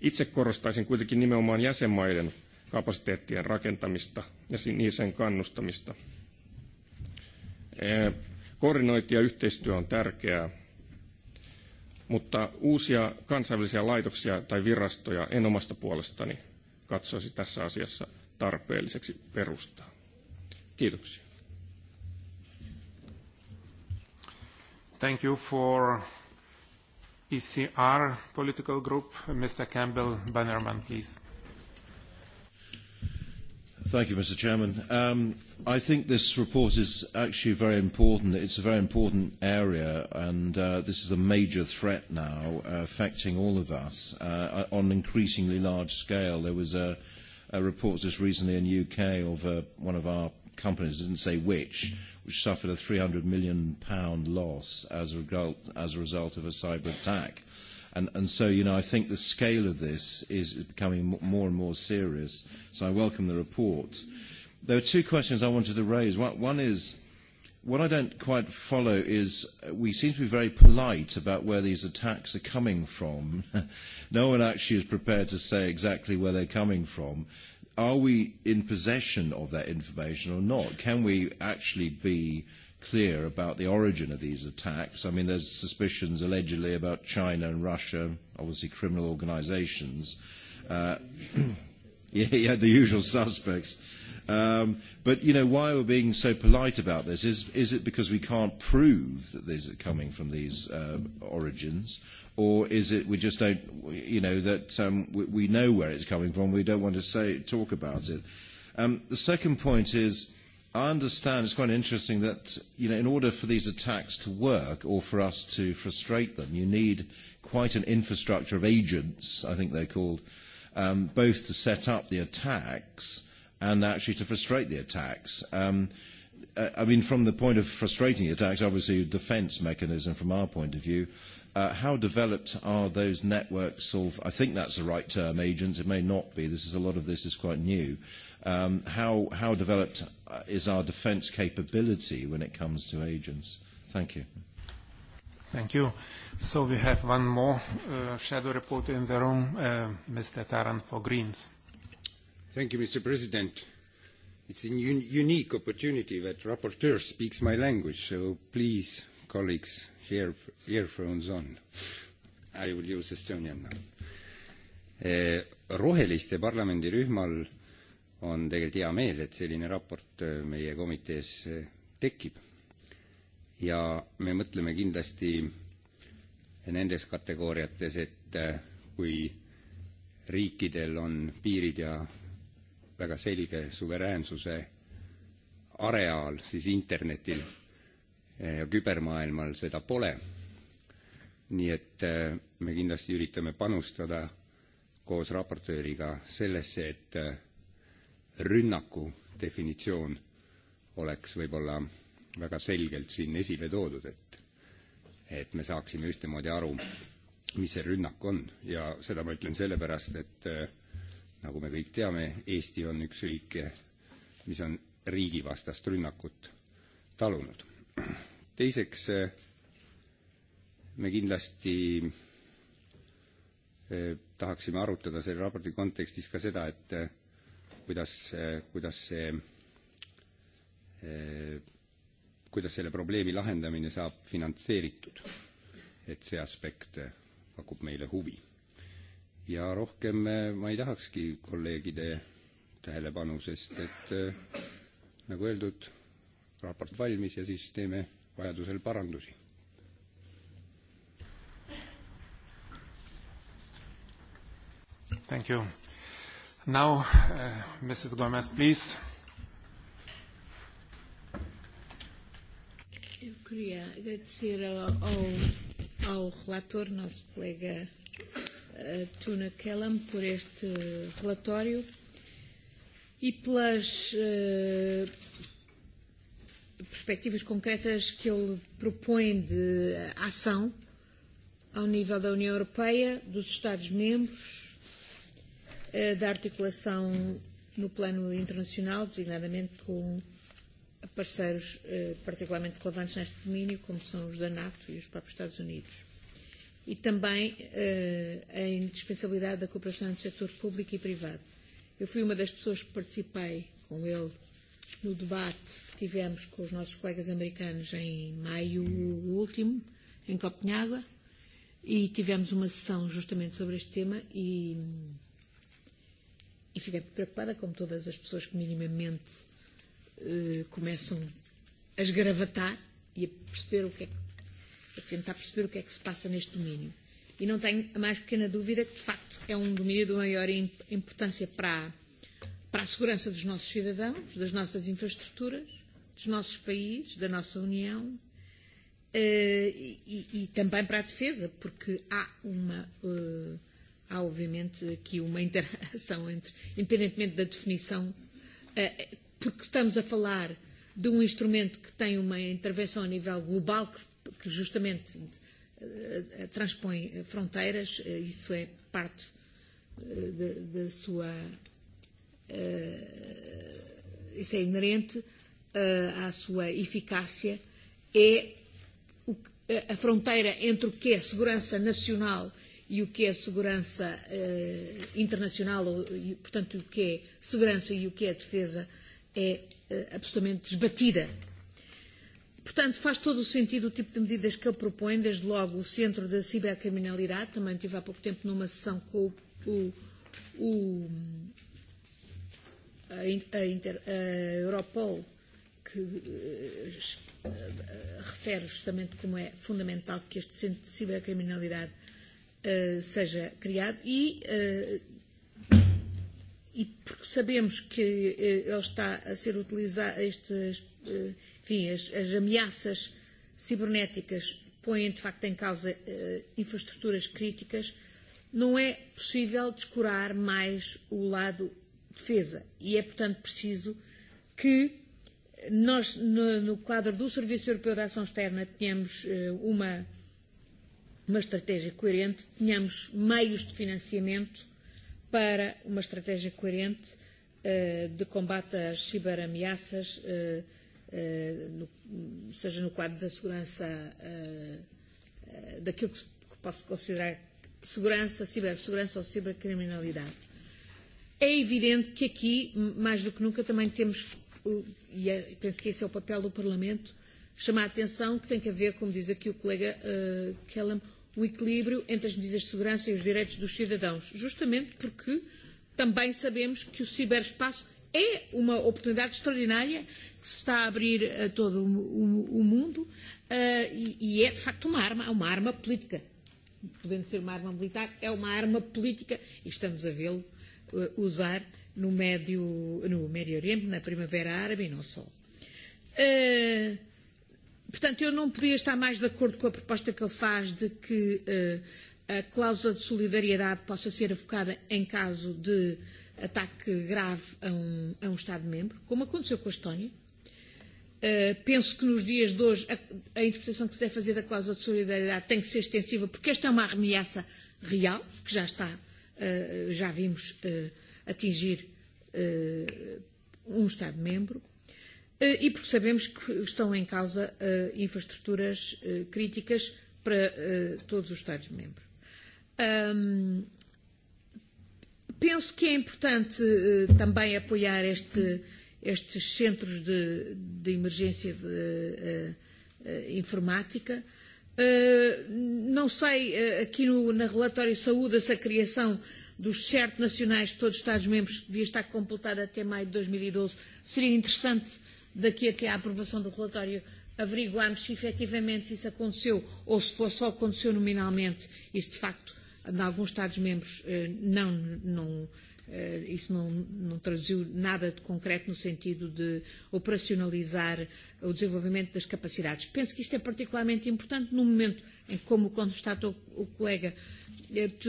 Itse korostaisin kuitenkin nimenomaan jäsenmaiden kapasiteettien rakentamista ja sen kannustamista. Koordinointi ja yhteistyö on tärkeää Mutta uusia kansainvälisiä laitoksia tai virastoja en omasta puolestani katsoisi tässä asiassa tarpeelliseksi perustaa. Kiitoksia. Thank you for ECR political group. Mr. Campbell Bannerman, please. Thank you, Mr. Chairman. Um, I think this report is actually very important. It's a very important area, and uh, this is a major threat now uh, affecting all of us uh, on an increasingly large scale. There was a, a report just recently in UK of uh, one of our companies, I didn't say which, which suffered a £300 million pound loss as a result, as a result of a cyber attack. Uh, And, and so, you know, I think the scale of this is becoming more and more serious. So I welcome the report. There are two questions I wanted to raise. One, is, what I don't quite follow is we seem to be very polite about where these attacks are coming from. no one actually is prepared to say exactly where they're coming from. Are we in possession of that information or not? Can we actually be uh, clear about the origin of these attacks. I mean, there's suspicions allegedly about China and Russia, obviously criminal organizations. Uh, yeah, yeah, the usual suspects. Um, but, you know, why are we being so polite about this is, is it because we can't prove that these are coming from these uh, origins? Or is it we just don't, you know, that um, we, we know where it's coming from, we don't want to say, talk about it? Um, the second point is, I understand it's quite interesting that you know, in order for these attacks to work or for us to frustrate them, you need quite an infrastructure of agents, I think they're called, um, both to set up the attacks and actually to frustrate the attacks. Um, I mean, from the point of frustrating the attacks, obviously a defence mechanism from our point of view. Uh, how developed are those networks of, I think that's the right term, agents, it may not be, this is a lot of this is quite new um, how, how developed is our defence capability when it comes to agents? Thank you. Thank you. So we have one more uh, shadow report in the room, uh, Mr. Taran for Greens. Thank you, Mr. President. It's a un- unique opportunity that rapporteur speaks my language, so please, colleagues, hear- earphones on. I will use Estonian now. roheliste parlamendirühmal on tegelikult hea meel, et selline raport meie komitees tekib. ja me mõtleme kindlasti nendes kategooriates, et kui riikidel on piirid ja väga selge suveräänsuse areaal, siis internetil ja kübermaailmal seda pole. nii et me kindlasti üritame panustada koos raportööriga sellesse, et rünnaku definitsioon oleks võib-olla väga selgelt siin esile toodud, et, et me saaksime ühtemoodi aru, mis see rünnak on ja seda ma ütlen sellepärast, et nagu me kõik teame, Eesti on üks riike, mis on riigivastast rünnakut talunud. teiseks, me kindlasti tahaksime arutada selle raporti kontekstis ka seda, et kuidas, kuidas see, kuidas selle probleemi lahendamine saab finantseeritud. et see aspekt pakub meile huvi. ja rohkem ma ei tahakski kolleegide tähelepanu, sest et nagu öeldud, raport valmis ja siis teeme vajadusel parandusi. Thank you. Now, Mrs. Gomez, please. Eu queria agradecer ao, ao, ao relator, nosso colega uh, Tuna Kellam, por este relatório e pelas uh, perspectivas concretas que ele propõe de ação ao nível da União Europeia, dos Estados-membros, da articulação no plano internacional, designadamente com parceiros particularmente relevantes neste domínio, como são os da NATO e os próprios Estados Unidos. E também a indispensabilidade da cooperação entre o setor público e privado. Eu fui uma das pessoas que participei com ele no debate que tivemos com os nossos colegas americanos em maio último, em Copenhaga, e tivemos uma sessão justamente sobre este tema e E fiquei preocupada, como todas as pessoas que minimamente uh, começam a esgravatar e a perceber o que é que, a tentar perceber o que é que se passa neste domínio. E não tenho a mais pequena dúvida que, de facto, é um domínio de maior importância para a, para a segurança dos nossos cidadãos, das nossas infraestruturas, dos nossos países, da nossa União, e, e também para a defesa, porque há uma uh, há obviamente aqui uma interação entre, independentemente da definição, porque estamos a falar de um instrumento que tem uma intervenção a nível global, que, justamente transpõe fronteiras, isso é parte da sua. Isso é inerente à sua eficácia, é a fronteira entre o que é segurança nacional e o que é segurança eh, internacional, ou, e, portanto, o que é segurança e o que é defesa, é eh, absolutamente desbatida. Portanto, faz todo o sentido o tipo de medidas que ele propõe, desde logo o Centro da Cibercriminalidade, também tive há pouco tempo numa sessão com o, o, a, a, Inter, a Europol, que uh, refere justamente como é fundamental que este Centro de Cibercriminalidade seja criado e, e porque sabemos que ele está a ser utilizado, estes, enfim, as, as ameaças cibernéticas põem de facto em causa infraestruturas críticas, não é possível descurar mais o lado defesa e é portanto preciso que nós no, no quadro do Serviço Europeu de Ação Externa tenhamos uma uma estratégia coerente, tenhamos meios de financiamento para uma estratégia coerente de combate às ciberameaças, seja no quadro da segurança, daquilo que posso considerar segurança, cibersegurança ou cibercriminalidade. É evidente que aqui, mais do que nunca, também temos, e penso que esse é o papel do Parlamento, chamar a atenção que tem que haver, como diz aqui o colega uh, Kellam, o equilíbrio entre as medidas de segurança e os direitos dos cidadãos, justamente porque também sabemos que o ciberespaço é uma oportunidade extraordinária que se está a abrir a todo o, o, o mundo uh, e, e é de facto uma arma, uma arma política. Podendo ser uma arma militar, é uma arma política e estamos a vê-lo uh, usar no Médio, no Médio Oriente, na Primavera Árabe e não só. Uh, Portanto, eu não podia estar mais de acordo com a proposta que ele faz de que a cláusula de solidariedade possa ser avocada em caso de ataque grave a um, a um Estado-membro, como aconteceu com a Estónia. Uh, penso que nos dias de hoje a, a interpretação que se deve fazer da cláusula de solidariedade tem que ser extensiva, porque esta é uma ameaça real, que já está, uh, já vimos uh, atingir uh, um Estado-membro e porque sabemos que estão em causa infraestruturas críticas para todos os Estados-membros. penso que é importante também apoiar este, estes centros de, de emergência de, informática. não sei aqui no, na relatório de saúde essa criação dos certos nacionais de todos os Estados-membros que devia estar completada até maio de 2012. Seria interessante uh, daqui até à aprovação do relatório averiguarmos se efetivamente isso aconteceu ou se for só aconteceu nominalmente, e se, de facto, em alguns Estados-membros, não, não, isso não, não traduziu nada de concreto no sentido de operacionalizar o desenvolvimento das capacidades. Penso que isto é particularmente importante no momento em que, como constatou o colega,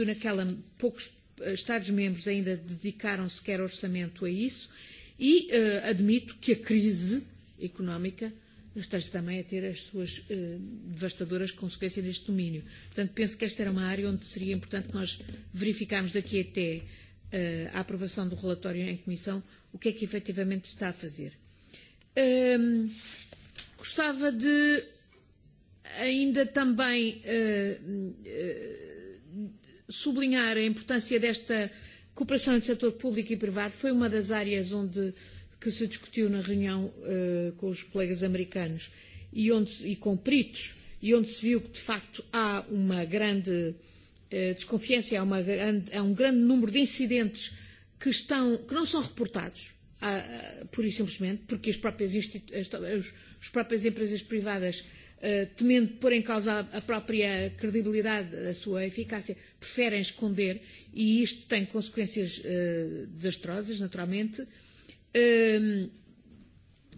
naquela poucos Estados-membros ainda dedicaram sequer orçamento a isso E uh, admito que a crise económica esteja também a ter as suas uh, devastadoras consequências neste domínio. Portanto, penso que esta era uma área onde seria importante nós verificarmos daqui até uh, a aprovação do relatório em comissão o que é que efetivamente está a fazer. Um, gostava de ainda também uh, uh, sublinhar a importância desta uh, Cooperação entre setor público e privado foi uma das áreas onde que se discutiu na reunião uh, com os colegas americanos e, onde, e com peritos, e onde se viu que, de facto, há uma grande uh, desconfiança, há, uma grande, há um grande número de incidentes que, estão, que não são reportados, uh, uh, pura e simplesmente, porque as próprias, as, as próprias empresas privadas uh, temendo pôr em causa a própria credibilidade da sua eficácia, preferem esconder e isto tem consequências desastrosas, naturalmente.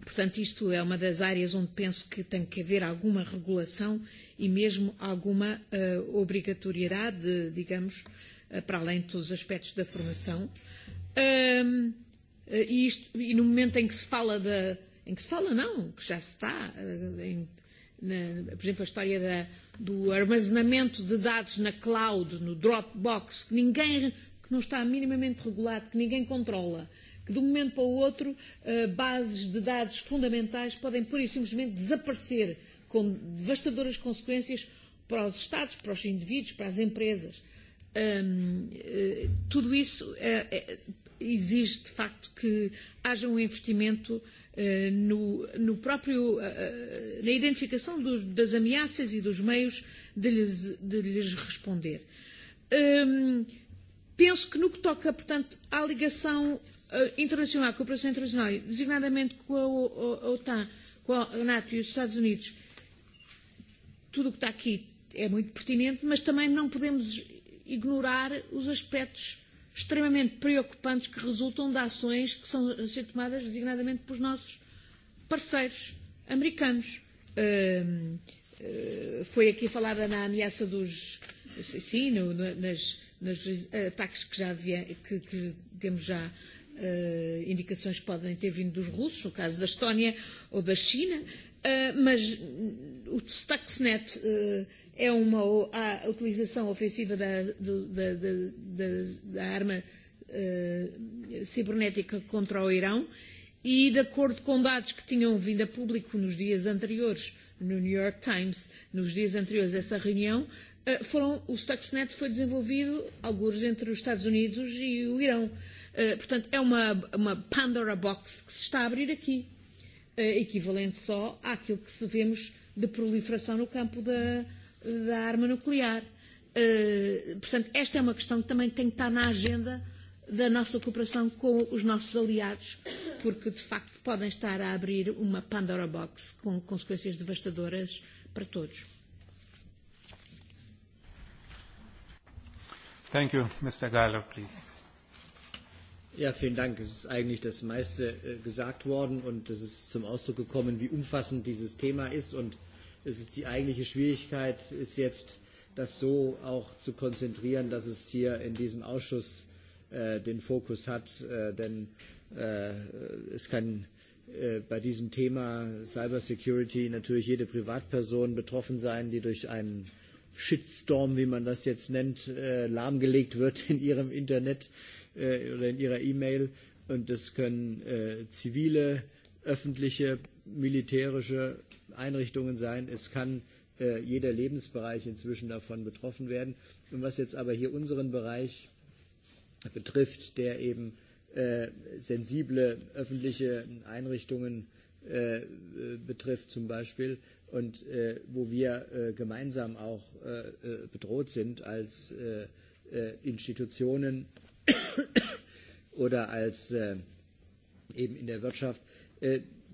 Portanto, isto é uma das áreas onde penso que tem que haver alguma regulação e mesmo alguma uh, obrigatoriedade, digamos, uh, para além de todos os aspectos da formação. Um, e, isto, e no momento em que se fala da. em que se fala, não, que já se está uh, em na, por exemplo, a história da, do armazenamento de dados na cloud, no Dropbox, que ninguém, que não está minimamente regulado, que ninguém controla, que de um momento para o outro uh, bases de dados fundamentais podem pura e simplesmente desaparecer, com devastadoras consequências para os Estados, para os indivíduos, para as empresas. Um, tudo isso é, exige, de facto, que haja um investimento uh, no, no próprio, na identificação dos, das ameaças e dos meios de lhes, de lhes responder. Hum, penso que no que toca, portanto, à ligação internacional, à cooperação internacional, designadamente com a, a OTAN, com a NATO e os Estados Unidos, tudo o que está aqui é muito pertinente, mas também não podemos ignorar os aspectos extremamente preocupantes que resultam de ações que são a ser tomadas designadamente pelos nossos parceiros americanos. Uh, uh, foi aqui falada na ameaça dos. Sim, no, no, nas, nos ataques que já havia, que, que temos já uh, indicações que podem ter vindo dos russos, no caso da Estónia ou da China, uh, mas o Stuxnet uh, é uma a utilização ofensiva da, do, da, da, da, da arma uh, cibernética contra o Irão e, de acordo com dados que tinham vindo a público nos dias anteriores, no New York Times, nos dias anteriores a essa reunião, foram, o Stuxnet foi desenvolvido, alguns entre os Estados Unidos e o Irão. portanto, é uma, uma Pandora Box que se está a abrir aqui, equivalente só àquilo que se vemos de proliferação no campo da, da arma nuclear. Portanto, esta é uma questão que também tem que estar na agenda da nossa cooperação com os nossos aliados, porque de facto podem estar a abrir uma Pandora Box com consequências devastadoras para todos. Thank you. Mr. Geiler, please. Ja, vielen Dank. Es ist eigentlich das meiste gesagt worden und es ist zum Ausdruck gekommen, wie umfassend dieses Thema ist und es ist die eigentliche Schwierigkeit ist jetzt, das so auch zu konzentrieren, dass es hier in diesem Ausschuss äh, den Fokus hat, äh, denn äh, es kann bei diesem Thema Cybersecurity natürlich jede Privatperson betroffen sein, die durch einen Shitstorm, wie man das jetzt nennt, lahmgelegt wird in ihrem Internet oder in ihrer E-Mail. Und das können zivile, öffentliche, militärische Einrichtungen sein. Es kann jeder Lebensbereich inzwischen davon betroffen werden. Und was jetzt aber hier unseren Bereich betrifft, der eben sensible öffentliche Einrichtungen betrifft zum Beispiel und wo wir gemeinsam auch bedroht sind als Institutionen oder als eben in der Wirtschaft,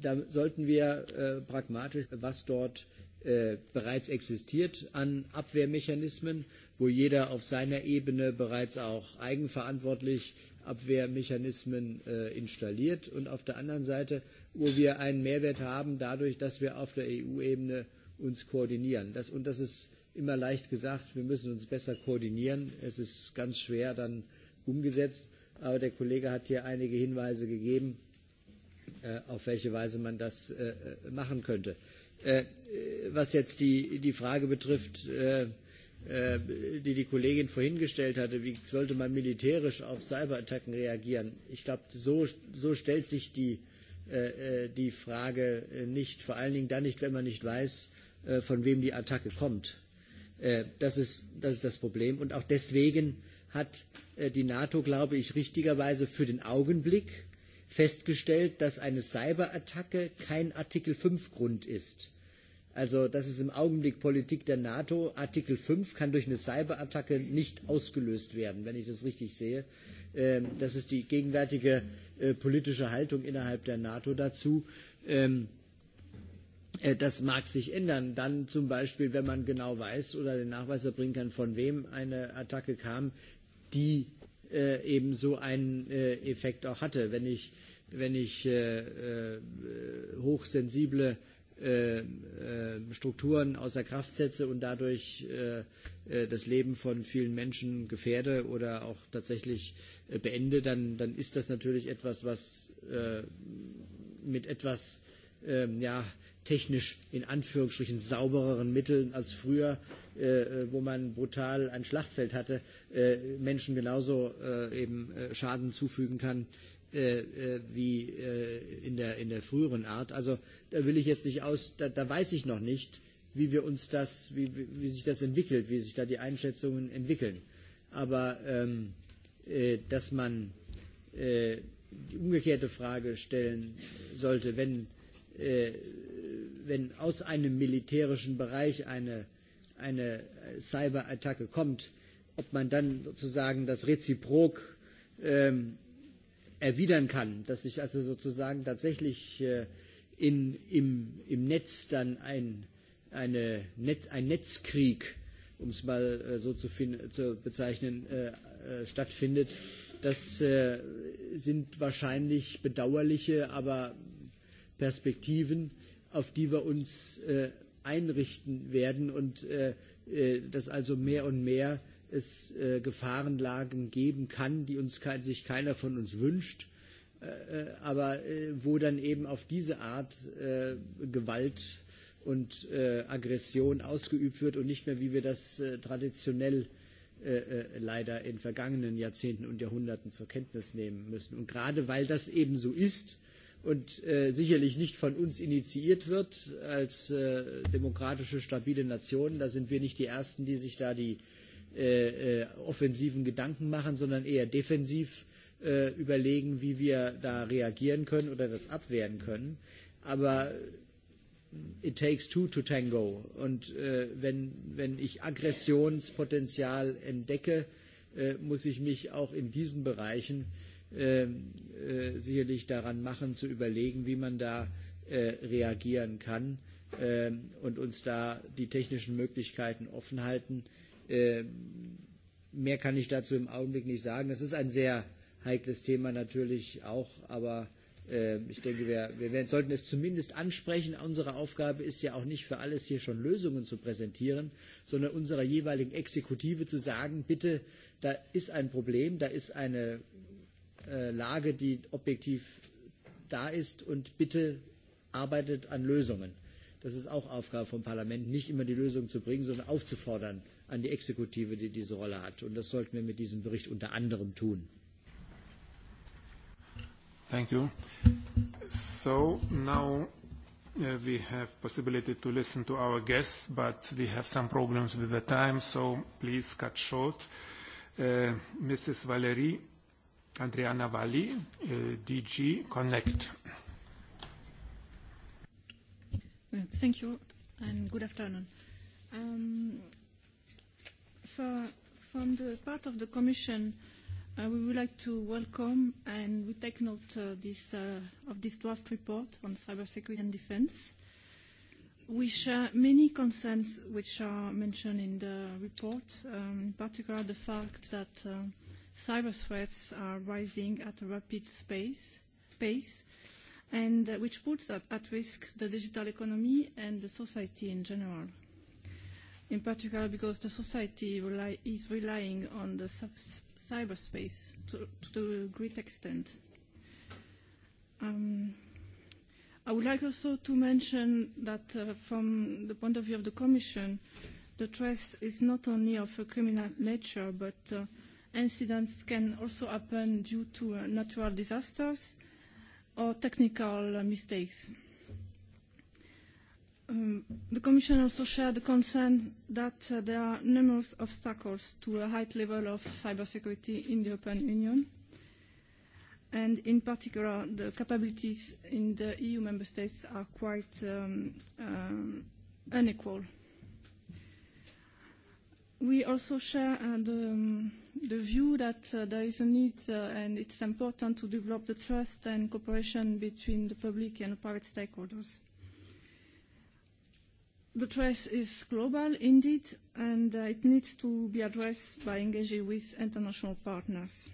da sollten wir äh, pragmatisch, was dort äh, bereits existiert an Abwehrmechanismen, wo jeder auf seiner Ebene bereits auch eigenverantwortlich Abwehrmechanismen äh, installiert und auf der anderen Seite, wo wir einen Mehrwert haben dadurch, dass wir auf der EU-Ebene uns koordinieren. Das, und das ist immer leicht gesagt, wir müssen uns besser koordinieren. Es ist ganz schwer dann umgesetzt. Aber der Kollege hat hier einige Hinweise gegeben, auf welche Weise man das machen könnte. was jetzt die, die Frage betrifft, die die Kollegin vorhin gestellt hatte, wie sollte man militärisch auf Cyberattacken reagieren? Ich glaube, so, so stellt sich die, die Frage nicht, vor allen Dingen dann nicht, wenn man nicht weiß, von wem die Attacke kommt. Das ist, das ist das Problem. Und auch deswegen hat die NATO, glaube ich, richtigerweise für den Augenblick festgestellt, dass eine Cyberattacke kein Artikel 5 Grund ist. Also das ist im Augenblick Politik der NATO. Artikel 5 kann durch eine Cyberattacke nicht ausgelöst werden, wenn ich das richtig sehe. Das ist die gegenwärtige politische Haltung innerhalb der NATO dazu. Das mag sich ändern. Dann zum Beispiel, wenn man genau weiß oder den Nachweis erbringen kann, von wem eine Attacke kam, die äh, eben so einen äh, Effekt auch hatte. Wenn ich, wenn ich äh, äh, hochsensible äh, Strukturen außer Kraft setze und dadurch äh, das Leben von vielen Menschen gefährde oder auch tatsächlich äh, beende, dann, dann ist das natürlich etwas, was äh, mit etwas äh, ja, technisch in Anführungsstrichen saubereren Mitteln als früher äh, wo man brutal ein Schlachtfeld hatte, Menschen genauso eben Schaden zufügen kann wie in der, in der früheren Art. Also da will ich jetzt nicht aus, da, da weiß ich noch nicht, wie wir uns das, wie, wie sich das entwickelt, wie sich da die Einschätzungen entwickeln. Aber ähm, äh, dass man äh, die umgekehrte Frage stellen sollte, wenn, äh, wenn aus einem militärischen Bereich eine eine Cyberattacke kommt, ob man dann sozusagen das reziprok ähm, erwidern kann, dass sich also sozusagen tatsächlich äh, in, im, im Netz dann ein, eine Net, ein Netzkrieg, um es mal äh, so zu, zu bezeichnen, äh, äh, stattfindet. Das äh, sind wahrscheinlich bedauerliche, aber Perspektiven, auf die wir uns äh, einrichten werden und dass also mehr und mehr es Gefahrenlagen geben kann, die uns sich keiner von uns wünscht, aber wo dann eben auf diese Art Gewalt und Aggression ausgeübt wird und nicht mehr, wie wir das traditionell leider in vergangenen Jahrzehnten und Jahrhunderten zur Kenntnis nehmen müssen. Und gerade weil das eben so ist, und sicherlich nicht von uns initiiert wird als demokratische, stabile Nation. Da sind wir nicht die Ersten, die sich da die offensiven Gedanken machen, sondern eher defensiv überlegen, wie wir da reagieren können oder das abwehren können. Aber it takes two to tango. Und wenn, wenn ich Aggressionspotenzial entdecke, muss ich mich auch in diesen Bereichen sicherlich daran machen, zu überlegen, wie man da reagieren kann und uns da die technischen Möglichkeiten offen halten. Mehr kann ich dazu im Augenblick nicht sagen. Das ist ein sehr heikles Thema natürlich auch, aber ich denke, wir, wir sollten es zumindest ansprechen. Unsere Aufgabe ist ja auch nicht für alles hier schon Lösungen zu präsentieren, sondern unserer jeweiligen Exekutive zu sagen, bitte, da ist ein Problem, da ist eine Lage, die objektiv da ist und bitte arbeitet an Lösungen. Das ist auch Aufgabe vom Parlament, nicht immer die Lösung zu bringen, sondern aufzufordern an die Exekutive, die diese Rolle hat. Und das sollten wir mit diesem Bericht unter anderem tun. Thank you. So now we have possibility to listen to our guests, but we have some problems with the time, so please cut short. Mrs. Valerie. Andrea Navalli, DG Connect. Thank you, and good afternoon. Um, for, From the part of the Commission, uh, we would like to welcome, and we take note uh, uh, this, of this draft report on cybersecurity and defense. We share many concerns which are mentioned in the report, um, in particular the fact that uh, cyber threats are rising at a rapid space, pace, and which puts at, at risk the digital economy and the society in general. In particular, because the society rely, is relying on the cyberspace to, to a great extent. Um, I would like also to mention that uh, from the point of view of the Commission, the threat is not only of a criminal nature, but uh, Incidents can also happen due to uh, natural disasters or technical mistakes. Um, the Commission also shared the concern that uh, there are numerous obstacles to a high level of cybersecurity in the European Union, and in particular, the capabilities in the EU member states are quite um, um, unequal. We also share uh, the um, the view that uh, there is a need uh, and it's important to develop the trust and cooperation between the public and private stakeholders. The trust is global indeed, and uh, it needs to be addressed by engaging with international partners.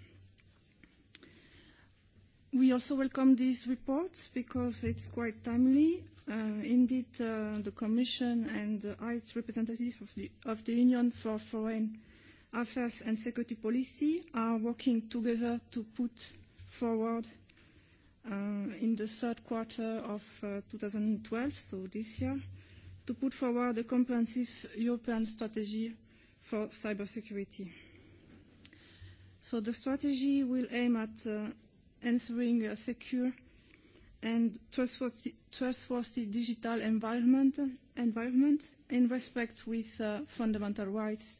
We also welcome this report because it's quite timely. Uh, indeed, uh, the Commission and the High Representative of the, of the Union for Foreign Affairs and Security Policy are working together to put forward in the third quarter of 2012, so this year, to put forward a comprehensive European strategy for cybersecurity. So the strategy will aim at answering a secure and trustworthy, trustworthy digital environment, environment in respect with fundamental rights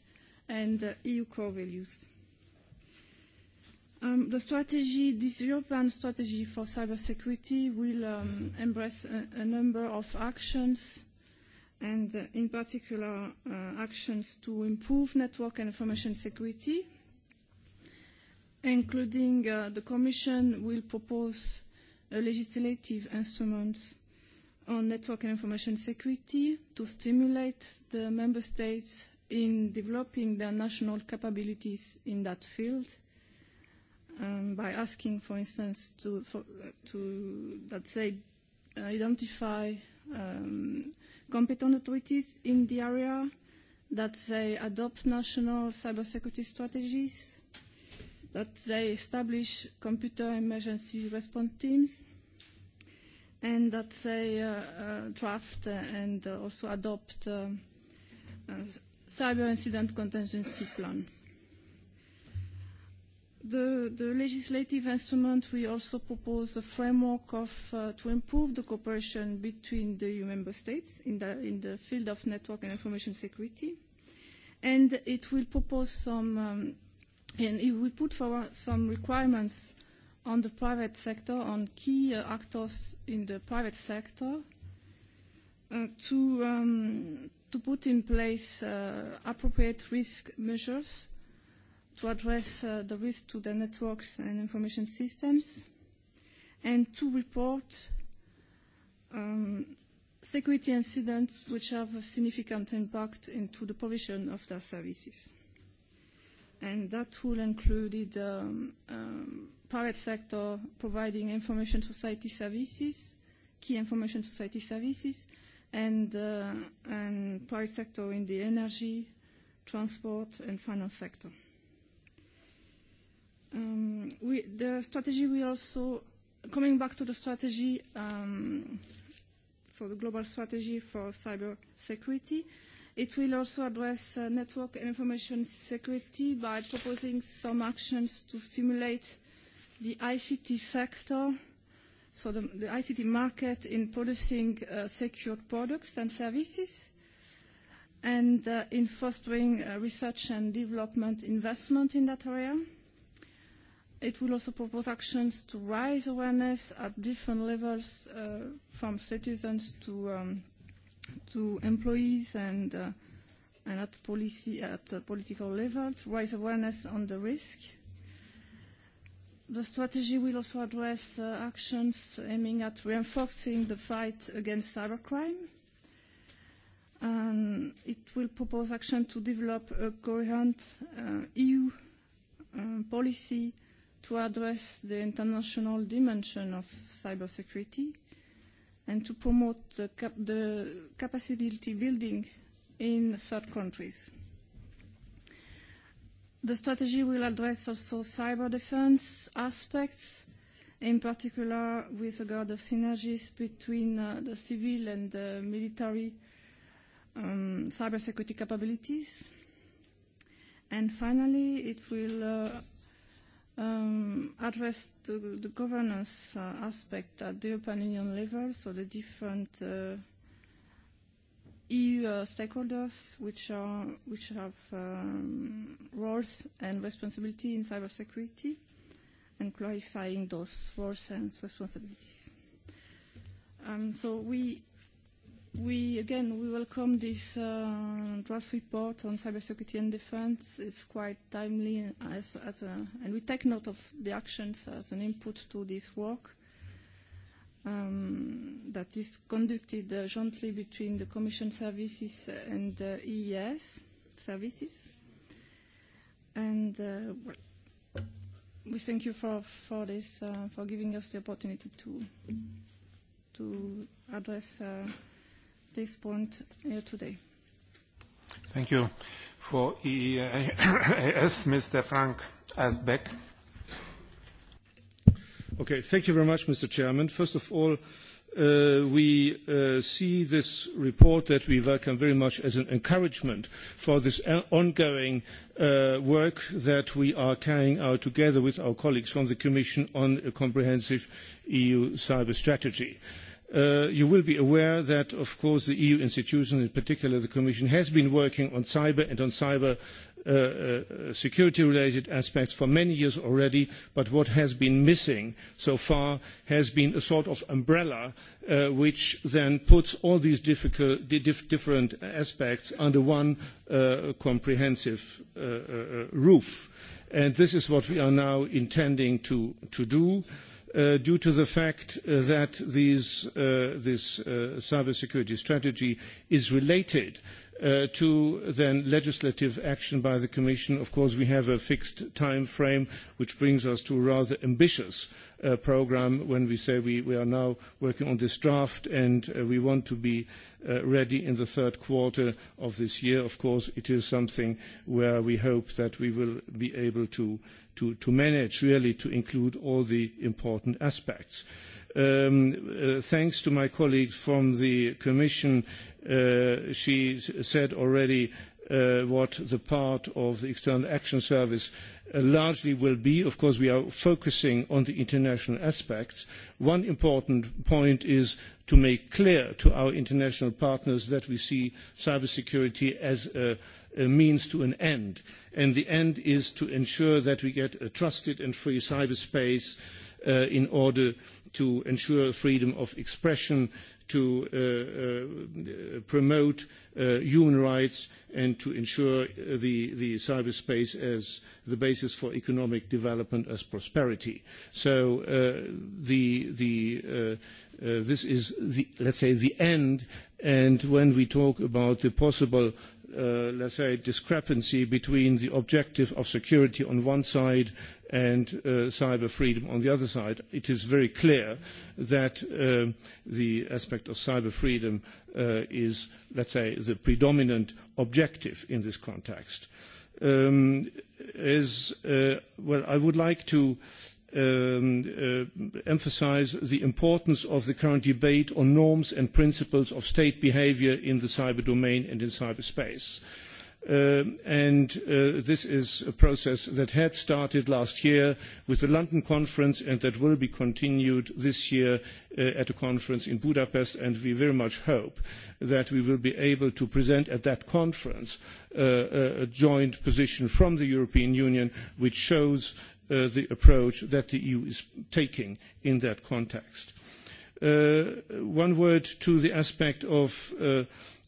and EU core values. Um, the strategy, this European strategy for cybersecurity will um, embrace a, a number of actions and uh, in particular uh, actions to improve network and information security, including uh, the Commission will propose a legislative instrument on network and information security to stimulate the member states in developing their national capabilities in that field um, by asking, for instance, to, for, to let's say, identify um, competent authorities in the area, that they adopt national cybersecurity strategies, that they establish computer emergency response teams, and that they uh, uh, draft and uh, also adopt uh, uh, cyber incident contingency plans. The, the legislative instrument, we also propose a framework of, uh, to improve the cooperation between the EU member states in the, in the field of network and information security. And it will propose some, um, and it will put forward some requirements on the private sector, on key uh, actors in the private sector uh, to, um, to put in place appropriate risk measures to address the risk to the networks and information systems, and to report security incidents which have a significant impact into the provision of their services. that will included the private sector providing information society services, key information society services, and, uh, and private sector in the energy, transport, and finance sector. Um, we, the strategy we also, coming back to the strategy, um, so the global strategy for cyber security, it will also address uh, network and information security by proposing some actions to stimulate the ICT sector so the, the ICT market in producing secure products and services, and in fostering research and development investment in that area. It will also propose actions to raise awareness at different levels from citizens to, employees and, at, policy, at political level to raise awareness on the risk The strategy will also address uh, actions aiming at reinforcing the fight against cybercrime. And it will propose action to develop a coherent uh, EU um, policy to address the international dimension of cybersecurity and to promote the, cap the capacity building in third countries. The strategy will address also cyber defense aspects, in particular with regard to synergies between uh, the civil and the military um, cybersecurity capabilities. And finally, it will uh, um, address the, the governance uh, aspect at the European Union level, so the different uh, EU uh, stakeholders, which are which have um, roles and responsibility in cybersecurity, and clarifying those roles and responsibilities. Um, so we we again we welcome this uh, draft report on cybersecurity and defence. It's quite timely, as, as a, and we take note of the actions as an input to this work um, that is conducted uh, jointly between the Commission services and the EES services. And uh, well, we thank you for, for this, uh, for giving us the opportunity to, to address uh, this point here today. Thank you. For EES, Mr. Frank Asbeck. Okay, thank you very much, Mr. Chairman. First of all, we see this report that we welcome very much as an encouragement for this ongoing work that we are carrying out together with our colleagues from the Commission on a comprehensive EU cyber strategy. You will be aware that, of course, the EU institutions, in particular the Commission, has been working on cyber and on cyber security related aspects for many years already, but what has been missing so far has been a sort of umbrella which then puts all these different aspects under one comprehensive roof. this is what we are now intending to, do due to the fact that this cyber security strategy is related to then legislative action by the Commission. Of course, we have a fixed time frame, which brings us to a rather ambitious programme when we say we are now working on this draft, and we want to be ready in the third quarter of this year. Of course, it is something where we hope that we will be able to manage, really, to include all the important aspects thanks to my colleague from the Commission, she said already what the part of the External Action Service largely will be. Of course, we are focusing on the international aspects. One important point is to make clear to our international partners that we see cybersecurity as a a means to an end, and the end is to ensure that we get a trusted and free cyberspace in order to ensure freedom of expression, to promote human rights, and to ensure the, cyberspace as the basis for economic development as prosperity. So this is, the, let's say, the end. And when we talk about the possible let's say, discrepancy between the objective of security on one side and cyber freedom on the other side, it is very clear that the aspect of cyber freedom is, let's say, the predominant objective in this context. well, I would like to emphasise the importance of the current debate on norms and principles of state behaviour in the cyber domain and in cyberspace and this is a process that had started last year with the London conference and that will be continued this year at a conference in Budapest, and we very much hope that we will be able to present at that conference a joint position from the European Union which shows the approach that the EU is taking in that context. One word to the aspect of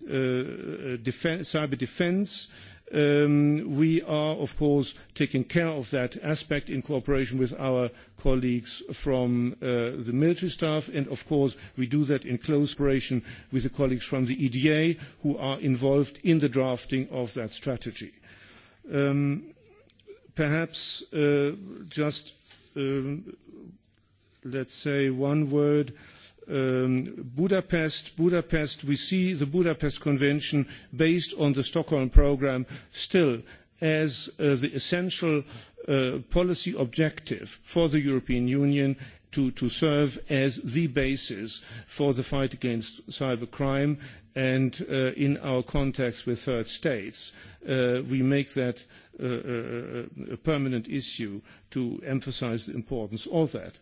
cyber defence. we are, of course, taking care of that aspect in cooperation with our colleagues from the military staff. And, of course, we do that in close cooperation with the colleagues from the EDA who are involved in the drafting of that strategy. perhaps just, let's say, one word Budapest, Budapest, we see the Budapest Convention based on the Stockholm Programme still as the essential policy objective for the European Union to, serve as the basis for the fight against cybercrime and in our contacts with third states. we make that a permanent issue to emphasise the importance of that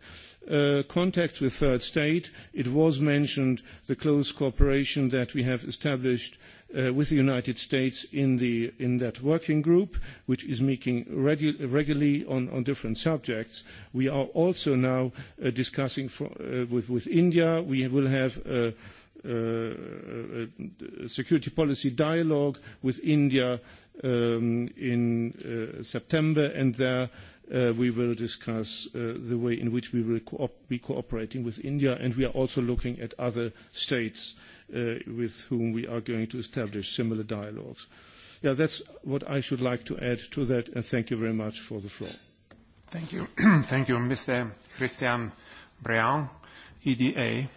contacts with third state, it was mentioned the close cooperation that we have established with the United States in, the, in that working group, which is meeting regularly on, different subjects. We are also now discussing with, India. We will have a security policy dialogue with India in September, and there we will discuss the way in which we will be cooperating with India, and we are also looking at other states uh, with whom we are going to establish similar dialogues. Yeah, that's what I should like to add to that, and thank you very much for the floor. Thank you. Thank you, Mr. Christian Breant, EDA.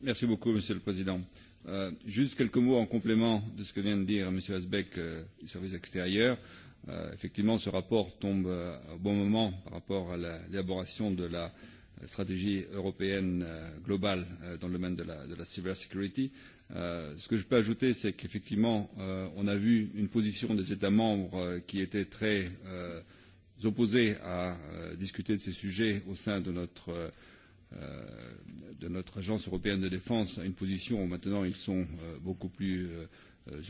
Merci beaucoup, Monsieur le Président. Euh, Juste quelques mots en complément de ce que vient de dire Monsieur Asbeck euh, du service extérieur. Euh, Euh, effectivement, ce rapport tombe au bon moment par rapport à l'élaboration de la stratégie européenne euh, globale euh, dans le domaine de la, de la cybersécurité. Euh, ce que je peux ajouter, c'est qu'effectivement, euh, on a vu une position des États membres euh, qui était très euh, opposée à euh, discuter de ces sujets au sein de notre euh, de notre agence européenne de défense à une position. où Maintenant, ils sont beaucoup plus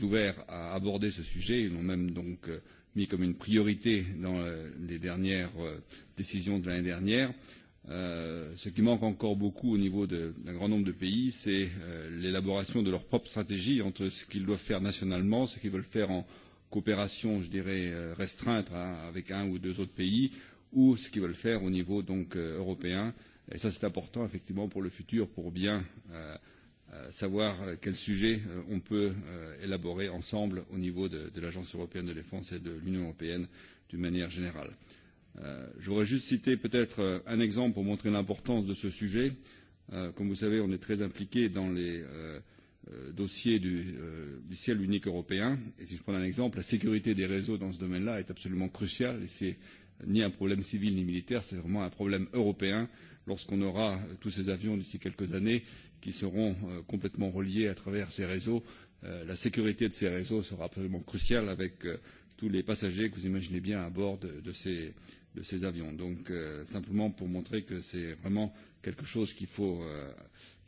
ouverts à aborder ce sujet. Ils ont même donc mis comme une priorité dans les dernières décisions de l'année dernière. ce qui manque encore beaucoup au niveau d'un grand nombre de pays, c'est l'élaboration de leur propre stratégie entre ce qu'ils doivent faire nationalement, ce qu'ils veulent faire en coopération, je dirais, restreinte avec un ou deux autres pays, ou ce qu'ils veulent faire au niveau donc européen. Et ça, c'est important effectivement pour le futur, pour bien euh, savoir quels sujets on peut élaborer ensemble au niveau de, l'Agence européenne de défense et de l'Union européenne d'une manière générale. je voudrais juste citer peut-être un exemple pour montrer l'importance de ce sujet. comme vous savez, on est très impliqué dans les dossier du, ciel unique européen. Et si je prends un exemple, la sécurité des réseaux dans ce domaine-là est absolument cruciale. Et c'est ni un problème civil ni militaire, c'est vraiment un problème européen. Lorsqu'on aura tous ces avions d'ici quelques années, qui seront complètement reliés à travers ces réseaux. la sécurité de ces réseaux sera absolument cruciale avec tous les passagers que vous imaginez bien à bord de, ces, de ces avions. Donc, simplement pour montrer que c'est vraiment quelque chose qu'il faut,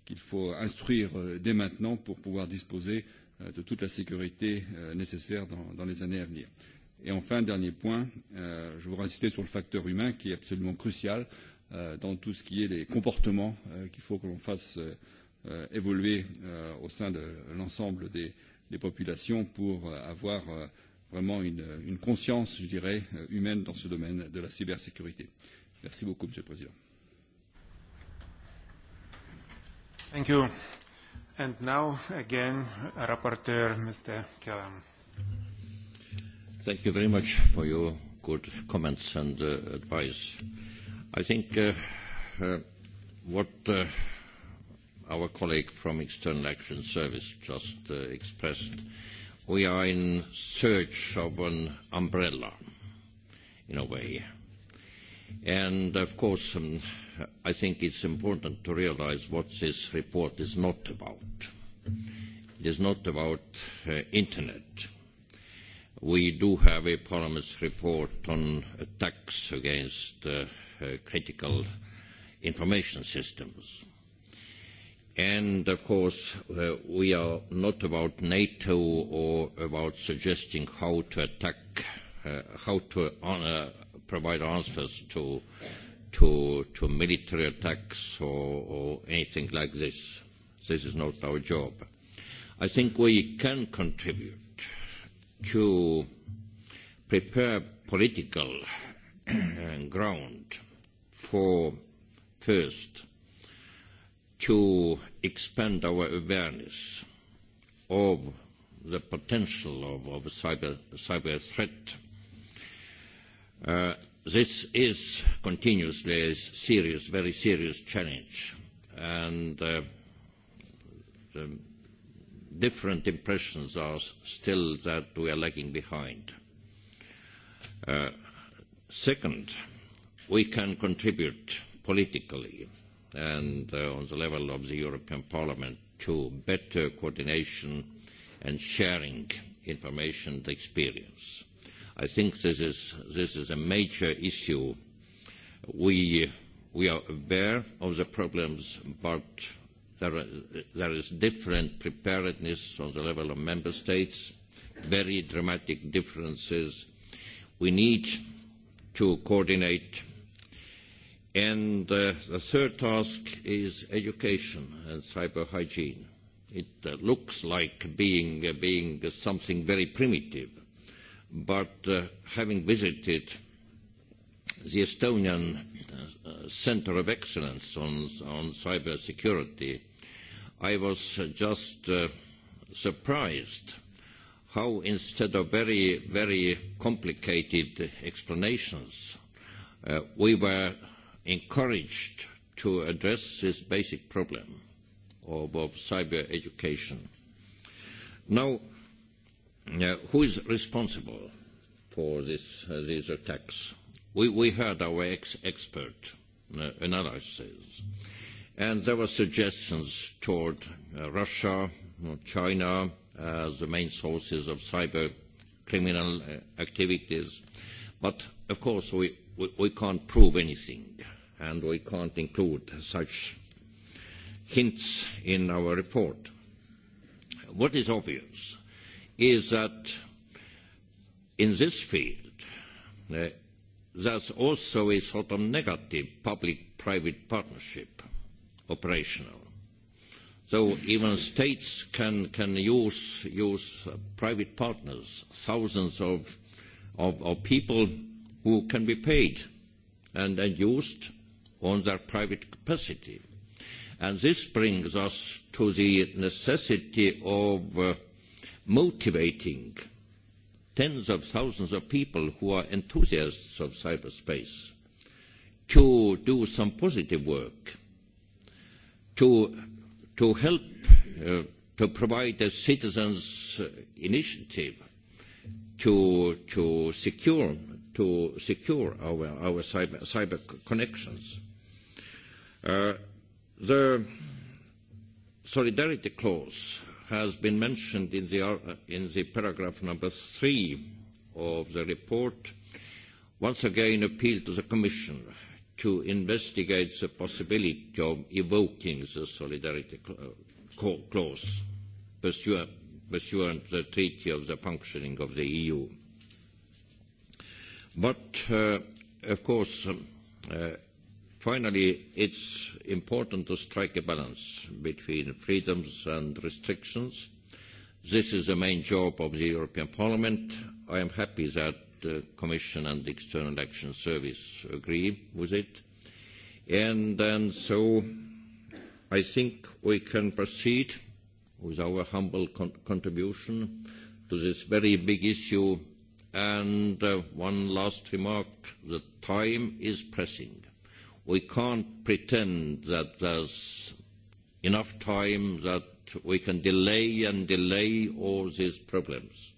qu'il faut instruire dès maintenant pour pouvoir disposer de toute la sécurité nécessaire dans, dans les années à venir. Et enfin, dernier point, euh, je voudrais insister sur le facteur humain qui est absolument crucial euh, dans tout ce qui est les comportements euh, qu'il faut que l'on fasse euh, euh, évoluer euh, au sein de l'ensemble des, des populations pour euh, avoir euh, vraiment une, une conscience, je dirais, humaine dans ce domaine de la cybersécurité. Merci beaucoup, Monsieur le Président. Thank you. And now again, Rapporteur Mr. Kellam. Thank you very much for your good comments and uh, advice. I think uh, uh, what uh, our colleague from External Action Service just uh, expressed, we are in search of an umbrella, in a way. And of course, um, I think it's important to realize what this report is not about. It is not about uh, internet. We do have a Parliament's report on attacks against uh, uh, critical information systems. And of course, uh, we are not about NATO or about suggesting how to attack, uh, how to honor, provide answers to, to, to military attacks or, or anything like this. This is not our job. I think we can contribute to prepare political ground for first to expand our awareness of the potential of, of cyber, cyber threat. Uh, this is continuously a serious, very serious challenge, and uh, the different impressions are still that we are lagging behind. Uh, second, we can contribute politically and uh, on the level of the European Parliament to better coordination and sharing information and experience. I think this is, this is a major issue. We, we are aware of the problems, but there, are, there is different preparedness on the level of member states, very dramatic differences. We need to coordinate And uh, the third task is education and cyber hygiene. It uh, looks like being, uh, being something very primitive, but uh, having visited the Estonian uh, Center of Excellence on, on cybersecurity, I was just uh, surprised how instead of very, very complicated explanations, uh, we were encouraged to address this basic problem of, of cyber education. Now, uh, who is responsible for this, uh, these attacks? We, we heard our ex- expert uh, analysis, and there were suggestions toward uh, Russia, China as the main sources of cyber criminal activities. But of course, we, we, we can't prove anything and we can't include such hints in our report. What is obvious is that in this field, uh, there's also a sort of negative public-private partnership operational. So even states can, can use, use private partners, thousands of, of, of people who can be paid and, and used on their private capacity. And this brings us to the necessity of uh, motivating tens of thousands of people who are enthusiasts of cyberspace to do some positive work, to, to help uh, to provide a citizens' initiative to, to secure to secure our, our cyber, cyber connections. The solidarity clause has been mentioned in the, in the paragraph number three of the report. Once again, appeal to the Commission to investigate the possibility of evoking the solidarity clause pursuant, to the Treaty of the Functioning of the EU. But, uh, of course, uh, Finally, it's important to strike a balance between freedoms and restrictions. This is the main job of the European Parliament. I am happy that the Commission and the External Action Service agree with it. And, then so I think we can proceed with our humble con- contribution to this very big issue. And uh, one last remark, the time is pressing we can't pretend that there's enough time that we can delay and delay all these problems.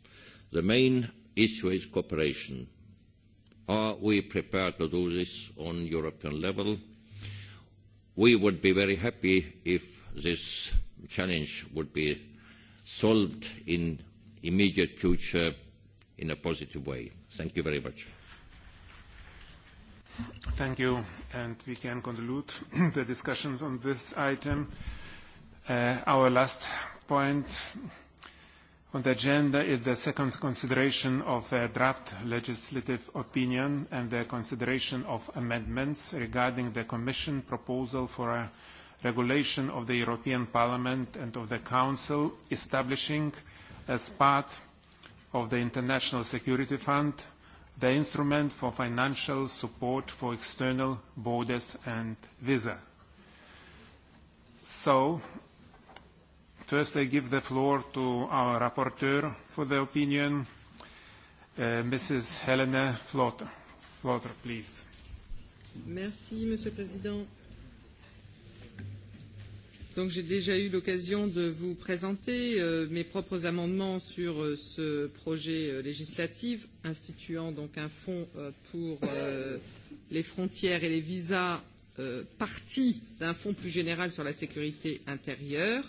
The main issue is cooperation. Are we prepared to do this on European level? We would be very happy if this challenge would be solved in immediate future in a positive way. Thank you very much. Thank you. And we can conclude the discussions on this item. Uh, our last point on the agenda is the second consideration of a draft legislative opinion and the consideration of amendments regarding the Commission proposal for a regulation of the European Parliament and of the Council establishing as part of the International Security Fund – the instrument for financial support for external borders and visa. So, first I give the floor to our rapporteur for the opinion, uh, Mrs. Helena Flotter. Flotter, please. Merci, Monsieur le Président. Donc j'ai déjà eu l'occasion de vous présenter euh, mes propres amendements sur euh, ce projet euh, législatif instituant donc un fonds euh, pour euh, les frontières et les visas euh, partie d'un fonds plus général sur la sécurité intérieure.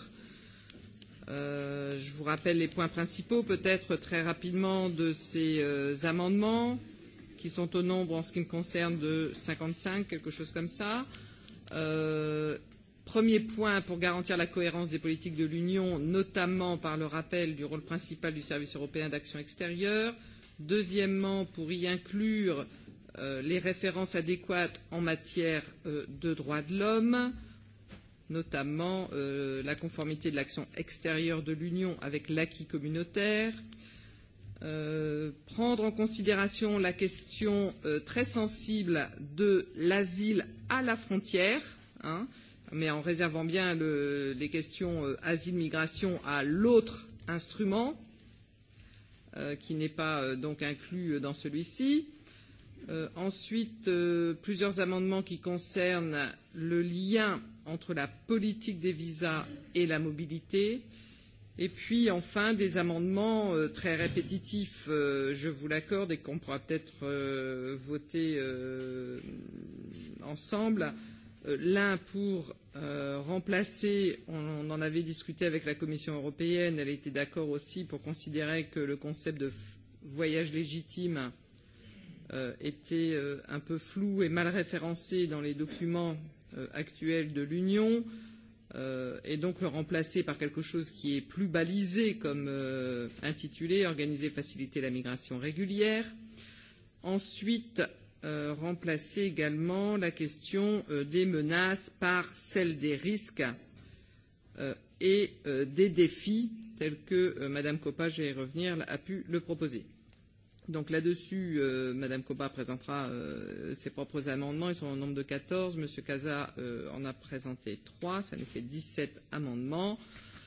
Euh, je vous rappelle les points principaux peut-être très rapidement de ces euh, amendements qui sont au nombre en ce qui me concerne de 55, quelque chose comme ça. Euh, Premier point, pour garantir la cohérence des politiques de l'Union, notamment par le rappel du rôle principal du Service européen d'action extérieure. Deuxièmement, pour y inclure les références adéquates en matière de droits de l'homme, notamment la conformité de l'action extérieure de l'Union avec l'acquis communautaire. prendre en considération la question très sensible de l'asile à la frontière, hein, euh, mais en réservant bien le, les questions euh, asile-migration à l'autre instrument, euh, qui n'est pas euh, donc inclus dans celui-ci. Euh, ensuite, euh, plusieurs amendements qui concernent le lien entre la politique des visas et la mobilité. Et puis enfin, des amendements euh, très répétitifs, euh, je vous l'accorde, et qu'on pourra peut-être euh, voter euh, ensemble. Euh, L'un pour euh, remplacer, on, on en avait discuté avec la Commission européenne, elle était d'accord aussi pour considérer que le concept de voyage légitime euh, était euh, un peu flou et mal référencé dans les documents euh, actuels de l'Union, euh, et donc le remplacer par quelque chose qui est plus balisé comme euh, intitulé Organiser, faciliter la migration régulière. Ensuite, remplacer également la question des menaces par celle des risques et des défis tels que Madame Coppa, je vais y revenir, a pu le proposer. Donc là-dessus, euh, Madame Coppa présentera euh, ses propres amendements. Ils sont au nombre de 14. Monsieur Casa euh, en a présenté 3. Ça nous fait 17 amendements.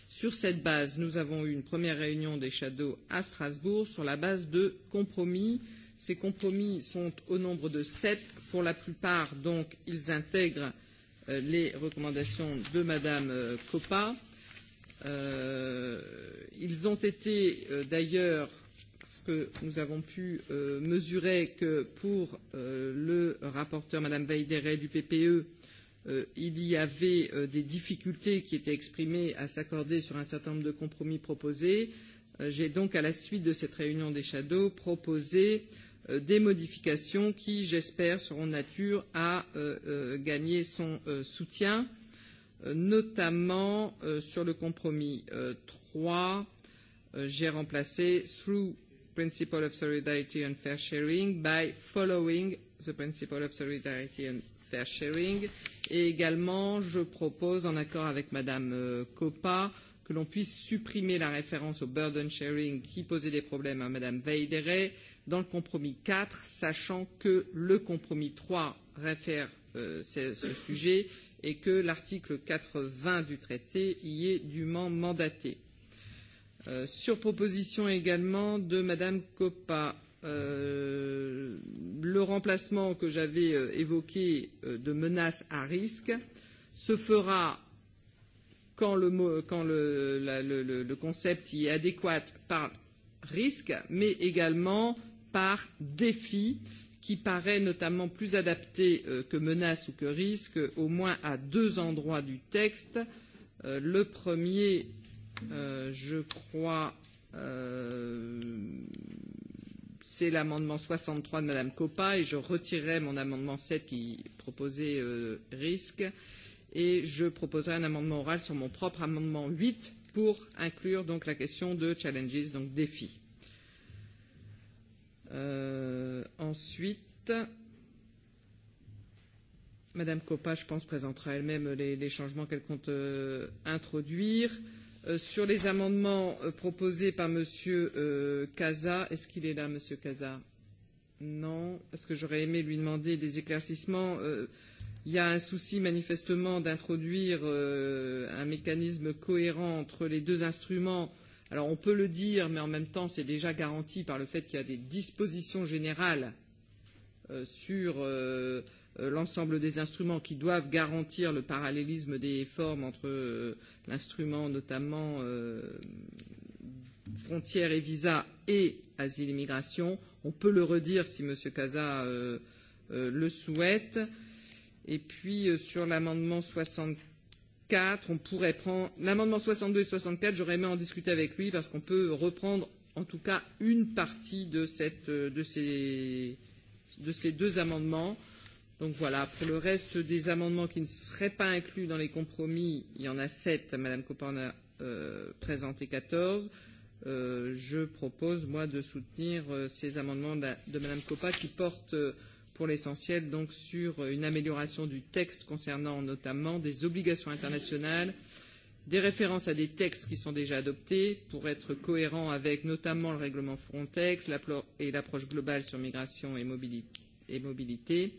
Sur cette base, nous avons eu une première réunion des Shadows à Strasbourg sur la base de compromis euh, Ces compromis sont au nombre de sept. Pour la plupart, donc, ils intègrent les recommandations de Madame Coppa. ils ont été d'ailleurs, parce que nous avons pu mesurer que pour le rapporteur Madame Veideret du PPE, il y avait des difficultés qui étaient exprimées à s'accorder sur un certain nombre de compromis proposés. J'ai donc, à la suite de cette réunion des shadows, proposé euh, des modifications qui, j'espère, seront nature à gagner son soutien, notamment sur le compromis Euh, j'ai remplacé through principle of solidarity and fair sharing by following the principle of solidarity and fair sharing. Et également, je propose, en accord avec Madame Coppa, que l'on puisse supprimer la référence au burden sharing qui posait des problèmes à Madame Veideret dans le compromis 4, sachant que le compromis 3 réfère euh, ce, sujet et que l'article 80 du traité y est dûment mandaté. Euh, sur proposition également de Madame Coppa, euh, le remplacement que j'avais euh, évoqué euh, de menace à risque se fera quand le, quand le, la, le, le concept y est adéquat par risque, mais également par défi qui paraît notamment plus adapté que menace ou que risque au moins à deux endroits du texte. le premier, je crois, c'est l'amendement soixante trois de Madame Coppa et je retirerai mon amendement sept qui proposait risque et je proposerai un amendement oral sur mon propre amendement huit pour inclure donc la question de challenges, donc défis Euh, ensuite, Madame Coppa, je pense, présentera elle-même les, les changements qu'elle compte euh, introduire. Euh, sur les amendements euh, proposés par Monsieur euh, Casa, est-ce qu'il est là, Monsieur Casa Non, parce que j'aurais aimé lui demander des éclaircissements. Euh, il y a un souci manifestement d'introduire euh, un mécanisme cohérent entre les deux instruments euh, Alors on peut le dire, mais en même temps c'est déjà garanti par le fait qu'il y a des dispositions générales euh, sur euh, l'ensemble des instruments qui doivent garantir le parallélisme des formes entre euh, l'instrument notamment euh, frontières et visas et asile et migration. On peut le redire si M. Casa euh, euh, le souhaite. Et puis euh, sur l'amendement 64, 4, on pourrait prendre l'amendement 62 et 64, j'aurais aimé en discuter avec lui parce qu'on peut reprendre en tout cas une partie de, cette, de, ces, de ces deux amendements. Donc voilà, pour le reste des amendements qui ne seraient pas inclus dans les compromis, il y en a 7, Madame Copin a euh, présenté 14. Euh, je propose, moi, de soutenir euh, ces amendements de, de Madame Copa qui portent euh, pour l'essentiel donc sur une amélioration du texte concernant notamment des obligations internationales, des références à des textes qui sont déjà adoptés pour être cohérents avec notamment le règlement Frontex et l'approche globale sur migration et mobilité.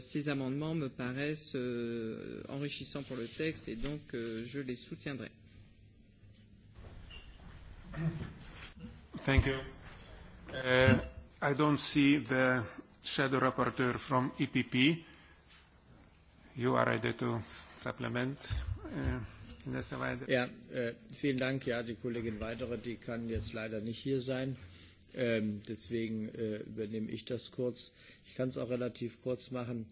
ces amendements me paraissent enrichissants pour le texte et donc je les soutiendrai. Thank you. Uh, I don't see the shadow rapporteur from EPP. You are ready to supplement. Ja, vielen Dank. Ja, die Kollegin Weitere, die kann jetzt leider nicht hier sein. deswegen übernehme ich das kurz. Ich kann es auch relativ kurz machen.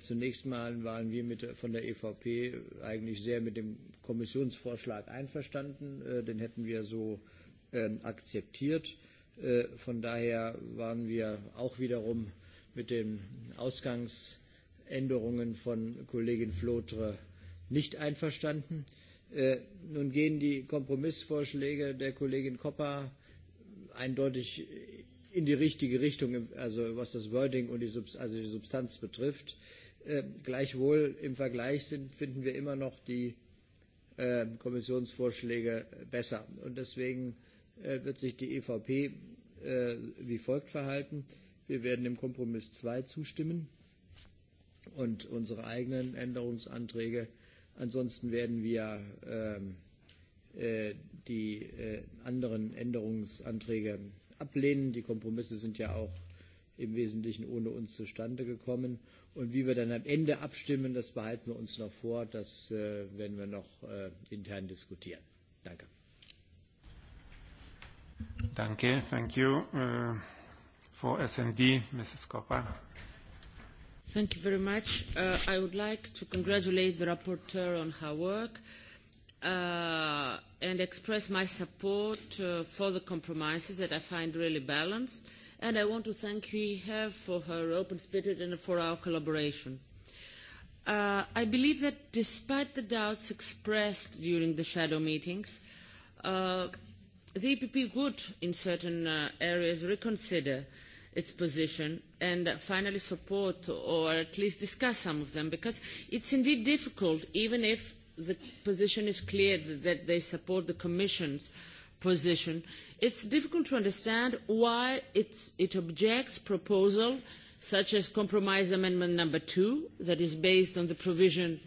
zunächst mal waren wir mit, von der EVP eigentlich sehr mit dem Kommissionsvorschlag einverstanden. den hätten wir so akzeptiert. Von daher waren wir auch wiederum mit den Ausgangsänderungen von Kollegin Flotre nicht einverstanden. Nun gehen die Kompromissvorschläge der Kollegin Koppa eindeutig in die richtige Richtung, also was das Wording und die, Substanz betrifft. gleichwohl im Vergleich finden wir immer noch die Kommissionsvorschläge besser. Und deswegen wird sich die EVP äh, wie folgt verhalten. Wir werden dem Kompromiss 2 zustimmen und unsere eigenen Änderungsanträge. Ansonsten werden wir äh, die äh, anderen Änderungsanträge ablehnen. Die Kompromisse sind ja auch im Wesentlichen ohne uns zustande gekommen. Und wie wir dann am Ende abstimmen, das behalten wir uns noch vor. Das äh, werden wir noch äh, intern diskutieren. Danke. Danke, thank you. Uh, for SND, Mrs. Koppa. Thank you very much. Uh, I would like to congratulate the rapporteur on her work uh, and express my support uh, for the compromises that I find really balanced. And I want to thank her for her open spirit and for our collaboration. Uh, I believe that despite the doubts expressed during the shadow meetings, uh, the EPP would, in certain uh, areas, reconsider its position and finally support or at least discuss some of them because it's indeed difficult even if the position is clear that they support the Commission's position. It's difficult to understand why it's, it objects proposal such as compromise amendment number two that is based on the provision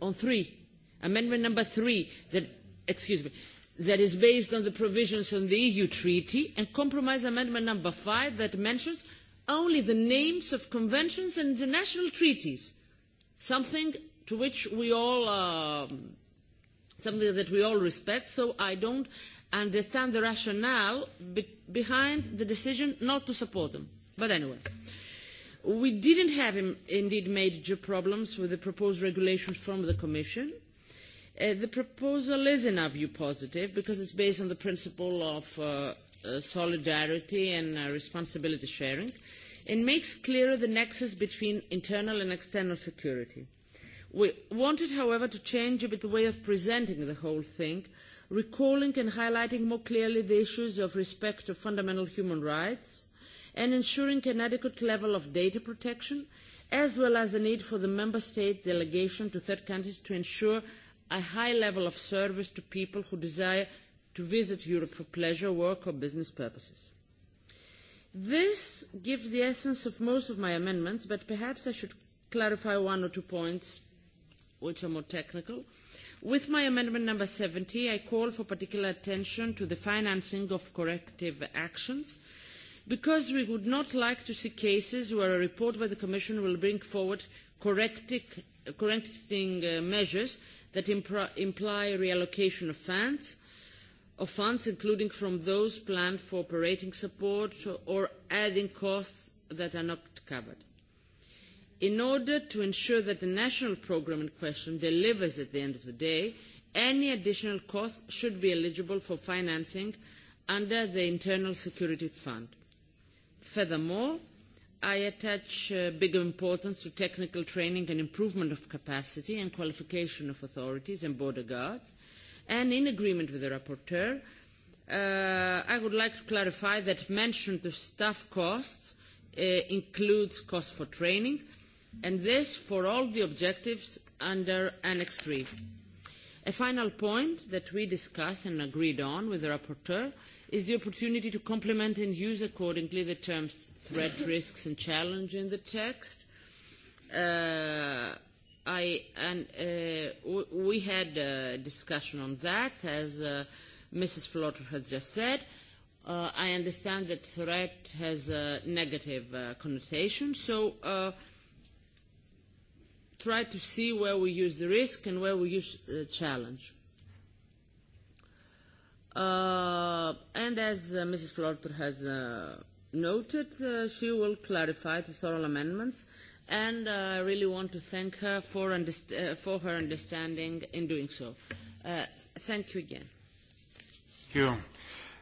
on three. Amendment number three that, excuse me, that is based on the provisions of the EU treaty and compromise amendment number five that mentions only the names of conventions and international treaties, something to which we all, uh, something that we all respect, so I don't understand the rationale be behind the decision not to support them. But anyway, we didn't have indeed major problems with the proposed regulations from the Commission the proposal is, in our view, positive because it's based on the principle of solidarity and responsibility sharing and makes clearer the nexus between internal and external security. We wanted, however, to change a bit the way of presenting the whole thing, recalling and highlighting more clearly the issues of respect of fundamental human rights and ensuring an adequate level of data protection, as well as the need for the member state delegation to third countries to ensure a high level of service to people who desire to visit Europe for pleasure, work or business purposes. This gives the essence of most of my amendments, but perhaps I should clarify one or two points which are more technical. With my amendment number 70, I call for particular attention to the financing of corrective actions because we would not like to see cases where a report by the Commission will bring forward correcting measures that imply reallocation of funds, of funds including from those planned for operating support or adding costs that are not covered. In order to ensure that the national programme in question delivers at the end of the day, any additional costs should be eligible for financing under the Internal Security Fund. Furthermore, I attach big importance to technical training and improvement of capacity and qualification of authorities and border guards. And in agreement with the rapporteur, I would like to clarify that mention of staff costs includes costs for training, and this for all the objectives under Annex III. A final point that we discussed and agreed on with the rapporteur is the opportunity to complement and use accordingly the terms threat, risks and challenge in the text. I, and, uh, we had a discussion on that, as uh, Mrs. Flotter has just said. Uh, I understand that threat has a negative uh, connotation, so uh, try to see where we use the risk and where we use the challenge. Uh, and as uh, Mrs. Florter has uh, noted, uh, she will clarify the thorough amendments, and uh, I really want to thank her for, underst- uh, for her understanding in doing so. Uh, thank you again. Thank you.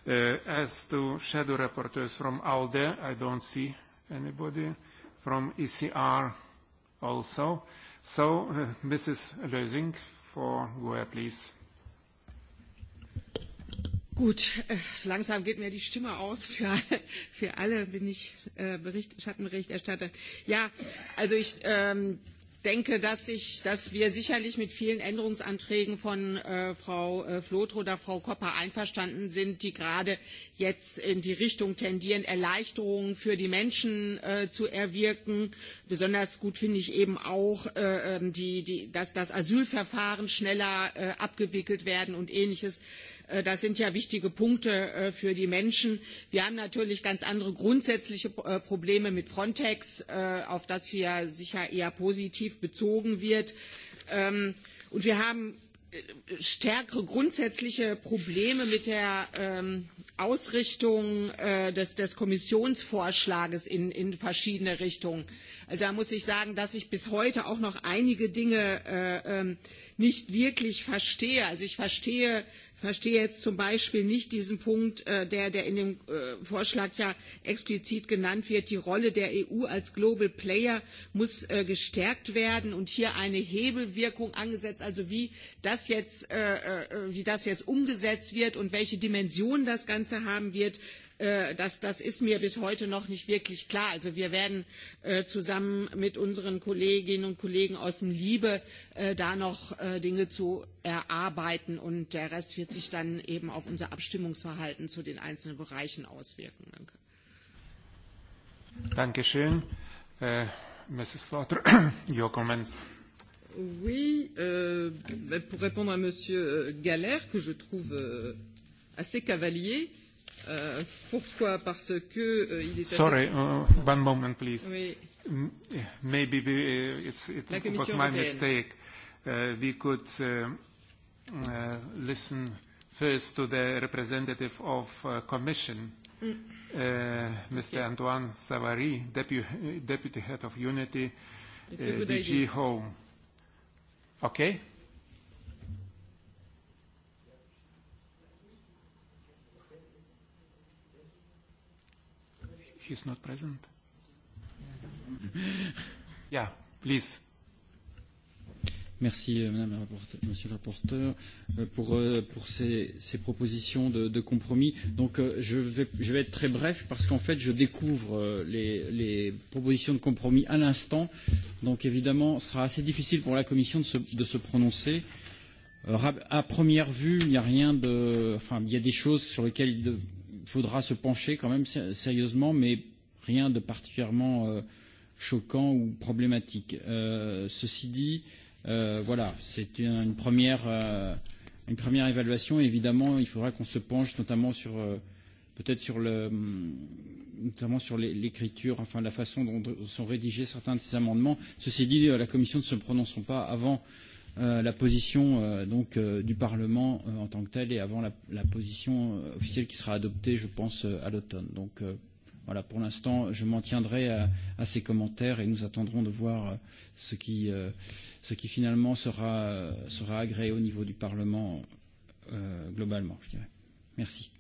Uh, as to shadow rapporteurs from ALDE, I don't see anybody. From ECR also. Lösing for GUE, please. Gut, so langsam geht mir die Stimme aus. Für, für alle bin ich äh, Bericht, Schattenberichterstatter. Ja, also ich. Ähm, denke, dass, ich, dass wir sicherlich mit vielen Änderungsanträgen von äh, Frau äh, Flotro oder Frau Kopper einverstanden sind, die gerade jetzt in die Richtung tendieren, Erleichterungen für die Menschen äh, zu erwirken. Besonders gut finde ich eben auch, äh, die, die, dass das Asylverfahren schneller äh, abgewickelt werden und ähnliches. Äh, Das sind ja wichtige Punkte für die Menschen. Wir haben natürlich ganz andere grundsätzliche Probleme mit Frontex, auf das hier sicher eher positiv bezogen wird. Und wir haben stärkere grundsätzliche Probleme mit der Ausrichtung des, Kommissionsvorschlages in, verschiedene Richtungen. Also da muss ich sagen, dass ich bis heute auch noch einige Dinge nicht wirklich verstehe. Also ich verstehe verstehe jetzt zum Beispiel nicht diesen Punkt, der, in dem Vorschlag ja explizit genannt wird. Die Rolle der EU als Global Player muss gestärkt werden und hier eine Hebelwirkung angesetzt. Also wie das jetzt, umgesetzt wird und welche Dimension das Ganze haben wird, das, das ist mir bis heute noch nicht wirklich klar. Also wir werden zusammen mit unseren Kolleginnen und Kollegen aus dem Liebe da noch Dinge zu erarbeiten und der Rest wird sich dann eben auf unser Abstimmungsverhalten zu den einzelnen Bereichen auswirken. Danke. Dankeschön. Äh, Mrs. Slaughter, your comments. Oui, euh, pour répondre à Monsieur Galère, que je trouve euh, assez cavalier, pourquoi Parce que il est Sorry, one moment please. Maybe we it's, it was my mistake. we could listen first to the representative of uh, Commission, uh Mr. Antoine Savary, Deputy Head of Unity, DG Home. Okay? He's not present. Yeah, please. Merci Madame la rapporteure, Monsieur le rapporteur pour, pour ces, ces propositions de, de compromis. Donc je vais, je vais être très bref parce qu'en fait je découvre les, les propositions de compromis à l'instant. Donc évidemment, ce sera assez difficile pour la Commission de se, de se prononcer. À première vue, il n'y a rien de, enfin il y a des choses sur lesquelles il faudra se pencher quand même sérieusement, mais rien de particulièrement euh, choquant ou problématique. Euh, ceci dit, euh, voilà, c'est une, une, première, euh, une première évaluation. Évidemment, il faudra qu'on se penche notamment sur euh, peut-être sur le notamment sur l'écriture, enfin la façon dont sont rédigés certains de ces amendements. Ceci dit, la Commission ne se prononceront pas avant euh, la position donc du Parlement en tant que telle et avant la, position officielle qui sera adoptée, je pense, à l'automne. Donc voilà, pour l'instant, je m'en tiendrai à, ces commentaires et nous attendrons de voir ce qui, finalement sera, agréé au niveau du Parlement globalement, je dirais. Merci.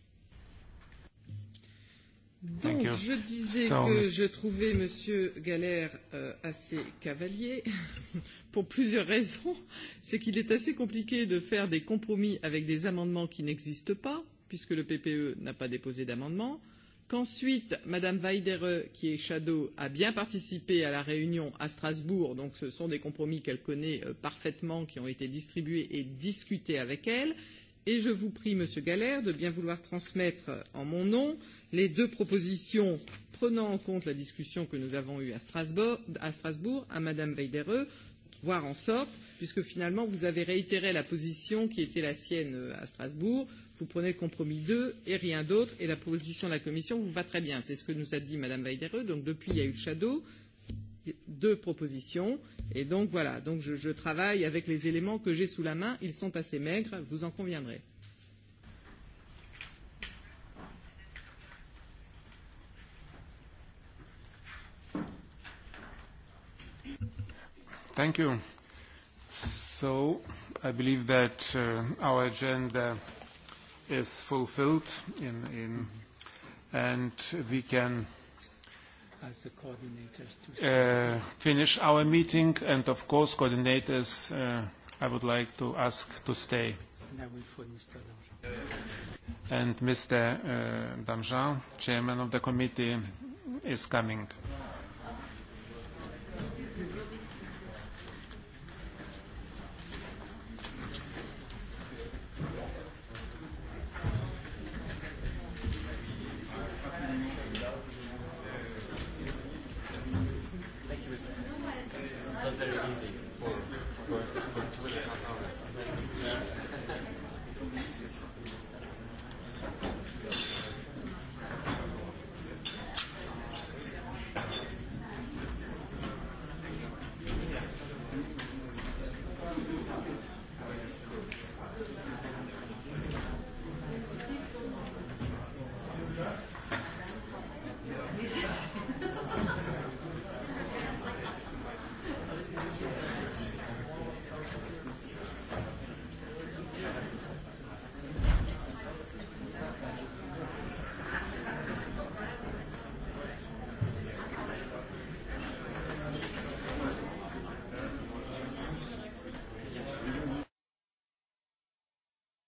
Donc, je disais so, que je trouvais Monsieur Galère euh, assez cavalier pour plusieurs raisons. C'est qu'il est assez compliqué de faire des compromis avec des amendements qui n'existent pas, puisque le PPE n'a pas déposé d'amendement. Qu'ensuite, Madame Weidere, qui est shadow, a bien participé à la réunion à Strasbourg, donc ce sont des compromis qu'elle connaît euh, parfaitement, qui ont été distribués et discutés avec elle. Et je vous prie, Monsieur Galère, de bien vouloir transmettre en mon nom euh, les deux propositions prenant en compte la discussion que nous avons eue à Strasbourg, à, Strasbourg, à Madame Weidere, voire en sorte, puisque finalement vous avez réitéré la position qui était la sienne à Strasbourg, vous prenez le compromis 2 et rien d'autre, et la position de la Commission vous va très bien. C'est ce que nous a dit Madame Weidere, donc depuis il y a eu le shadow, deux propositions, et donc voilà, donc je, je travaille avec les éléments que j'ai sous la main, ils sont assez maigres, vous en conviendrez. Thank you. So I believe that uh, our agenda is fulfilled in, in, and we can as the coordinators to finish our meeting. And of course, coordinators, uh, I would like to ask to stay. And Mr. Uh, Damjan, chairman of the committee, is coming.